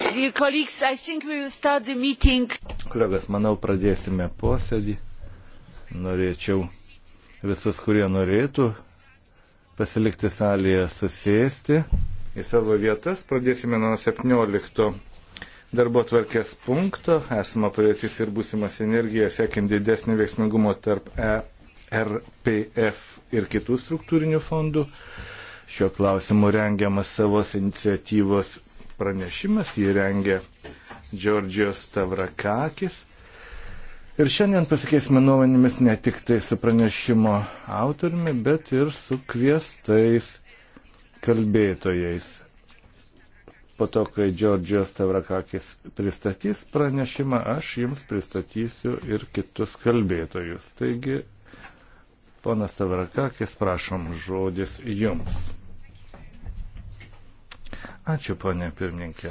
Kolegos, manau, pradėsime posėdį. Norėčiau visus, kurie norėtų pasilikti salėje, susėsti į savo vietas. Pradėsime nuo 17 darbo tvarkės punkto. Esama padėtis ir būsima sinergija, siekiant didesnį veiksmingumo tarp ERPF ir kitų struktūrinių fondų. Šiuo klausimu rengiamas savos iniciatyvos pranešimas, jį rengė Džordžijos Tavrakakis. Ir šiandien pasikeisime nuomonėmis ne tik tai su pranešimo autoriumi, bet ir su kviestais kalbėtojais. Po to, kai Džordžijos Tavrakakis pristatys pranešimą, aš jums pristatysiu ir kitus kalbėtojus. Taigi, ponas Tavrakakis, prašom žodis jums. Ačiū, ponė pirmininkė.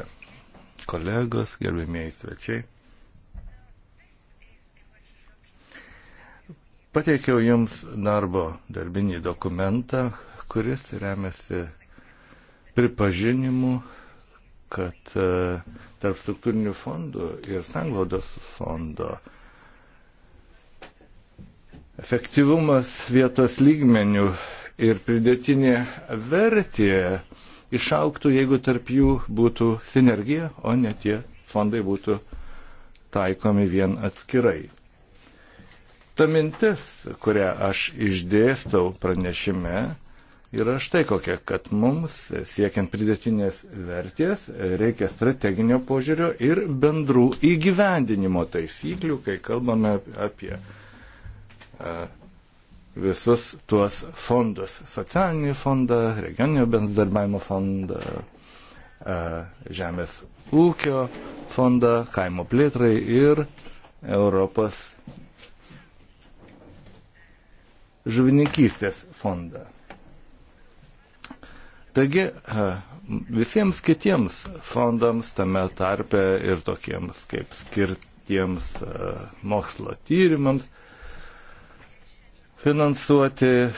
Kolegos, gerbėmėjai svečiai. Pateikiau Jums darbo darbinį dokumentą, kuris remiasi pripažinimu, kad e, tarp struktūrinių fondų ir sanglaudos fondo efektyvumas vietos lygmenių ir pridėtinė vertė išauktų, jeigu tarp jų būtų sinergija, o ne tie fondai būtų taikomi vien atskirai. Ta mintis, kurią aš išdėstau pranešime, yra štai kokia, kad mums siekiant pridėtinės vertės reikia strateginio požiūrio ir bendrų įgyvendinimo taisyklių, kai kalbame apie visus tuos fondus - socialinį fondą, regioninio bendradarbiavimo fondą, e, žemės ūkio fondą, kaimo plėtrai ir Europos žuvininkystės fondą. Taigi e, visiems kitiems fondams tame tarpe ir tokiems kaip skirtiems e, mokslo tyrimams finansuoti e,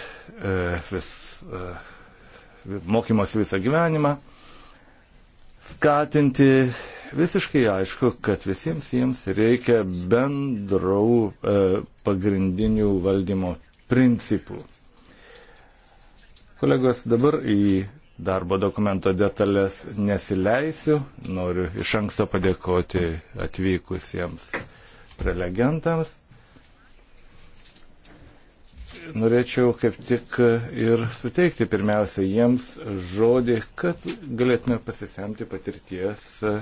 vis, e, mokymosi visą gyvenimą, skatinti visiškai aišku, kad visiems jiems reikia bendrų e, pagrindinių valdymo principų. Kolegos, dabar į darbo dokumento detalės nesileisiu. Noriu iš anksto padėkoti atvykusiems prelegentams norėčiau kaip tik ir suteikti pirmiausia jiems žodį, kad galėtume pasisemti patirties e,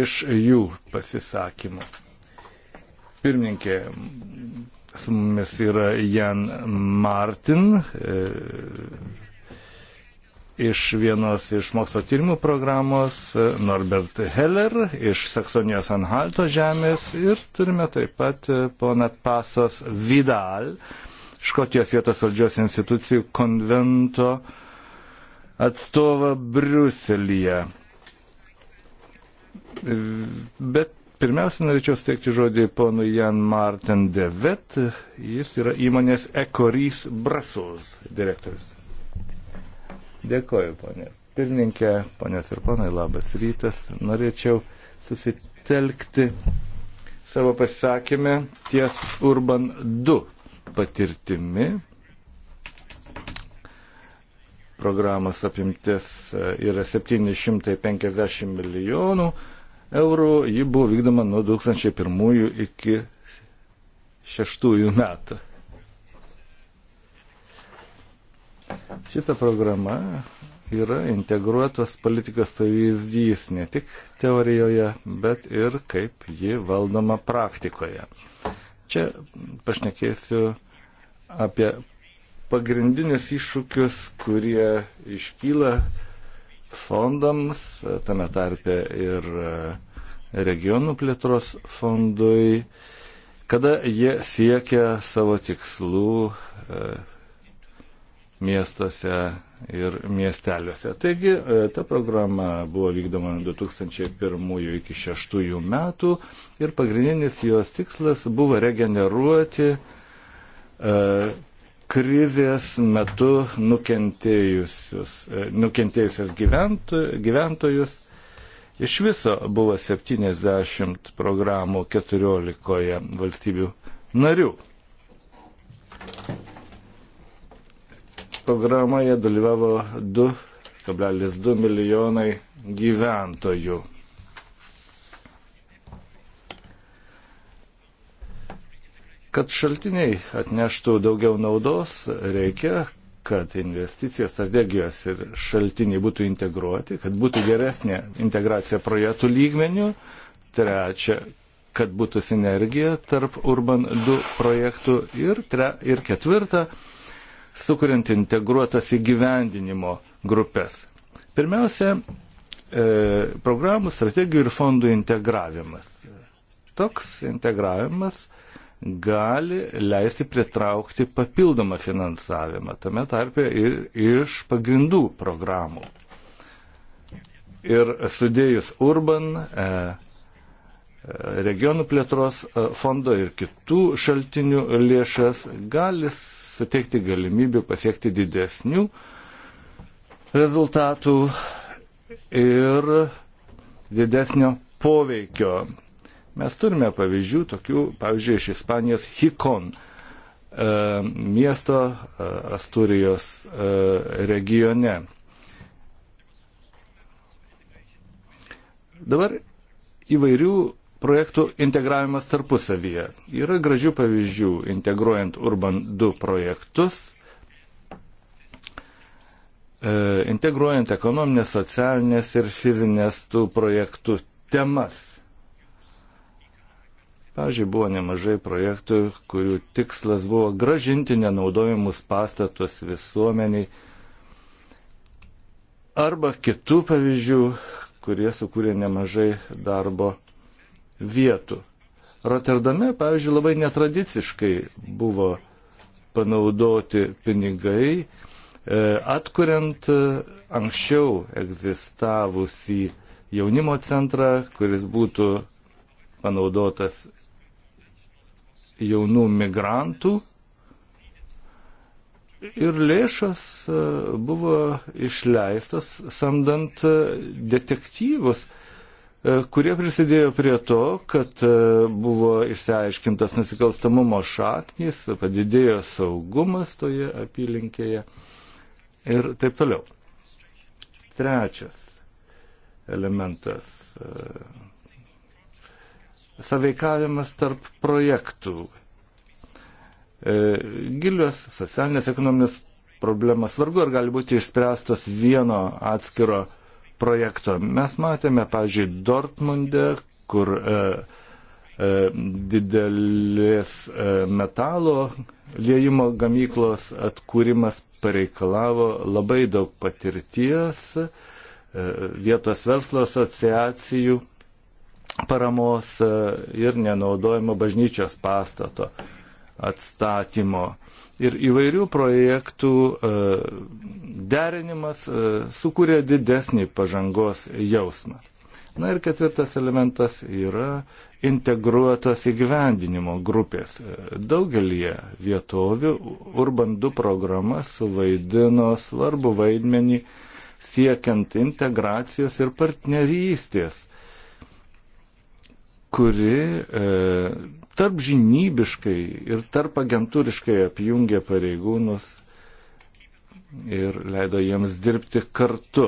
iš jų pasisakymų. Pirmininkė, su mumis yra Jan Martin, e, iš vienos iš mokslo tyrimų programos, e, Norbert Heller iš Saksonijos Anhalto žemės ir turime taip pat e, poną Pasos Vidal, Škotijos vietos valdžios institucijų konvento atstovą Briuselyje. Bet pirmiausia, norėčiau steikti žodį ponui Jan Martin Devet, jis yra įmonės Ecorys Brussels direktorius. Dėkoju, ponė. Pirmininkė, ponės ir ponai, labas rytas. Norėčiau susitelkti savo pasisakymę ties Urban 2 patirtimi. Programos apimtis e, yra 750 milijonų eurų. Ji buvo vykdoma nuo 2001 iki 2006 metų. Šita programa yra integruotos politikos pavyzdys ne tik teorijoje, bet ir kaip ji valdoma praktikoje. Čia pašnekėsiu apie pagrindinius iššūkius, kurie iškyla fondams, tame tarpe ir e, regionų plėtros fondui, kada jie siekia savo tikslų e, miestuose ir miesteliuose. Taigi e, ta programa buvo vykdoma 2001 iki 2006 metų ir pagrindinis jos tikslas buvo regeneruoti uh, krizės metu e, nukentėjusias gyventu, gyventojus. Iš viso buvo 70 programų 14 valstybių narių programoje dalyvavo 2,2 milijonai gyventojų. Kad šaltiniai atneštų daugiau naudos, reikia, kad investicijos strategijos ir šaltiniai būtų integruoti, kad būtų geresnė integracija projektų lygmenių. Trečia, kad būtų sinergija tarp Urban 2 projektų. Ir, tre, ir ketvirta, sukuriant integruotas įgyvendinimo grupės. Pirmiausia, e, programų, strategijų ir fondų integravimas. Toks integravimas gali leisti pritraukti papildomą finansavimą, tame tarpe ir iš pagrindų programų. Ir sudėjus Urban, e, e, regionų plėtros fondo ir kitų šaltinių lėšas gali suteikti galimybių pasiekti didesnių rezultatų ir didesnio poveikio. Mes turime pavyzdžių, tokių, pavyzdžiui, iš Ispanijos Hikon e, miesto e, Asturijos e, regione. Dabar įvairių projektų integravimas tarpusavyje. Yra gražių pavyzdžių integruojant Urban 2 projektus, e, integruojant ekonominės, socialinės ir fizinės tų projektų temas. Pavyzdžiui, buvo nemažai projektų, kurių tikslas buvo gražinti nenaudojimus pastatus visuomeniai. Arba kitų pavyzdžių, kurie sukūrė nemažai darbo vietų. Rotterdame, pavyzdžiui, labai netradiciškai buvo panaudoti pinigai, e, atkuriant e, anksčiau egzistavusį jaunimo centrą, kuris būtų panaudotas jaunų migrantų. Ir lėšas e, buvo išleistas samdant detektyvus, E, kurie prisidėjo prie to, kad e, buvo išsiaiškintas nusikalstamumo šaknys, padidėjo saugumas toje apylinkėje ir taip toliau. Trečias elementas e, - saveikavimas tarp projektų. Gilios socialinės ekonominės problemas vargu ar gali būti išspręstos vieno atskiro projekto projekto. Mes matėme, pavyzdžiui, Dortmunde, kur e, e, didelės e, metalo liejimo gamyklos atkūrimas pareikalavo labai daug patirties, e, vietos verslo asociacijų paramos e, ir nenaudojimo bažnyčios pastato atstatymo ir įvairių projektų e, derinimas e, sukuria didesnį pažangos jausmą. Na ir ketvirtas elementas yra integruotos įgyvendinimo grupės. E, daugelie vietovių Urban 2 programa suvaidino svarbu vaidmenį siekiant integracijos ir partnerystės kuri e, tarp žinybiškai ir tarp agentūriškai apjungė pareigūnus ir leido jiems dirbti kartu.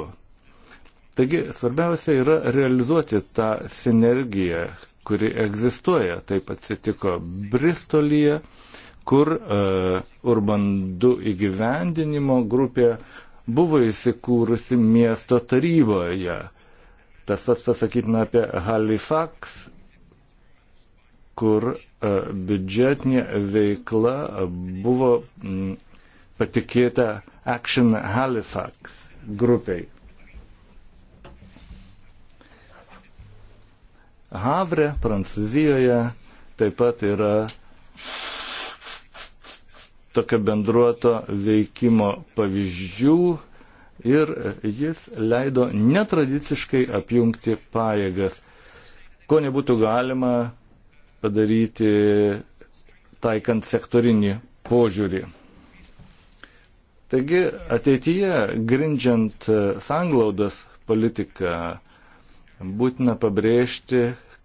Taigi svarbiausia yra realizuoti tą sinergiją, kuri egzistuoja. Taip atsitiko Bristolyje, kur uh, Urban 2 įgyvendinimo grupė buvo įsikūrusi miesto taryboje. Tas pats pasakytina apie Halifax kur e, biudžetinė veikla buvo patikėta Action Halifax grupiai. Havre, Prancūzijoje taip pat yra tokio bendruoto veikimo pavyzdžių ir jis leido netradiciškai apjungti pajėgas, ko nebūtų galima padaryti taikant sektorinį požiūrį. Taigi ateityje, grindžiant e, sanglaudas politiką, būtina pabrėžti,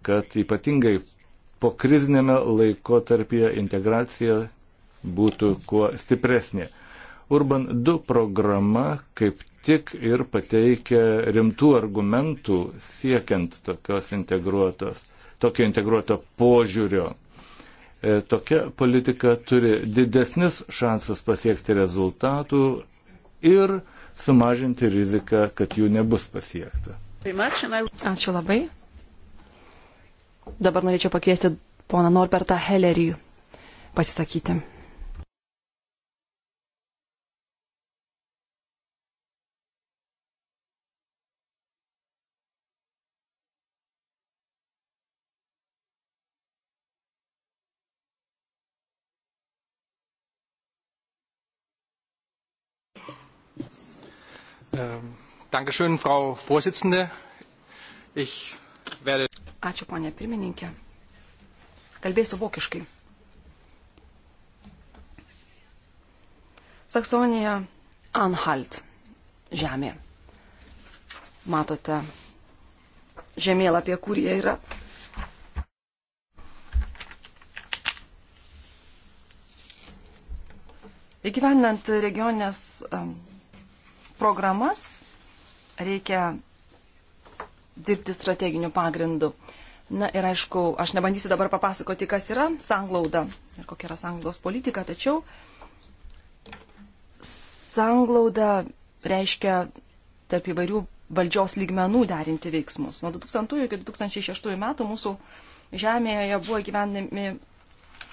kad ypatingai po krizinėme laiko tarpėje integracija būtų kuo stipresnė. Urban 2 programa kaip tik ir pateikia rimtų argumentų siekiant tokios integruotos tokio integruoto požiūrio. E, tokia politika turi didesnis šansas pasiekti rezultatų ir sumažinti riziką, kad jų nebus pasiekta. Ačiū labai. Dabar norėčiau pakviesti poną Norbertą Hellerį pasisakyti. Dankeschön, Frau Vorsitzende. Ich werde. Ačiū, ponė pirmininkė. Kalbėsiu vokiškai. Saksonija Anhalt žemė. Matote žemėlapį, kur jie yra. Įgyvendinant regioninės programas, reikia dirbti strateginiu pagrindu. Na ir aišku, aš nebandysiu dabar papasakoti, kas yra sanglauda ir kokia yra sanglaudos politika, tačiau sanglauda reiškia tarp įvairių valdžios lygmenų derinti veiksmus. Nuo 2000 iki 2006 metų mūsų žemėje buvo gyvenami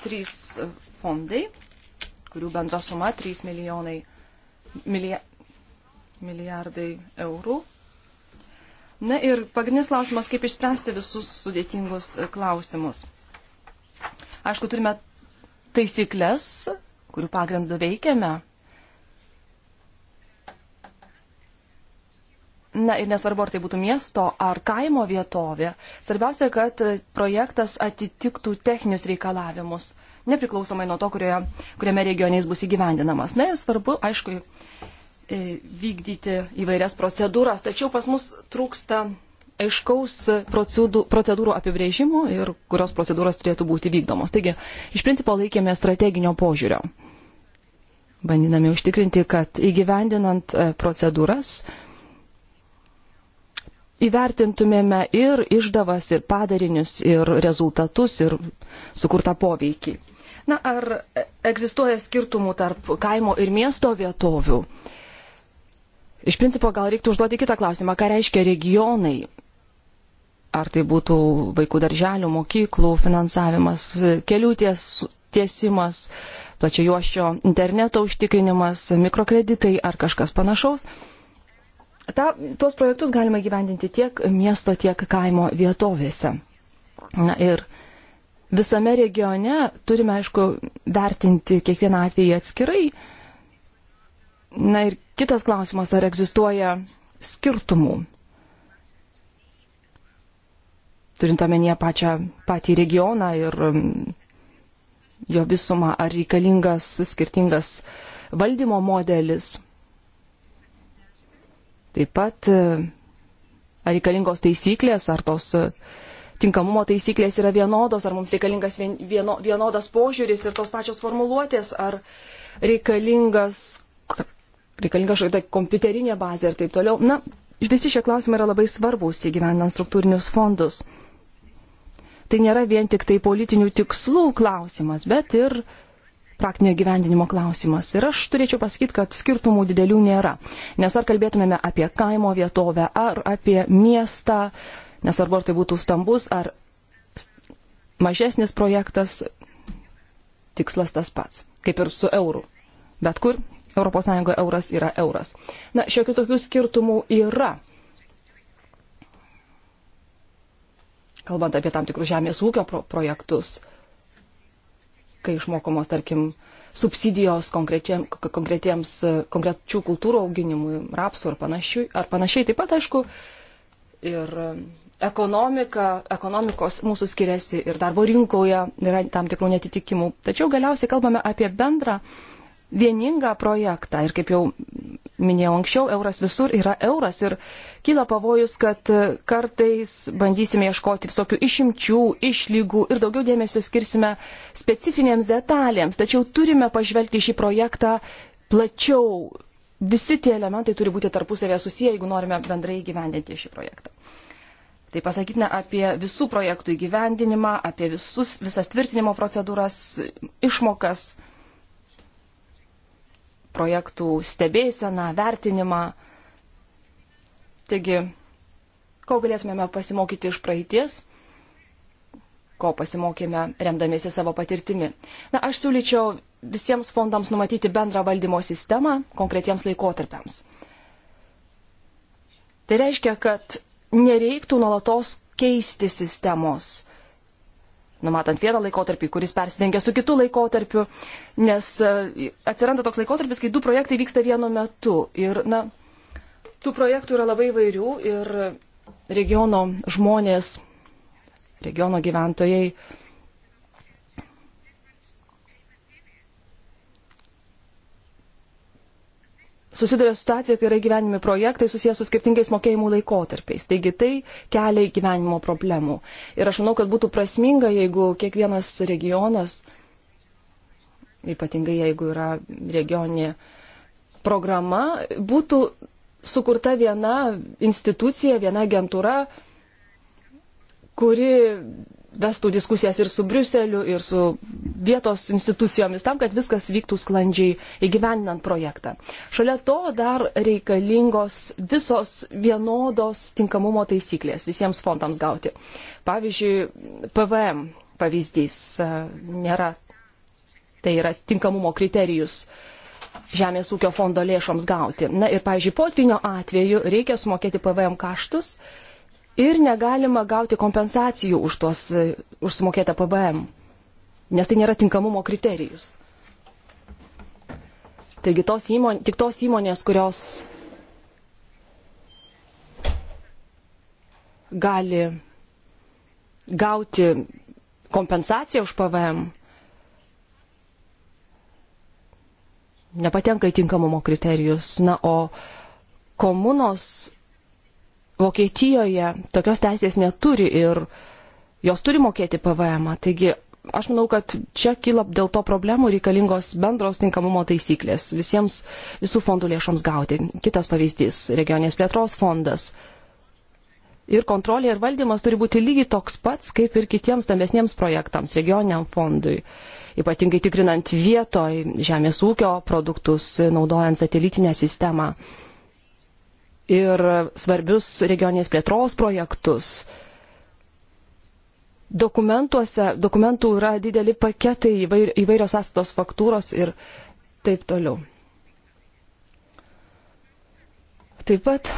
trys fondai, kurių bendra suma 3 milijonai, milija, milijardai eurų. Na ir pagrindinis klausimas, kaip išspręsti visus sudėtingus e, klausimus. Aišku, turime taisyklės, kurių pagrindų veikiame. Na ir nesvarbu, ar tai būtų miesto ar kaimo vietovė, svarbiausia, kad e, projektas atitiktų techninius reikalavimus, nepriklausomai nuo to, kurioje, kuriame regioniais bus įgyvendinamas. Na ir svarbu, aišku, E, vykdyti įvairias procedūras, tačiau pas mus trūksta aiškaus procedūrų apibrėžimų ir kurios procedūros turėtų būti vykdomos. Taigi, iš principo laikėme strateginio požiūrio. Bandiname užtikrinti, kad įgyvendinant e, procedūras įvertintumėme ir išdavas, ir padarinius, ir rezultatus, ir sukurtą poveikį. Na, ar e, egzistuoja skirtumų tarp kaimo ir miesto vietovių? Uh, Iš principo gal reiktų užduoti kitą klausimą, ką reiškia regionai. Ar tai būtų vaikų darželių, mokyklų finansavimas, kelių ties, tiesimas, plačiajuošio interneto užtikrinimas, mikrokreditai ar kažkas panašaus. Ta, tuos projektus galima gyvendinti tiek miesto, tiek kaimo vietovėse. Na ir visame regione turime, aišku, vertinti kiekvieną atvejį atskirai. Na ir Kitas klausimas, ar egzistuoja skirtumų, turint omenyje pačią patį regioną ir um, jo visumą, ar reikalingas skirtingas valdymo modelis. Taip pat, uh, ar reikalingos taisyklės, ar tos uh, tinkamumo taisyklės yra vienodos, ar mums reikalingas vieno, vienodas požiūris ir tos pačios formuluotės, ar reikalingas reikalinga kažkokia tai kompiuterinė bazė ir taip toliau. Na, visi šie klausimai yra labai svarbus įgyvendant struktūrinius fondus. Tai nėra vien tik tai politinių tikslų klausimas, bet ir praktinio gyvendinimo klausimas. Ir aš turėčiau pasakyti, kad skirtumų didelių nėra. Nes ar kalbėtumėme apie kaimo vietovę, ar apie miestą, nesvarbu ar tai būtų stambus, ar mažesnis projektas, tikslas tas pats, kaip ir su eurų. Bet kur ES euras yra euras. Na, šiokių tokių skirtumų yra. Kalbant apie tam tikrus žemės ūkio pro projektus, kai išmokomos, tarkim, subsidijos konkretiems, konkrečių kultūrų auginimui, rapsų ar panašiai, ar panašiai. Taip pat, aišku, ir ekonomika, ekonomikos mūsų skiriasi ir darbo rinkoje yra tam tikrų netitikimų. Tačiau galiausiai kalbame apie bendrą vieningą projektą. Ir kaip jau minėjau anksčiau, euras visur yra euras. Ir kyla pavojus, kad kartais bandysime ieškoti visokių išimčių, išlygų ir daugiau dėmesio skirsime specifinėms detalėms. Tačiau turime pažvelgti šį projektą plačiau. Visi tie elementai turi būti tarpusavėje susiję, jeigu norime bendrai gyvendinti šį projektą. Tai pasakytume apie visų projektų įgyvendinimą, apie visus, visas tvirtinimo procedūras, išmokas projektų stebėseną, vertinimą. Taigi, ko galėtumėme pasimokyti iš praeities, ko pasimokėme remdamiesi savo patirtimi. Na, aš siūlyčiau visiems fondams numatyti bendrą valdymo sistemą konkretiems laikotarpiams. Tai reiškia, kad nereiktų nuolatos keisti sistemos numatant vieną laikotarpį, kuris persidengia su kitu laikotarpiu, nes e, atsiranda toks laikotarpis, kai du projektai vyksta vienu metu. Ir, na, tų projektų yra labai vairių ir regiono žmonės, regiono gyventojai susiduria situacija, kai yra gyvenimi projektai susijęs su skirtingais mokėjimų laikotarpiais. Taigi tai kelia gyvenimo problemų. Ir aš manau, kad būtų prasminga, jeigu kiekvienas regionas, ypatingai jeigu yra regioninė programa, būtų sukurta viena institucija, viena agentūra, kuri vestų diskusijas ir su Briuseliu, ir su vietos institucijomis, tam, kad viskas vyktų sklandžiai įgyvendinant projektą. Šalia to dar reikalingos visos vienodos tinkamumo taisyklės visiems fondams gauti. Pavyzdžiui, PVM pavyzdys e, nėra, tai yra tinkamumo kriterijus žemės ūkio fondo lėšoms gauti. Na ir, pavyzdžiui, potvinio atveju reikia sumokėti PVM kaštus ir negalima gauti kompensacijų už tuos e, užsumokėtą PBM, nes tai nėra tinkamumo kriterijus. Taigi tos įmonės, tik tos įmonės, kurios gali gauti kompensaciją už PVM, nepatenka į tinkamumo kriterijus. Na, o komunos Vokietijoje tokios teisės neturi ir jos turi mokėti PVM. -ą. Taigi aš manau, kad čia kyla dėl to problemų reikalingos bendros tinkamumo taisyklės visiems visų fondų lėšoms gauti. Kitas pavyzdys - regionės plėtros fondas. Ir kontrolė ir valdymas turi būti lygiai toks pats, kaip ir kitiems stambesniems projektams, regioniniam fondui. Ypatingai tikrinant vietoj žemės ūkio produktus, naudojant satelitinę sistemą ir svarbius regioninės plėtros projektus. Dokumentuose, dokumentų yra dideli paketai įvairios sąstatos faktūros ir taip toliau. Taip pat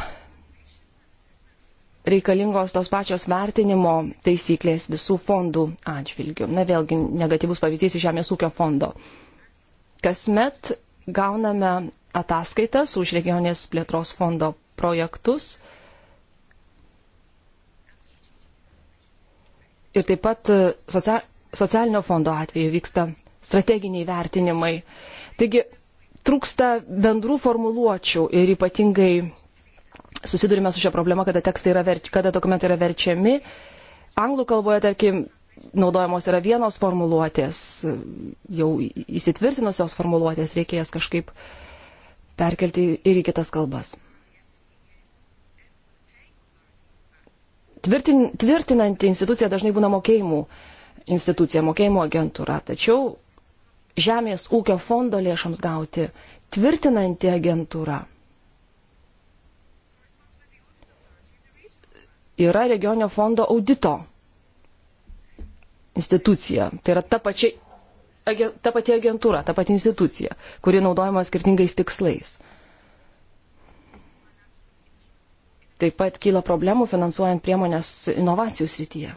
reikalingos tos pačios vertinimo taisyklės visų fondų atžvilgių. Na vėlgi negatyvus pavyzdys iš Žemės ūkio fondo. Kasmet gauname ataskaitas už regionės plėtros fondo projektus. Ir taip pat e, socialinio fondo atveju vyksta strateginiai vertinimai. Taigi trūksta bendrų formuluočių ir ypatingai susidurime su šia problema, kada, yra verč... kada dokumentai yra verčiami. Anglų kalboje, tarkim, naudojamos yra vienos formuluotės, jau įsitvirtinusios formuluotės, reikės kažkaip perkelti ir į kitas kalbas. tvirtin, tvirtinanti institucija dažnai būna mokėjimų institucija, mokėjimo agentūra. Tačiau Žemės ūkio fondo lėšoms gauti tvirtinanti agentūra yra regioninio fondo audito institucija. Tai yra ta, pačia, ta pati agentūra, ta pati institucija, kuri naudojama skirtingais tikslais. Taip pat kyla problemų finansuojant priemonės inovacijų srityje.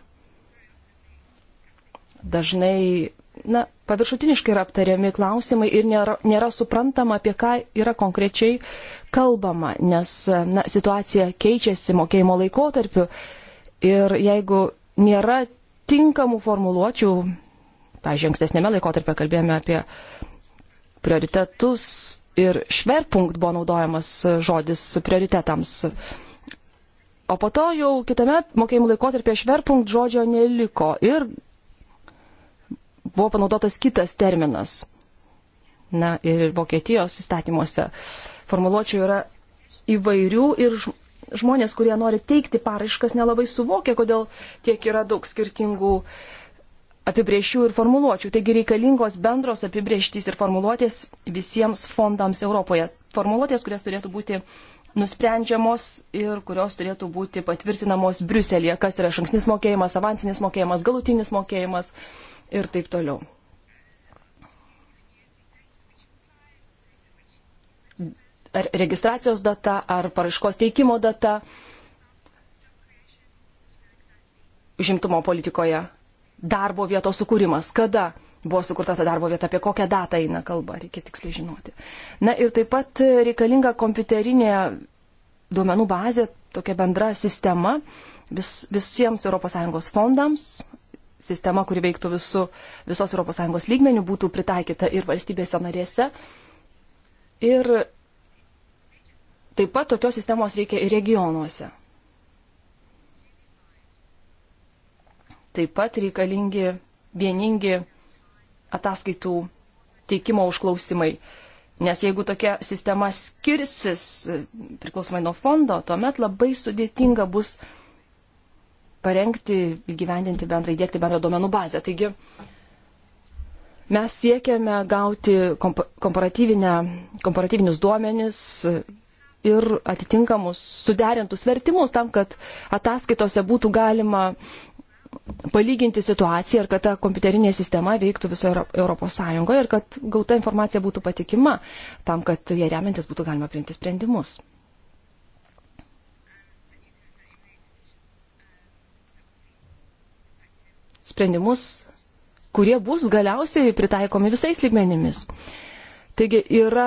Dažnai, na, paviršutiniškai yra aptariami klausimai ir nėra, nėra suprantama, apie ką yra konkrečiai kalbama, nes na, situacija keičiasi mokėjimo laikotarpiu ir jeigu nėra tinkamų formuluočių, pažiūrėjau, ankstesnėme laikotarpio kalbėjome apie prioritetus ir šverpunkt buvo naudojamas žodis prioritetams. O po to jau kitame mokėjimų laikotarpyje šverpunkt žodžio neliko ir buvo panaudotas kitas terminas. Na ir Vokietijos įstatymuose formuluočių yra įvairių ir žmonės, kurie nori teikti paraiškas, nelabai suvokia, kodėl tiek yra daug skirtingų apibriešių ir formuluočių. Taigi reikalingos bendros apibrieštys ir formuluotės visiems fondams Europoje. Formuluotės, kurias turėtų būti nusprendžiamos ir kurios turėtų būti patvirtinamos Briuselėje, kas yra šanksnis mokėjimas, avansinis mokėjimas, galutinis mokėjimas ir taip toliau. Ar registracijos data, ar paraiškos teikimo data užimtumo politikoje. Darbo vietos sukūrimas. Kada buvo sukurta ta darbo vieta, apie kokią datą eina kalba, reikia tiksliai žinoti. Na ir taip pat reikalinga kompiuterinė duomenų bazė, tokia bendra sistema vis, visiems ES fondams, sistema, kuri veiktų visu, visos ES lygmenių, būtų pritaikyta ir valstybėse narėse. Ir taip pat tokios sistemos reikia ir regionuose. Taip pat reikalingi vieningi ataskaitų teikimo užklausimai. Nes jeigu tokia sistema skirsis e, priklausomai nuo fondo, tuomet labai sudėtinga bus parengti, įgyvendinti bendrą, įdėkti bendrą duomenų bazę. Taigi mes siekiame gauti komparatyvinius duomenis ir atitinkamus suderintus vertimus tam, kad ataskaitose būtų galima palyginti situaciją ir kad ta kompiuterinė sistema veiktų visoje Europos Sąjungoje ir kad gauta informacija būtų patikima, tam, kad jie remiantis būtų galima priimti sprendimus. Sprendimus, kurie bus galiausiai pritaikomi visais lygmenimis. Taigi yra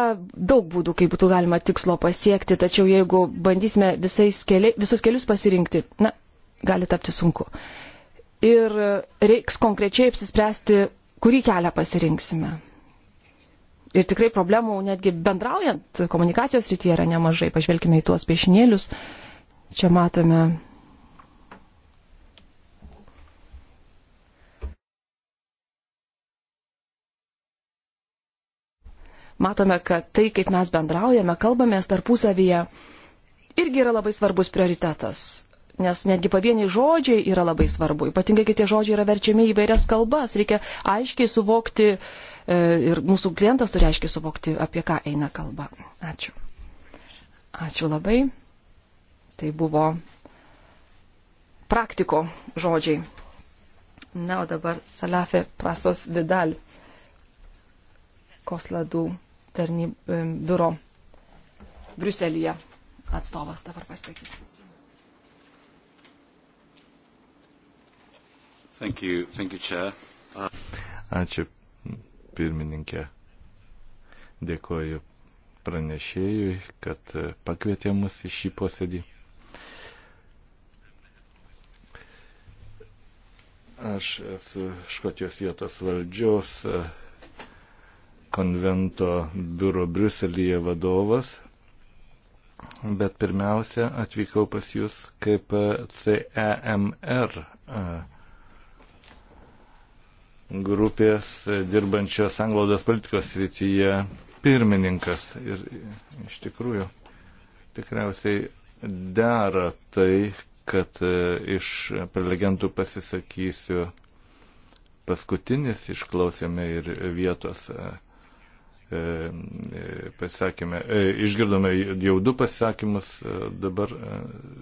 daug būdų, kaip būtų galima tikslo pasiekti, tačiau jeigu bandysime visais keli, visus kelius pasirinkti, na, gali tapti sunku. Uh, ir reiks konkrečiai apsispręsti, kurį kelią pasirinksime. Ir tikrai problemų netgi bendraujant komunikacijos rytyje yra nemažai. Pažvelkime į tuos piešinėlius. Čia matome. Matome, kad tai, kaip mes bendraujame, kalbamės tarpusavyje, irgi yra labai svarbus prioritetas nes netgi pavieniai žodžiai yra labai svarbu, ypatingai, kai tie žodžiai yra verčiami į vairias kalbas, reikia aiškiai suvokti e, ir mūsų klientas turi aiškiai suvokti, apie ką eina kalba. Ačiū. Ačiū labai. Tai buvo praktiko žodžiai. Na, o dabar Salafė Prasos Vidal, Kosladų tarnyb, e, biuro Briuselėje atstovas dabar pasakys. Thank you. Thank you, Chair. Uh... Ačiū pirmininkė. Dėkoju pranešėjui, kad pakvietė mus į šį posėdį. Aš esu Škotijos vietos valdžios uh, konvento biuro Briuselyje vadovas, bet pirmiausia atvykau pas jūs kaip uh, CEMR uh, grupės dirbančios anglaudos politikos srityje pirmininkas. Ir iš tikrųjų tikriausiai dera tai, kad e, iš prelegentų pasisakysiu paskutinis, išklausėme ir vietos e, e, pasisakymę. Išgirdome jau du pasisakymus, dabar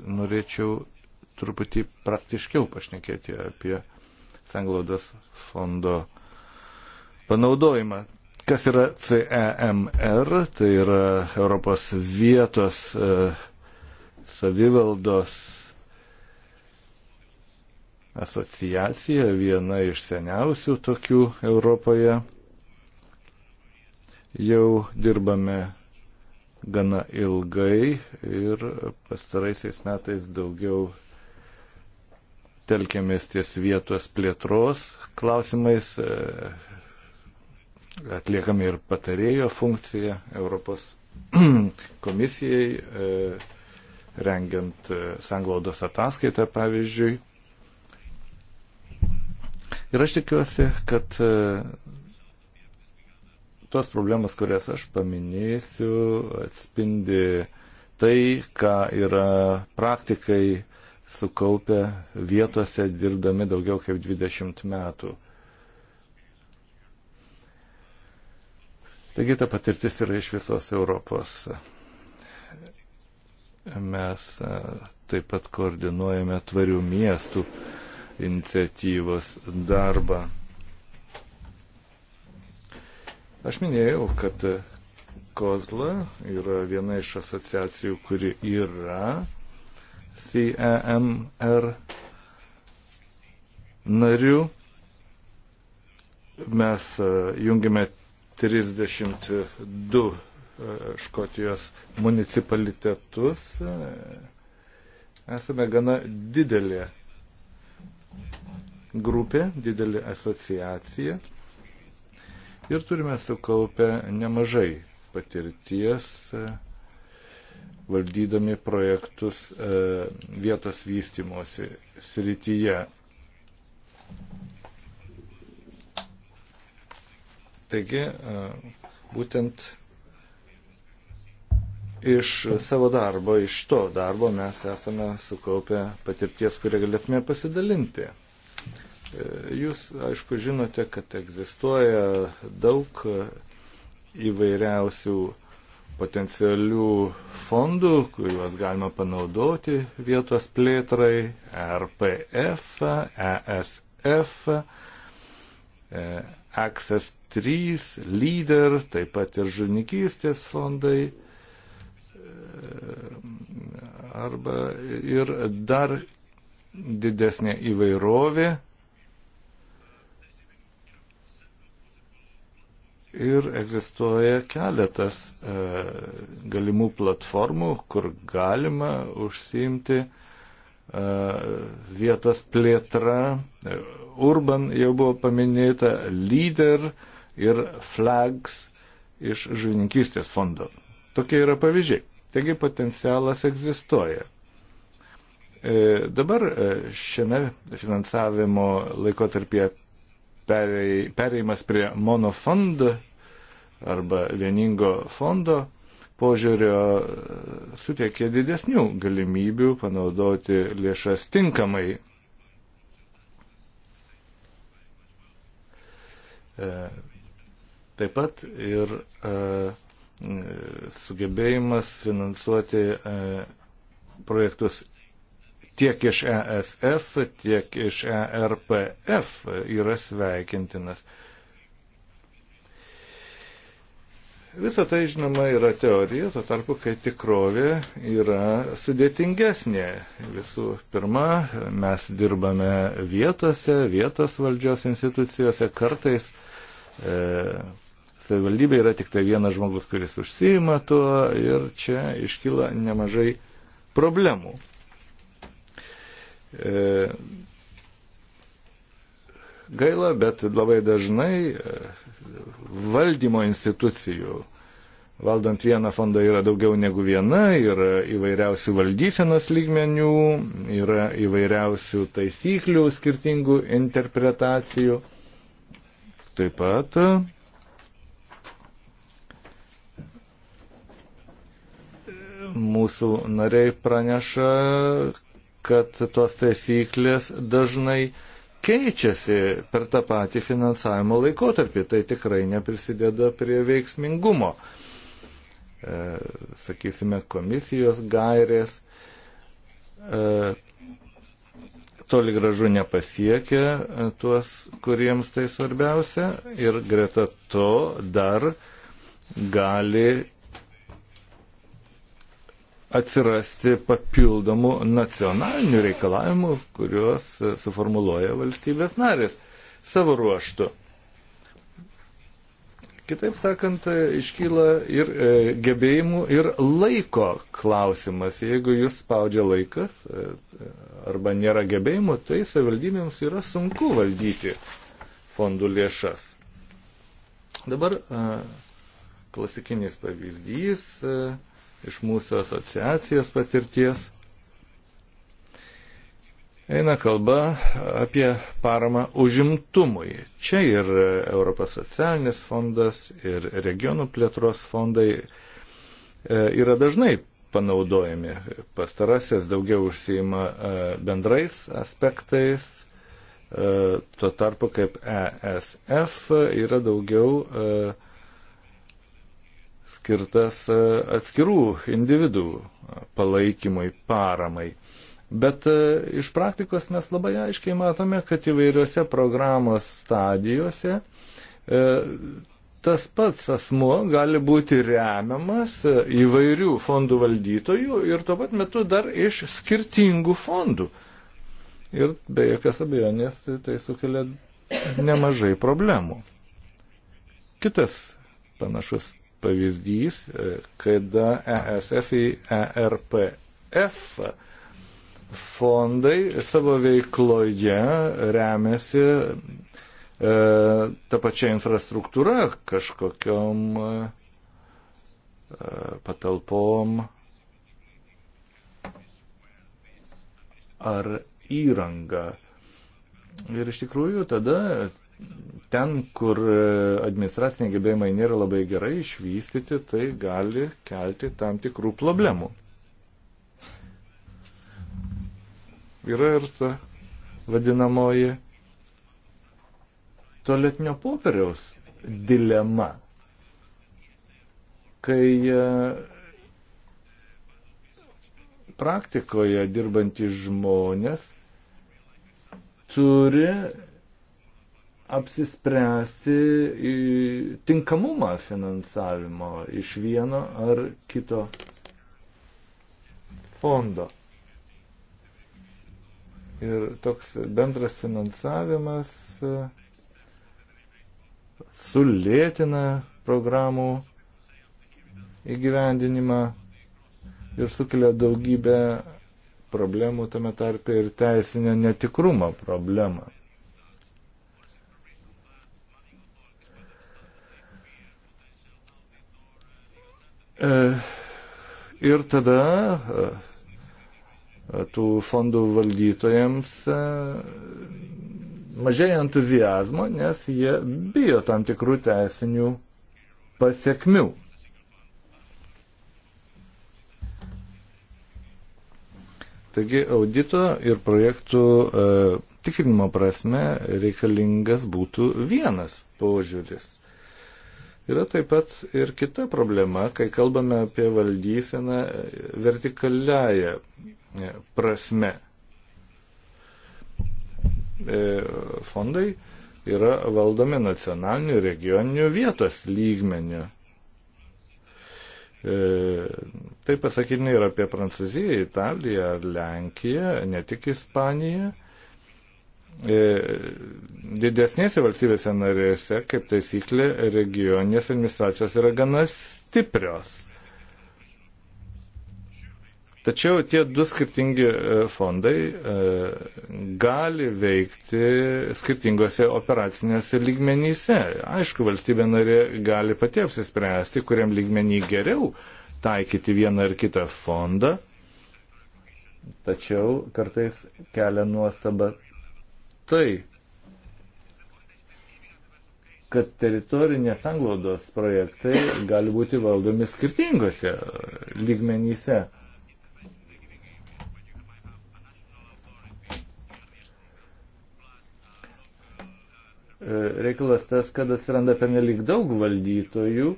norėčiau truputį praktiškiau pašnekėti apie sanglaudos fondo panaudojimą. Kas yra CEMR? Tai yra Europos vietos e, savivaldos asociacija, viena iš seniausių tokių Europoje. Jau dirbame gana ilgai ir pastaraisiais metais daugiau telkiamės ties vietos plėtros klausimais, e, atliekame ir patarėjo funkciją Europos komisijai, e, rengiant e, sanglaudos ataskaitą, pavyzdžiui. Ir aš tikiuosi, kad tos problemas, kurias aš paminėsiu, atspindi tai, ką yra praktikai sukaupę vietose dirbdami daugiau kaip 20 metų. Taigi ta patirtis yra iš visos Europos. Mes taip pat koordinuojame tvarių miestų iniciatyvos darbą. Aš minėjau, kad Kozla yra viena iš asociacijų, kuri yra CEMR narių. Mes e, jungime 32 e, Škotijos municipalitetus. E, esame gana didelė grupė, didelė asociacija ir turime sukaupę nemažai patirties valdydami projektus e, vietos vystimosi srityje. Taigi, e, būtent iš savo darbo, iš to darbo mes esame sukaupę patirties, kurią galėtume pasidalinti. E, jūs, aišku, žinote, kad egzistuoja daug įvairiausių potencialių fondų, kuriuos galima panaudoti vietos plėtrai, RPF, ESF, e, Access 3, Leader, taip pat ir žurnikystės fondai e, arba ir dar didesnė įvairovė Ir egzistuoja keletas e, galimų platformų, kur galima užsiimti e, vietos plėtra. E, Urban jau buvo paminėta, Leader ir Flags iš žuvininkystės fondo. Tokie yra pavyzdžiai. Taigi potencialas egzistuoja. E, dabar e, šiame finansavimo laikotarpyje pereimas prie monofond arba vieningo fondo požiūrio e, suteikia didesnių galimybių panaudoti lėšas tinkamai. E, taip pat ir e, sugebėjimas finansuoti projektus tiek iš ESF, tiek iš ERPF yra sveikintinas. Visą tai, žinoma, yra teorija, tuo tarpu, kai tikrovė yra sudėtingesnė. Visų pirma, mes dirbame vietose, vietos valdžios institucijose, kartais e, savivaldybė yra tik tai vienas žmogus, kuris užsijima tuo ir čia iškyla nemažai problemų. E, gaila, bet labai dažnai e, valdymo institucijų valdant vieną fondą yra daugiau negu viena, yra įvairiausių valdysenos lygmenių, yra įvairiausių taisyklių, skirtingų interpretacijų. Taip pat e, mūsų nariai praneša, kad tos taisyklės dažnai keičiasi per tą patį finansavimo laikotarpį. Tai tikrai neprisideda prie veiksmingumo. E, sakysime, komisijos gairės e, toli gražu nepasiekia tuos, kuriems tai svarbiausia. Ir greta to dar gali atsirasti papildomų nacionalinių reikalavimų, kuriuos suformuluoja valstybės narės savo ruoštų. Kitaip sakant, iškyla ir e, gebėjimų, ir laiko klausimas. Jeigu jūs spaudžia laikas e, arba nėra gebėjimų, tai savivaldybėms yra sunku valdyti fondų lėšas. Dabar e, klasikinis pavyzdys. A, iš mūsų asociacijos patirties. Eina kalba apie paramą užimtumui. Čia ir Europos socialinis fondas, ir regionų plėtros fondai e, yra dažnai panaudojami. Pastarasis daugiau užsijima e, bendrais aspektais, e, tuo tarpu kaip ESF yra daugiau uh, skirtas e, atskirų individų palaikymui, paramai. Bet e, iš praktikos mes labai aiškiai matome, kad įvairiose programos stadijose e, tas pats asmuo gali būti remiamas įvairių fondų valdytojų ir tuo pat metu dar iš skirtingų fondų. Ir be jokios abejonės tai, tai sukelia nemažai problemų. Kitas panašus pavyzdys, e, kada ESF į ERPF fondai savo veikloje remiasi e, ta pačia infrastruktūra kažkokiom e, patalpom ar įranga. Ir iš tikrųjų tada ten, kur e, administraciniai gebėjimai nėra labai gerai išvystyti, tai gali kelti tam tikrų problemų. Yra ir ta vadinamoji toletinio popieriaus dilema, kai e, praktikoje dirbantys žmonės turi apsispręsti tinkamumą finansavimo iš vieno ar kito fondo. Ir toks bendras finansavimas e, sulėtina programų įgyvendinimą ir sukelia daugybę problemų tame tarpe ir teisinio netikrumo problemą. E, ir tada e, tų fondų valdytojams e, mažėja entuzijazmo, nes jie bijo tam tikrų teisinių pasiekmių. Taigi audito ir projektų e, tikrinimo prasme reikalingas būtų vienas požiūris. Yra taip pat ir kita problema, kai kalbame apie valdyseną vertikaliają e, prasme. E, fondai yra valdomi nacionalinių, regioninių vietos lygmenių. E, tai pasakyti ir apie Prancūziją, Italiją ar Lenkiją, ne tik Ispaniją. E, didesnėse valstybėse narėse, kaip taisyklė, regioninės administracijos yra gana stiprios. Tačiau tie du skirtingi e, fondai e, gali veikti skirtingose operacinėse lygmenyse. Aišku, valstybė narė gali pati apsispręsti, kuriam lygmenį geriau taikyti vieną ar kitą fondą. Tačiau kartais kelia nuostaba tai, kad teritorinės anglodos projektai gali būti valdomi skirtingose lygmenyse. E, reikalas tas, kad atsiranda pernelik daug valdytojų,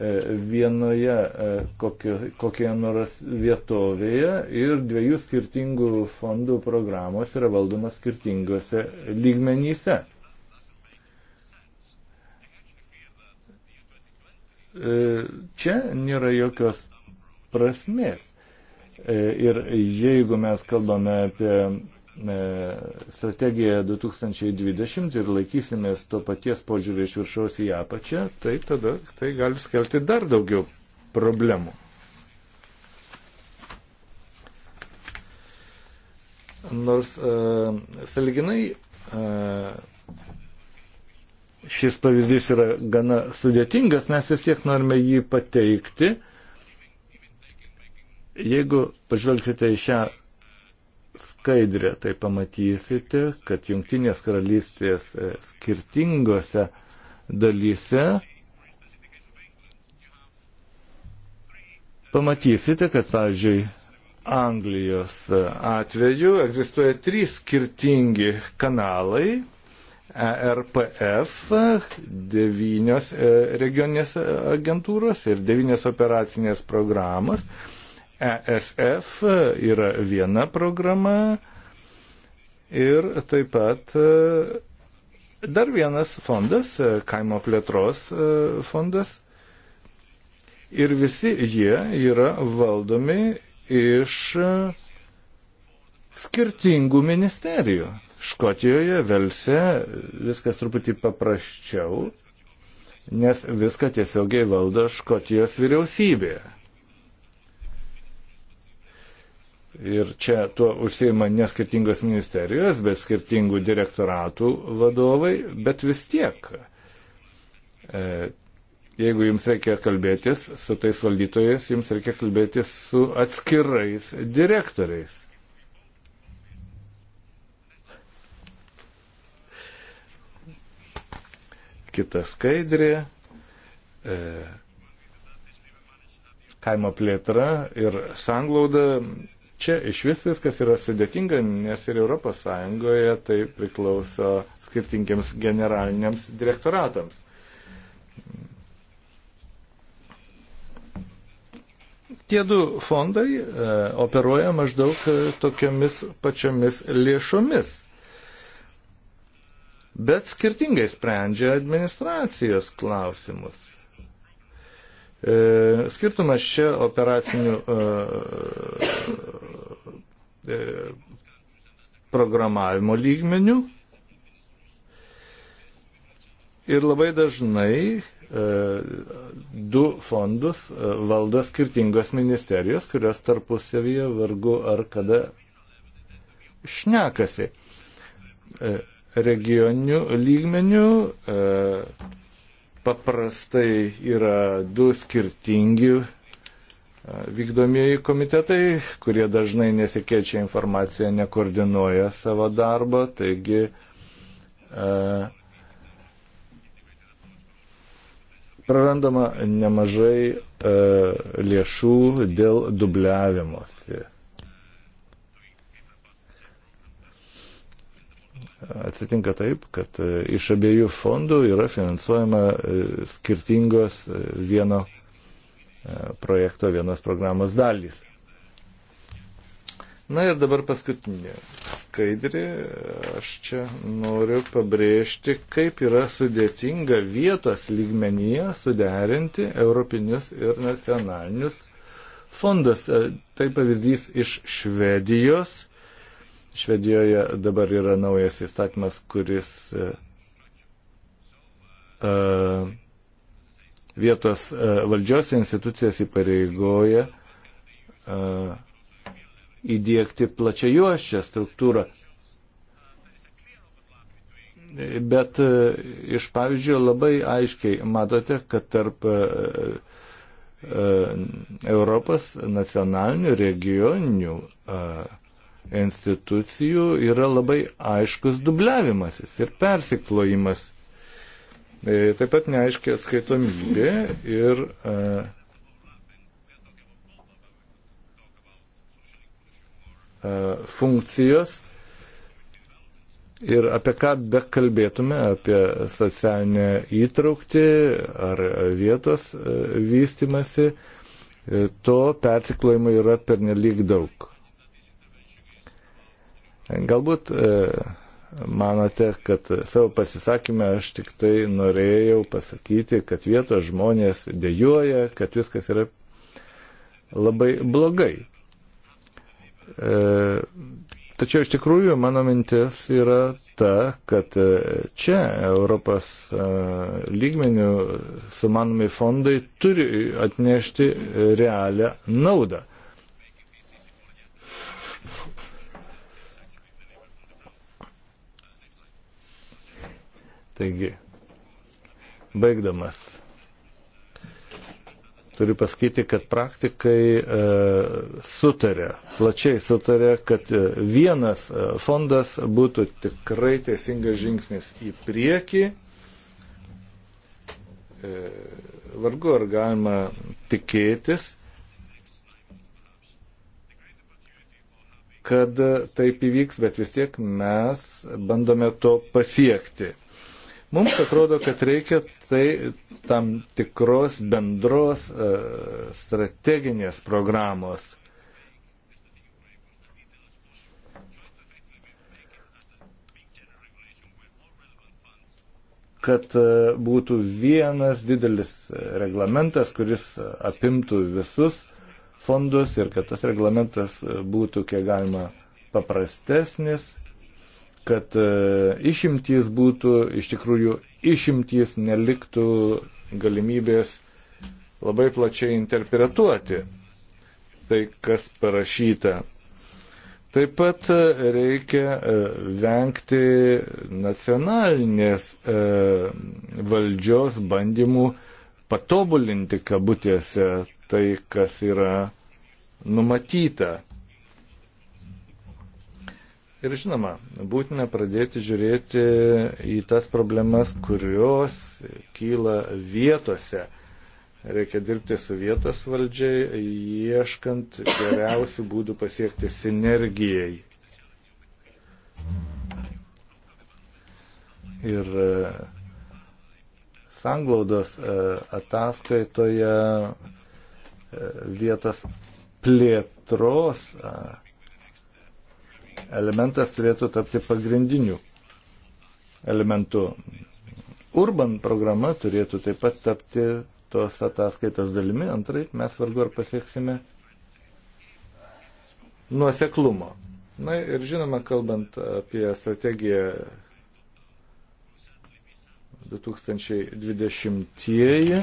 E, vienoje e, kokio, kokioje nors vietovėje ir dviejų skirtingų fondų programos yra valdomas skirtingose lygmenyse. E, čia nėra jokios prasmės. Ir jeigu mes kalbame apie E, strategiją 2020 ir laikysimės to paties požiūrį iš viršaus į apačią, tai tada tai gali skelti dar daugiau problemų. Nors uh, saliginai uh, šis pavyzdys yra gana sudėtingas, mes vis tiek norime jį pateikti. Jeigu pažvelgsite į šią skaidrę, tai pamatysite, kad jungtinės karalystės e, skirtingose dalyse pamatysite, kad, pavyzdžiui, Anglijos e, atveju egzistuoja trys skirtingi kanalai ERPF, devynios e, regioninės agentūros ir devynios operacinės programas. Mm ESF yra viena programa ir taip pat e, dar vienas fondas, e, kaimo plėtros e, fondas. Ir visi jie yra valdomi iš skirtingų ministerijų. Škotijoje, Velse viskas truputį paprasčiau, nes viską tiesiogiai valdo Škotijos vyriausybė. Ir čia tuo užsieima ne skirtingos ministerijos, bet skirtingų direktoratų vadovai, bet vis tiek. E, jeigu jums reikia kalbėtis su tais valdytojais, jums reikia kalbėtis su atskirais direktoriais. Kita skaidrė. E, kaimo plėtra ir sanglauda Čia iš vis viskas yra sudėtinga, nes ir ES tai priklauso skirtingiams generaliniams direktoratams. Tie du fondai e, operuoja maždaug e, tokiamis pačiamis lėšomis, bet skirtingai sprendžia administracijos klausimus. E, skirtumas čia operacinių e, e, programavimo lygmenių ir labai dažnai du fondus valdo skirtingos ministerijos, kurios tarpusavyje vargu ar kada šnekasi. Regioninių lygmenių Paprastai yra du skirtingi e, vykdomieji komitetai, kurie dažnai nesikeičia informaciją, nekoordinuoja savo darbo, taigi e, prarandama nemažai e, lėšų dėl dubliavimuose. atsitinka taip, kad e, iš abiejų fondų yra finansuojama e, skirtingos e, vieno projekto, vienos programos dalys. Na ir dabar paskutinė skaidrė. Aš čia noriu pabrėžti, kaip yra sudėtinga vietos lygmenyje suderinti europinius ir nacionalinius fondus. Tai pavyzdys iš Švedijos Švedijoje dabar yra naujas įstatymas, kuris uh, vietos uh, valdžios institucijas įpareigoja uh, įdėkti plačiajuoščią struktūrą. Bet uh, iš pavyzdžio labai aiškiai matote, kad tarp uh, uh, Europos nacionalinių regioninių uh, institucijų yra labai aiškus dubliavimasis ir persiklojimas. E, taip pat neaiškia atskaitomybė ir e, e, funkcijos ir apie ką bekalbėtume, apie socialinę įtraukti ar vietos vystimasi, to persiklojimo yra pernelyg daug. Galbūt e, manote, kad savo pasisakymę aš tik tai norėjau pasakyti, kad vietos žmonės dėjoja, kad viskas yra labai blogai. E, tačiau iš tikrųjų mano mintis yra ta, kad e, čia Europos lygmenių sumanomi fondai turi atnešti realią naudą. Taigi, baigdamas, turiu pasakyti, kad praktikai e, sutarė, plačiai sutarė, kad e, vienas e, fondas būtų tikrai teisingas žingsnis į priekį. E, vargu ar galima tikėtis, kad e, taip įvyks, bet vis tiek mes bandome to pasiekti. Mums atrodo, kad reikia tai tam tikros bendros e, strateginės programos. kad e, būtų vienas didelis reglamentas, kuris apimtų visus fondus ir kad tas reglamentas būtų kiek galima paprastesnis kad e, išimtys būtų iš tikrųjų išimtys neliktų galimybės labai plačiai interpretuoti tai, kas parašyta. Taip pat e, reikia e, vengti nacionalinės valdžios bandymų patobulinti kabutėse tai, kas yra numatyta. Ir žinoma, būtina pradėti žiūrėti į tas problemas, kurios kyla vietose. Reikia dirbti su vietos valdžiai, ieškant geriausių būdų pasiekti sinergijai. Ir e, sanglaudos e, ataskaitoje e, vietos plėtros elementas turėtų tapti pagrindiniu elementu. Urban programa turėtų taip pat tapti tos ataskaitos dalimi, antraip mes vargu ar pasieksime nuoseklumo. Na ir žinoma, kalbant apie strategiją 2020-ieji,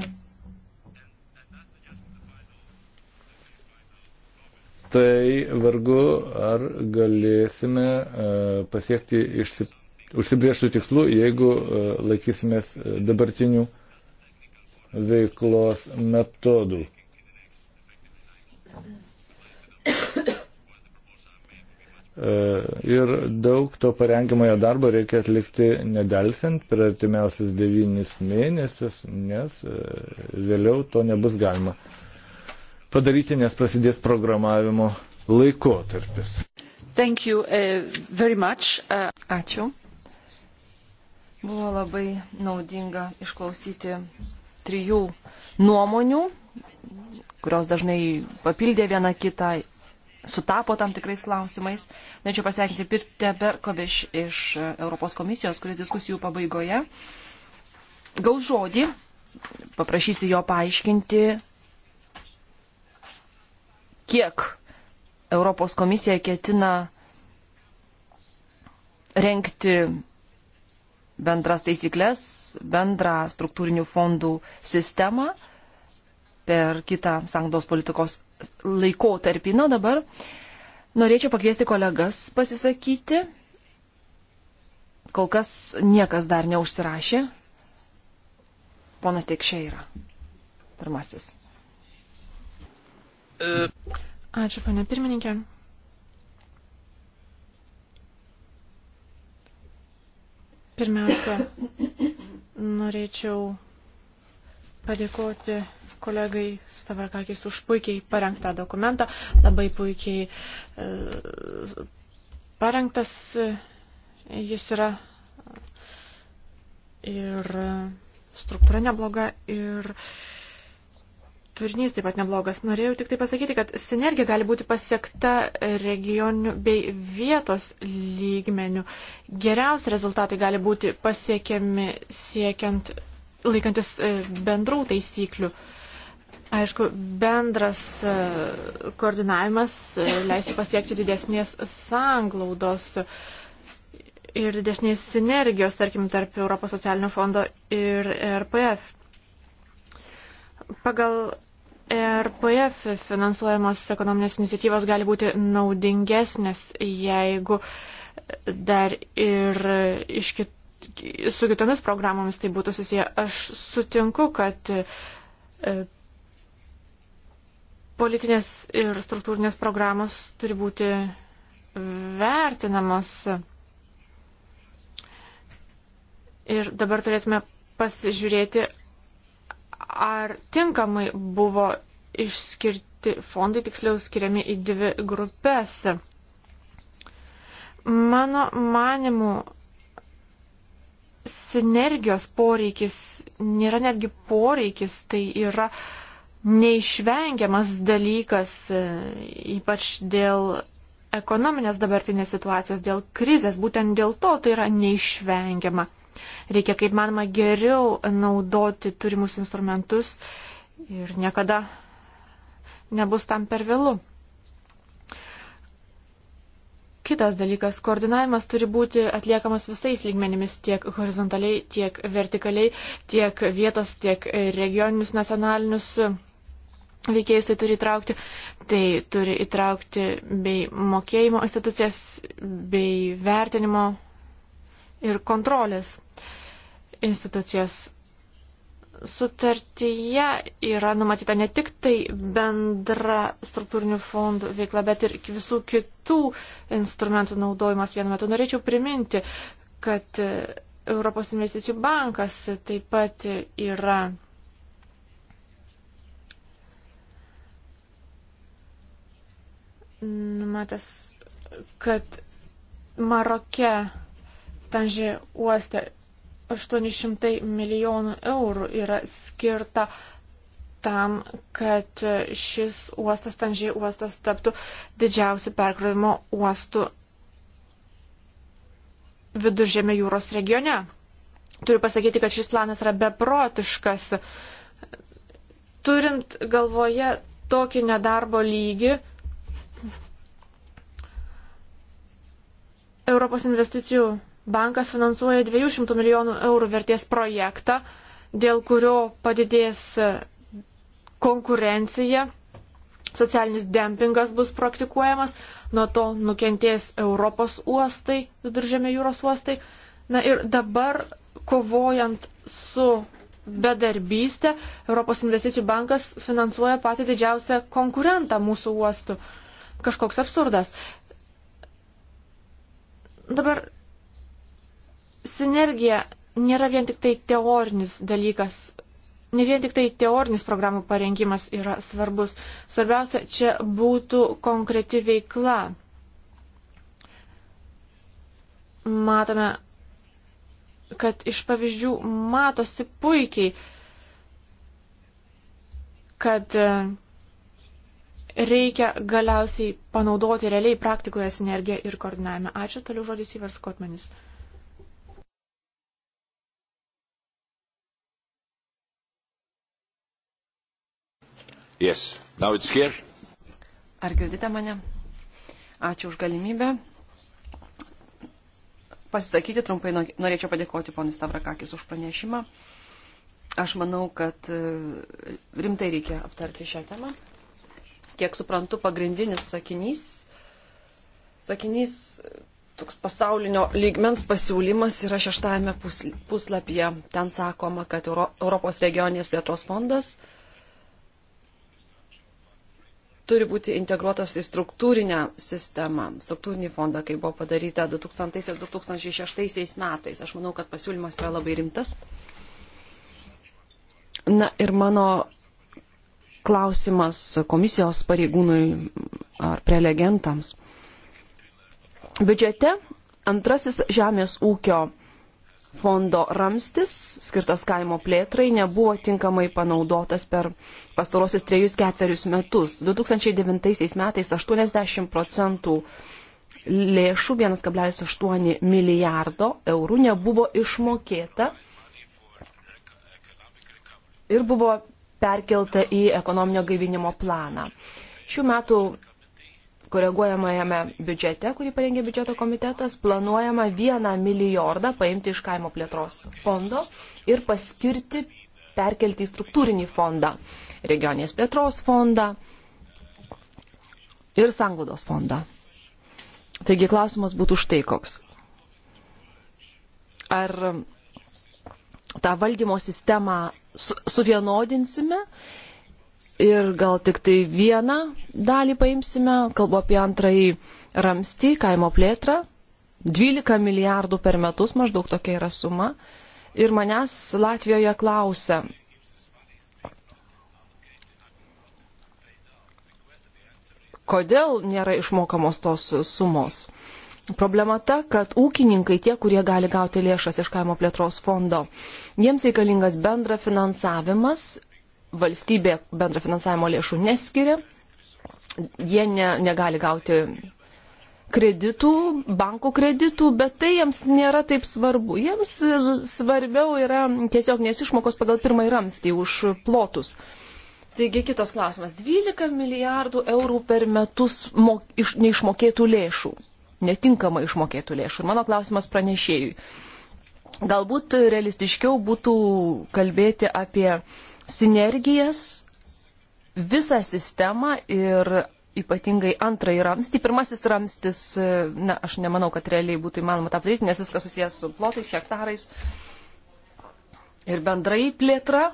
tai vargu ar galėsime e, pasiekti išsip, užsibrieštų tikslų, jeigu e, laikysimės e, dabartinių veiklos metodų. Ir daug to parengiamojo darbo reikia atlikti nedelsiant per artimiausias devynis mėnesius, nes vėliau to nebus galima padaryti, nes prasidės programavimo laikotarpis. Thank you, uh, much, uh... Ačiū. Buvo labai naudinga išklausyti trijų nuomonių, kurios dažnai papildė vieną kitą, sutapo tam tikrais klausimais. Norėčiau pasveikinti Pirtę Berkoviš iš Europos komisijos, kuris diskusijų pabaigoje gaus žodį, paprašysiu jo paaiškinti kiek Europos komisija ketina renkti bendras taisyklės, bendrą struktūrinių fondų sistemą per kitą sangdos politikos laikotarpį. Na dabar norėčiau pakviesti kolegas pasisakyti. Kol kas niekas dar neužsirašė. Ponas Tekšė yra pirmasis. Ačiū, pane pirmininkė. Pirmiausia, norėčiau padėkoti kolegai Stavarkakis už puikiai parengtą dokumentą, labai puikiai e, parengtas e, jis yra e, ir struktūra nebloga ir e, turinys taip pat neblogas. Norėjau tik tai pasakyti, kad sinergija gali būti pasiekta regioninių bei vietos lygmenių. Geriausi rezultatai gali būti pasiekiami siekiant, laikantis e, bendrų taisyklių. Aišku, bendras e, koordinavimas e, leistų pasiekti didesnės sanglaudos ir didesnės sinergijos, tarkim, tarp Europos socialinio fondo ir RPF. Pagal RPF finansuojamos ekonominės iniciatyvos gali būti naudingesnės, jeigu dar ir iš kit, su kitomis programomis tai būtų susiję. Aš sutinku, kad e, politinės ir struktūrinės programos turi būti vertinamos. Ir dabar turėtume pasižiūrėti, ar tinkamai buvo išskirti fondai, tiksliau skiriami į dvi grupės. Mano manimu, sinergijos poreikis nėra netgi poreikis, tai yra neišvengiamas dalykas, ypač dėl ekonominės dabartinės situacijos, dėl krizės, būtent dėl to tai yra neišvengiama. Reikia, kaip manoma, geriau naudoti turimus instrumentus ir niekada nebus tam per vėlų. Kitas dalykas - koordinavimas turi būti atliekamas visais lygmenimis, tiek horizontaliai, tiek vertikaliai, tiek vietos, tiek regioninius, nacionalinius veikėjus tai turi įtraukti. Tai turi įtraukti bei mokėjimo institucijas, bei vertinimo ir kontrolės institucijos. Sutartyje yra numatyta ne tik tai bendra struktūrinių fondų veikla, bet ir visų kitų instrumentų naudojimas vienu metu. Norėčiau priminti, kad Europos investicijų bankas taip pat yra numatęs, kad Maroke Tanži uoste 800 milijonų eurų yra skirta tam, kad šis uostas, Tanžiai uostas, taptų didžiausių perkrovimo uostų viduržėme jūros regione. Turiu pasakyti, kad šis planas yra beprotiškas. Turint galvoje tokį nedarbo lygį, Europos investicijų bankas finansuoja 200 milijonų eurų vertės projektą, dėl kurio padidės e, konkurencija, socialinis dempingas bus praktikuojamas, nuo to nukentės Europos uostai, viduržėmė jūros uostai. Na ir dabar, kovojant su bedarbystė, Europos investicijų bankas finansuoja patį didžiausią konkurentą mūsų uostų. Kažkoks absurdas. Dabar sinergija nėra vien tik tai teorinis dalykas, ne vien tik tai teorinis programų parengimas yra svarbus. Svarbiausia, čia būtų konkreti veikla. Matome, kad iš pavyzdžių matosi puikiai, kad e, reikia galiausiai panaudoti realiai praktikoje sinergiją ir koordinavimą. Ačiū, toliau žodis įvars Kotmanis. Yes. Now it's here. Ar girdite mane? Ačiū už galimybę. Pasisakyti trumpai norėčiau padėkoti ponis Tavrakakis už pranešimą. Aš manau, kad e, rimtai reikia aptarti šią temą. Kiek suprantu, pagrindinis sakinys, sakinys e, toks pasaulinio lygmens pasiūlymas yra šeštajame puslapyje. Ten sakoma, kad Euro, Europos regioninės plėtros fondas turi būti integruotas į struktūrinę sistemą, struktūrinį fondą, kaip buvo padaryta 2000 ir 2006 metais. Aš manau, kad pasiūlymas yra labai rimtas. Na ir mano klausimas komisijos pareigūnui ar prelegentams. Biudžete antrasis žemės ūkio fondo ramstis, skirtas kaimo plėtrai, nebuvo tinkamai panaudotas per pastarosius trejus ketverius metus. 2009 metais 80 procentų lėšų, 1,8 milijardo eurų, nebuvo išmokėta ir buvo perkelta į ekonominio gaivinimo planą. Šių metų koreguojamajame biudžete, kurį parengė biudžeto komitetas, planuojama vieną milijardą paimti iš kaimo plėtros fondo ir paskirti, perkelti į struktūrinį fondą, regionės plėtros fondą ir sanglaudos fondą. Taigi klausimas būtų štai koks. Ar tą valdymo sistemą suvienodinsime su ir gal tik tai vieną dalį paimsime, kalbu apie antrąjį ramstį, kaimo plėtrą, 12 milijardų per metus maždaug tokia yra suma. Ir manęs Latvijoje klausia, kodėl nėra išmokamos tos sumos. Problema ta, kad ūkininkai, tie, kurie gali gauti lėšas iš kaimo plėtros fondo, jiems reikalingas bendra finansavimas valstybė bendro finansavimo lėšų neskiria, jie ne, negali gauti kreditų, bankų kreditų, bet tai jiems nėra taip svarbu. Jiems svarbiau yra tiesiog nesišmokos pagal pirmąjį ramstį už plotus. Taigi kitas klausimas. 12 milijardų eurų per metus mok, iš, neišmokėtų lėšų. Netinkamai išmokėtų lėšų. Ir mano klausimas pranešėjui. Galbūt realistiškiau būtų kalbėti apie uh, sinergijas, visą sistemą ir ypatingai antrąjį ramstį. Pirmasis ramstis, na, aš nemanau, kad realiai būtų įmanoma tą padaryti, nes viskas susijęs su plotais, hektarais ir bendrai plėtra.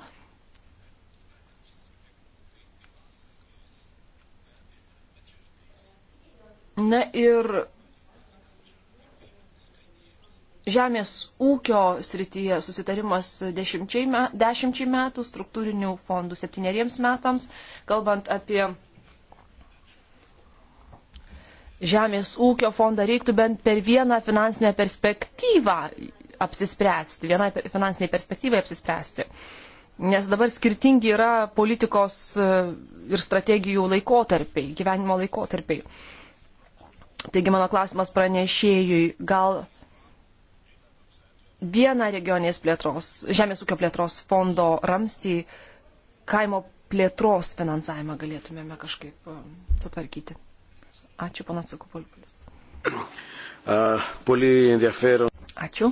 Na ir žemės ūkio srityje susitarimas dešimčiai metų, struktūrinių fondų septyneriems metams, kalbant apie žemės ūkio fondą reiktų bent per vieną finansinę perspektyvą apsispręsti, vienai finansiniai perspektyvai apsispręsti. Nes dabar skirtingi yra politikos e, ir strategijų laikotarpiai, gyvenimo laikotarpiai. Taigi mano klausimas pranešėjui, gal vieną regionės plėtros, žemės ūkio plėtros fondo ramstį kaimo plėtros finansavimą galėtumėme kažkaip um, sutvarkyti. Ačiū, panas Sukupolpolis. Ah, Ačiū.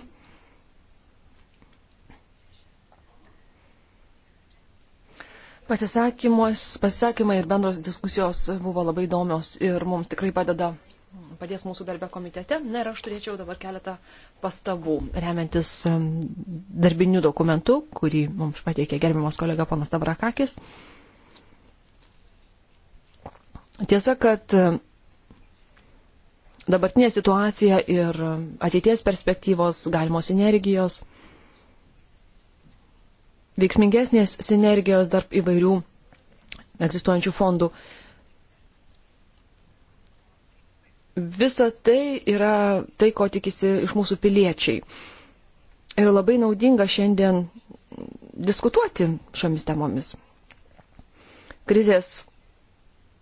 Pasisakymai ir bendros diskusijos buvo labai įdomios ir mums tikrai padeda padės mūsų darbę komitete. Na ir aš turėčiau dabar keletą pastabų, remiantis darbinių dokumentų, kurį mums pateikė gerbiamas kolega panas Tabrakakis. Tiesa, kad dabartinė situacija ir ateities perspektyvos, galimos sinergijos, veiksmingesnės sinergijos tarp įvairių egzistuojančių fondų Visa tai yra tai, ko tikisi iš mūsų piliečiai. Ir labai naudinga šiandien diskutuoti šiomis temomis. Krizės,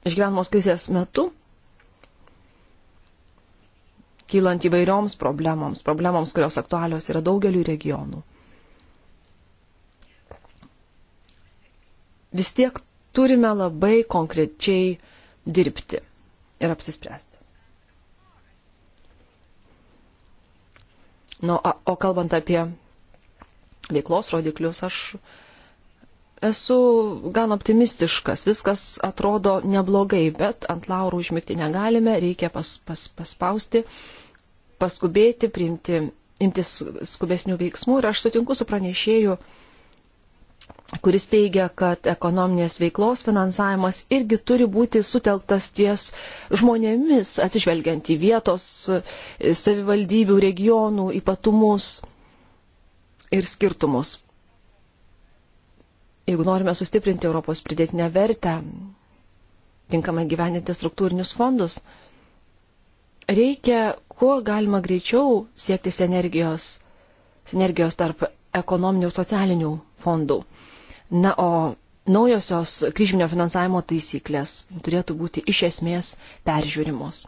išgyvenamos krizės metu, kylant įvairioms problemoms, problemoms, kurios aktualios yra daugeliu regionų. Vis tiek turime labai konkrečiai dirbti ir apsispręsti. Nu, a, o kalbant apie veiklos rodiklius, aš esu gan optimistiškas, viskas atrodo neblogai, bet ant laurų užmigti negalime, reikia pas, pas, paspausti, paskubėti, priimti, imtis skubesnių veiksmų ir aš sutinku su pranešėju, kuris teigia, kad ekonominės veiklos finansavimas irgi turi būti sutelktas ties žmonėmis, atsižvelgiant į vietos e, savivaldybių, regionų ypatumus ir skirtumus. Jeigu norime sustiprinti Europos pridėtinę vertę, tinkamai gyveninti struktūrinius fondus, reikia kuo galima greičiau siekti sinergijos, sinergijos tarp ekonominių ir socialinių fondų. Na, o naujosios kryžminio finansavimo taisyklės turėtų būti iš esmės peržiūrimos.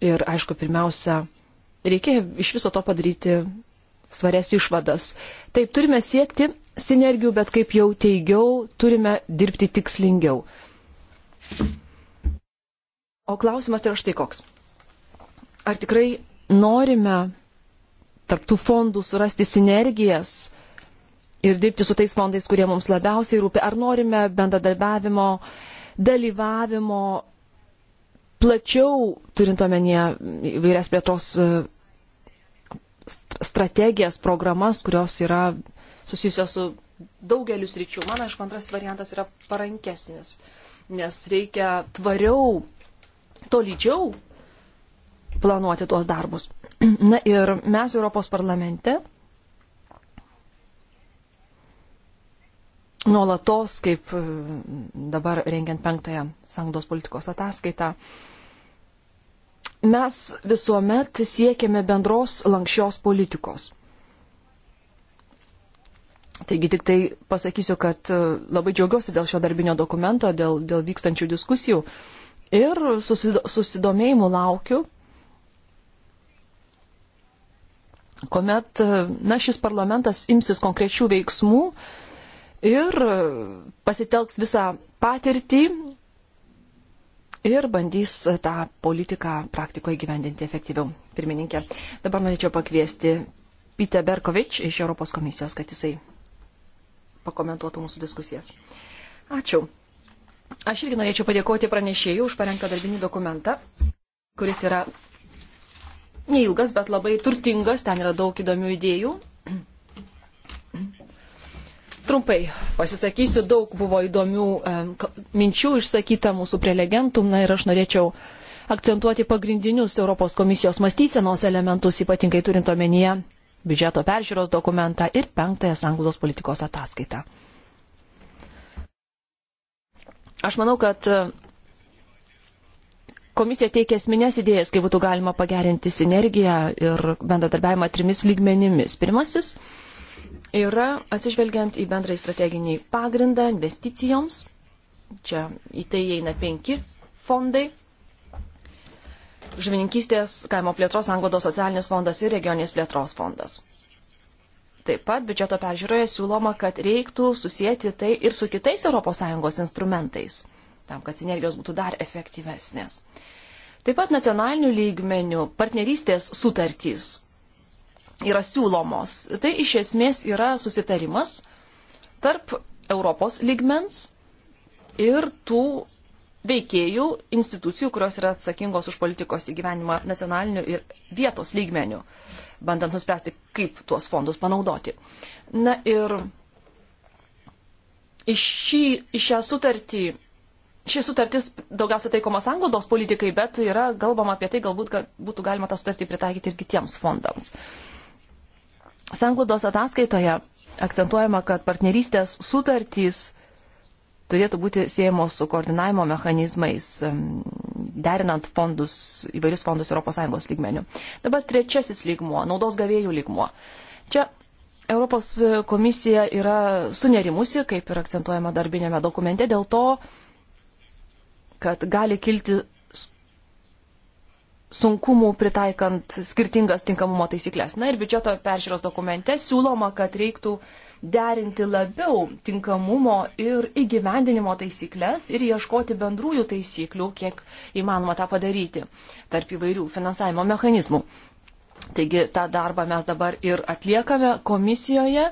Ir, aišku, pirmiausia, reikia iš viso to padaryti svarias išvadas. Taip, turime siekti sinergijų, bet kaip jau teigiau, turime dirbti tikslingiau. O klausimas yra štai koks. Ar tikrai norime taptų fondų surasti sinergijas ir dirbti su tais fondais, kurie mums labiausiai rūpi. Ar norime bendradarbiavimo, dalyvavimo plačiau, turint omenyje įvairias plėtos e, strategijas, programas, kurios yra susijusios su daugeliu sričių. Man, aišku, antras variantas yra parankesnis, nes reikia tvariau, tolydžiau planuoti tuos darbus. Na ir mes Europos parlamente nuolatos, kaip e, dabar rengiant penktąją sangdos politikos ataskaitą, mes visuomet siekiame bendros lankščios politikos. Taigi tik tai pasakysiu, kad e, labai džiaugiuosi dėl šio darbinio dokumento, dėl, dėl vykstančių diskusijų ir susidomėjimų laukiu kuomet e, na, šis parlamentas imsis konkrečių veiksmų ir e, pasitelks visą patirtį ir bandys e, tą politiką praktikoje gyvendinti efektyviau. Pirmininkė, dabar norėčiau pakviesti Pite Berkovič iš Europos komisijos, kad jisai pakomentuotų mūsų diskusijas. Ačiū. Aš irgi norėčiau padėkoti pranešėjų už parengtą darbinį dokumentą, kuris yra neilgas, bet labai turtingas, ten yra daug įdomių idėjų. Trumpai pasisakysiu, daug buvo įdomių e, minčių išsakyta mūsų prelegentum, na ir aš norėčiau akcentuoti pagrindinius Europos komisijos mąstysenos elementus, ypatingai turint omenyje biudžeto peržiūros dokumentą ir penktąją sanglos politikos ataskaitą. Aš manau, kad komisija teikia esminės idėjas, kaip būtų galima pagerinti sinergiją ir bendradarbiavimą trimis lygmenimis. Pirmasis yra atsižvelgiant į bendrąjį strateginį pagrindą investicijoms. Čia į tai eina penki fondai. Žvininkystės, kaimo plėtros, anglodos socialinis fondas ir regioninės plėtros fondas. Taip pat biudžeto peržiūroje siūloma, kad reiktų susijęti tai ir su kitais ES instrumentais tam, kad sinergijos būtų dar efektyvesnės. Taip pat nacionalinių lygmenių partnerystės sutartys yra siūlomos. Tai iš esmės yra susitarimas tarp Europos lygmens ir tų veikėjų, institucijų, kurios yra atsakingos už politikos įgyvenimą nacionaliniu ir vietos lygmeniu, bandant nuspręsti, kaip tuos fondus panaudoti. Na ir į, šį, į šią sutartį Šis sutartis daugiausia taikomas anglodos politikai, bet yra kalbama apie tai, galbūt kad būtų galima tą sutartį pritaikyti ir kitiems fondams. Sanglodos ataskaitoje akcentuojama, kad partnerystės sutartys turėtų būti siejamos su koordinavimo mechanizmais, derinant fondus, įvairius fondus ES lygmenių. Dabar trečiasis lygmuo - naudos gavėjų lygmuo. Čia Europos komisija yra sunerimusi, kaip ir akcentuojama darbinėme dokumente, dėl to, kad gali kilti sunkumų pritaikant skirtingas tinkamumo taisyklės. Na ir biudžeto peržiūros dokumente siūloma, kad reiktų derinti labiau tinkamumo ir įgyvendinimo taisyklės ir ieškoti bendrųjų taisyklių, kiek įmanoma tą padaryti tarp įvairių finansavimo mechanizmų. Taigi tą darbą mes dabar ir atliekame komisijoje,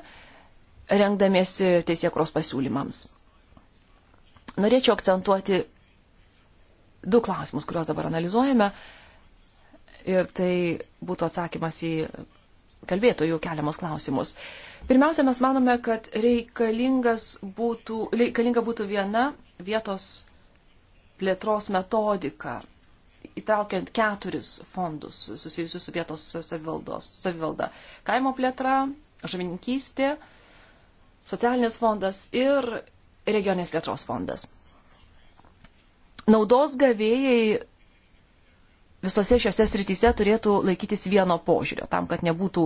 rengdamiesi teisėkros pasiūlymams. Norėčiau akcentuoti du klausimus, kuriuos dabar analizuojame. Ir tai būtų atsakymas į kalbėtojų keliamus klausimus. Pirmiausia, mes manome, kad būtų, reikalinga būtų viena vietos plėtros metodika, įtraukiant keturis fondus susijusius su vietos savivalda. Kaimo plėtra, žavininkystė, socialinis fondas ir regionės plėtros fondas naudos gavėjai visose šiose srityse turėtų laikytis vieno požiūrio, tam, kad nebūtų,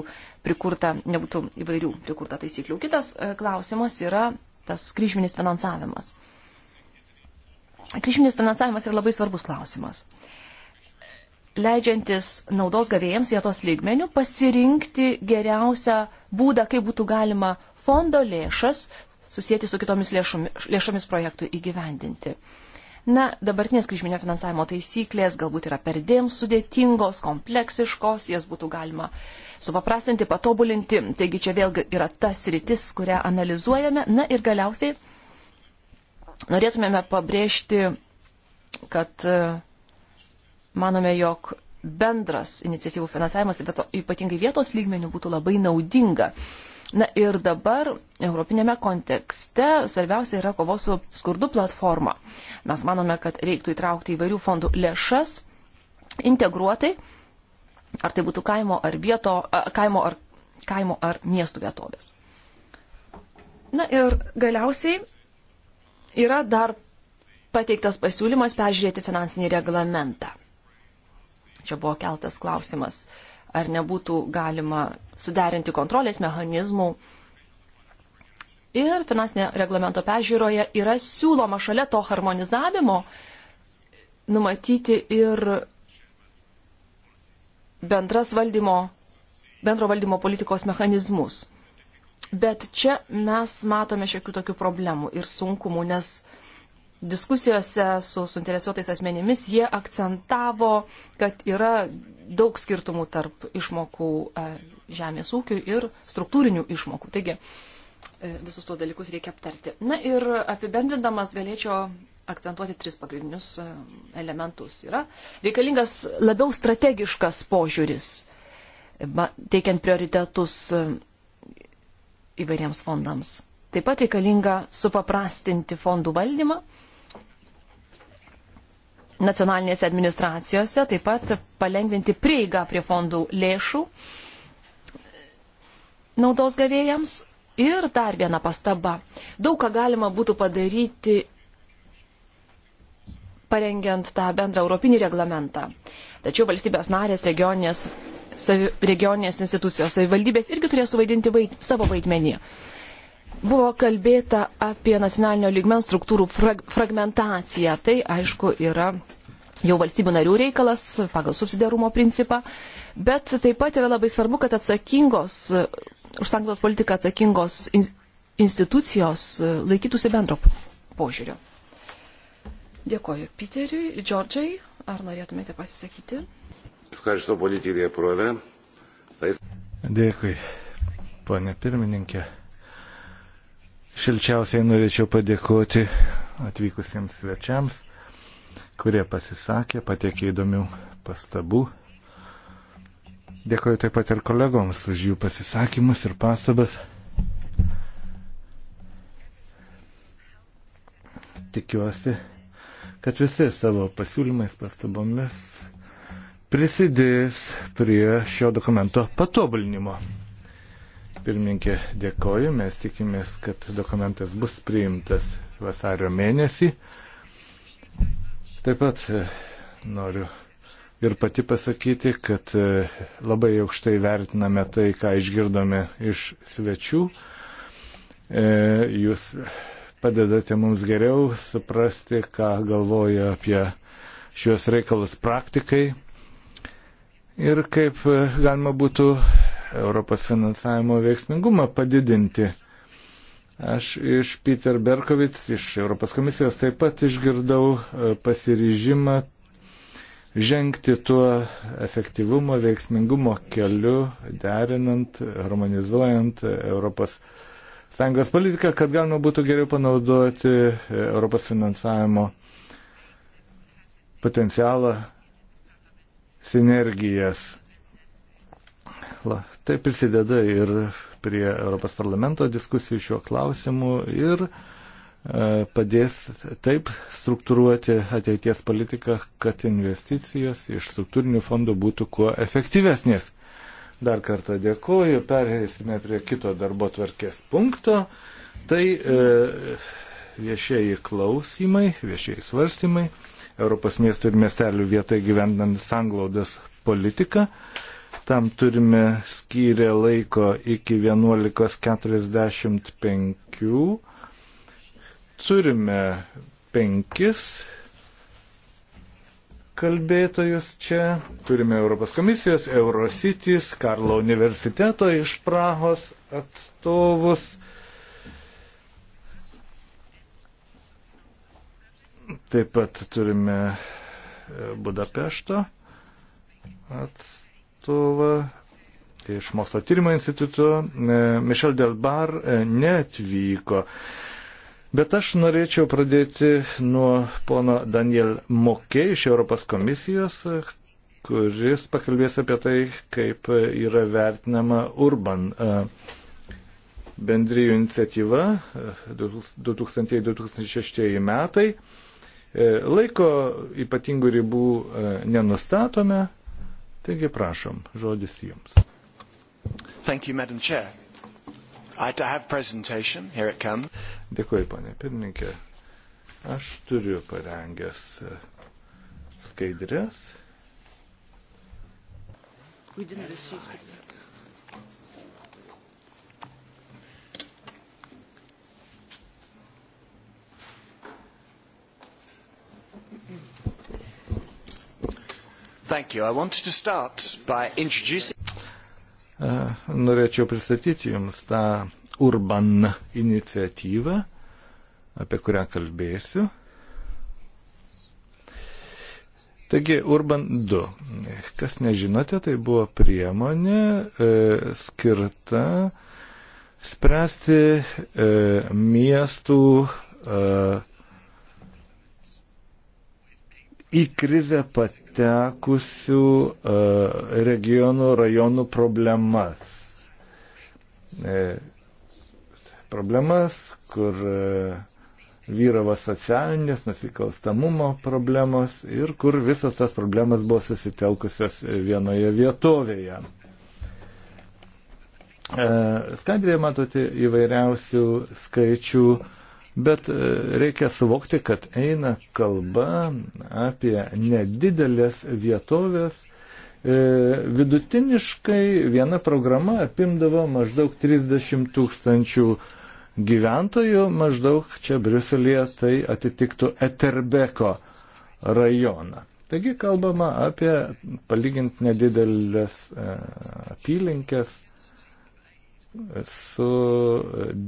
prikurta, nebūtų įvairių prikurta taisyklių. Kitas e, klausimas yra tas kryžminis finansavimas. Kryžminis finansavimas yra labai svarbus klausimas. Leidžiantis naudos gavėjams vietos lygmenių pasirinkti geriausią būdą, kaip būtų galima fondo lėšas susijęti su kitomis lėšomis, lėšomis projektų įgyvendinti. Uh, Na, dabartinės kryžminio finansavimo taisyklės galbūt yra perdėm sudėtingos, kompleksiškos, jas būtų galima supaprastinti, patobulinti. Taigi čia vėlgi yra tas rytis, kurią analizuojame. Na ir galiausiai norėtumėme pabrėžti, kad e, manome, jog bendras iniciatyvų finansavimas, ypatingai vietos lygmenių, būtų labai naudinga. Uh, Na ir dabar europinėme kontekste svarbiausia yra kovos su skurdu platforma. Mes manome, kad reiktų įtraukti įvairių fondų lėšas integruotai, ar tai būtų kaimo ar, vieto, kaimo ar, kaimo ar miestų vietovės. Na ir galiausiai yra dar pateiktas pasiūlymas peržiūrėti finansinį reglamentą. Čia buvo keltas klausimas. Uh, ar nebūtų galima suderinti kontrolės mechanizmų. Ir finansinė reglamento pežiūroje yra siūloma šalia to harmonizavimo numatyti ir bendras valdymo, bendro valdymo politikos mechanizmus. Bet čia mes matome šiokių tokių problemų ir sunkumų, nes diskusijose su suinteresuotais asmenimis jie akcentavo, kad yra daug skirtumų tarp išmokų e, žemės ūkių ir struktūrinių išmokų. Taigi e, visus to dalykus reikia aptarti. Na ir apibendrindamas galėčiau akcentuoti tris pagrindinius e, elementus. Yra reikalingas labiau strategiškas požiūris, teikiant prioritetus įvairiems fondams. Taip pat reikalinga supaprastinti fondų valdymą nacionalinėse administracijose, taip pat palengvinti prieigą prie fondų lėšų naudos gavėjams. Ir dar viena pastaba. Daug ką galima būtų padaryti parengiant tą bendrą europinį reglamentą. Tačiau valstybės narės, regioninės, savi, regioninės institucijos, savivaldybės irgi turės suvaidinti vaid, savo vaidmenį. Buvo kalbėta apie nacionalinio lygmens struktūrų frag fragmentaciją. Tai, aišku, yra jau valstybių narių reikalas pagal subsidiarumo principą. Bet taip pat yra labai svarbu, kad atsakingos, už sankcijos politiką atsakingos in, institucijos laikytųsi bendro požiūrio. Dėkoju Piteriui. Džordžiai, ar norėtumėte pasisakyti? Dėkui, ponė pirmininkė. Šilčiausiai norėčiau padėkoti atvykusiems svečiams, kurie pasisakė, patiekė įdomių pastabų. Dėkoju taip pat ir kolegoms už jų pasisakymus ir pastabas. Tikiuosi, kad visi savo pasiūlymais, pastabomis prisidės prie šio dokumento patobulinimo. Pirmininkė, dėkoju. Mes tikimės, kad dokumentas bus priimtas vasario mėnesį. Taip pat e, noriu ir pati pasakyti, kad e, labai aukštai vertiname tai, ką išgirdome iš svečių. E, jūs padedate mums geriau suprasti, ką galvoja apie šios reikalus praktikai ir kaip galima būtų Europos finansavimo veiksmingumą padidinti. Aš iš Peter Berkovic, iš Europos komisijos taip pat išgirdau e, pasiryžimą žengti tuo efektyvumo, veiksmingumo keliu, derinant, harmonizuojant Europos Sąjungos politiką, kad galima būtų geriau panaudoti e, Europos finansavimo potencialą, sinergijas. La, Tai prisideda ir prie Europos parlamento diskusijų šiuo klausimu ir e, padės taip struktūruoti ateities politiką, kad investicijos iš struktūrinių fondų būtų kuo efektyvesnės. Dar kartą dėkuoju, perėsime prie kito darbo tvarkės punkto. Tai e, viešieji klausimai, viešieji svarstymai, Europos miestų ir miestelių vietai gyvendant sanglaudas politiką. E, Tam turime skyrę laiko iki 11.45. Turime penkis kalbėtojus čia. Turime Europos komisijos, Eurocities, Karlo universiteto iš Prahos atstovus. Taip pat turime Budapešto atstovus atstovą iš Mokslo tyrimo instituto, e, Mišel Delbar, e, neatvyko. Bet aš norėčiau pradėti nuo pono Daniel Mokė iš Europos komisijos, kuris pakalbės apie tai, kaip yra vertinama Urban e, bendryjų iniciatyva 2000-2006 metai. Laiko ypatingų ribų nenustatome, Taigi prašom, žodis jums. Thank you, Madam Chair. I have presentation. Here it comes. Dėkuoju, ponė pirmininkė. Aš turiu parengęs e, skaidrės. We didn't receive the... Thank you. I wanted to start by introducing. Uh, norėčiau pristatyti Jums tą Urban iniciatyvą, apie kurią kalbėsiu. Taigi, Urban 2. Kas nežinote, tai buvo priemonė e, skirta spręsti e, miestų e, į krizę patekusių e, regionų rajonų problemas. E, problemas, kur e, vyravo socialinės nusikalstamumo problemos ir kur visas tas problemas buvo susitelkusios vienoje vietovėje. Skaidrėje matote įvairiausių skaičių Bet e, reikia suvokti, kad eina kalba apie nedidelės vietovės. E, vidutiniškai viena programa apimdavo maždaug 30 tūkstančių gyventojų, maždaug čia Briuselėje tai atitiktų Eterbeko rajoną. Taigi kalbama apie palygint nedidelės e, apylinkės su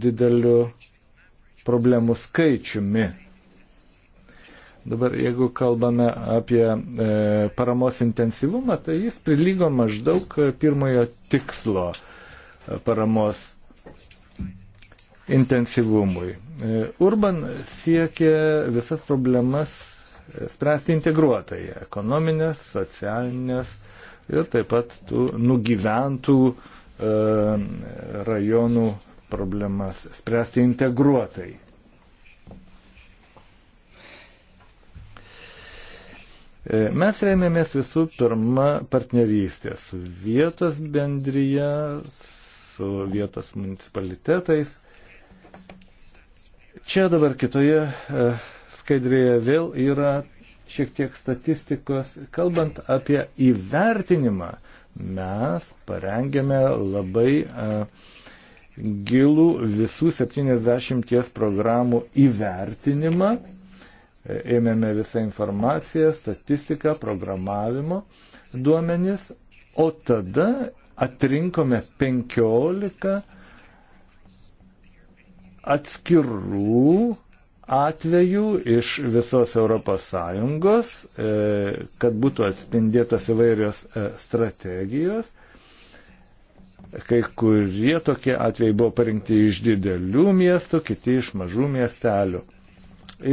dideliu problemų skaičiumi. Dabar, jeigu kalbame apie e, paramos intensyvumą, tai jis prilygo maždaug pirmojo tikslo e, paramos intensyvumui. E, Urban siekia visas problemas e, spręsti integruotai - ekonominės, socialinės ir taip pat tų nugyventų e, rajonų problemas spręsti integruotai. E, mes remiamės visų pirma partnerystė su vietos bendryje, su vietos municipalitetais. Čia dabar kitoje e, skaidrėje vėl yra šiek tiek statistikos. Kalbant apie įvertinimą, mes parengėme labai uh, gilų visų 70 programų įvertinimą. Ėmėme visą informaciją, statistiką, programavimo duomenis, o tada atrinkome 15 atskirų atvejų iš visos ES, e, kad būtų atspindėtos įvairios e, strategijos Kai kurie tokie atvejai buvo parinkti iš didelių miestų, kiti iš mažų miestelių.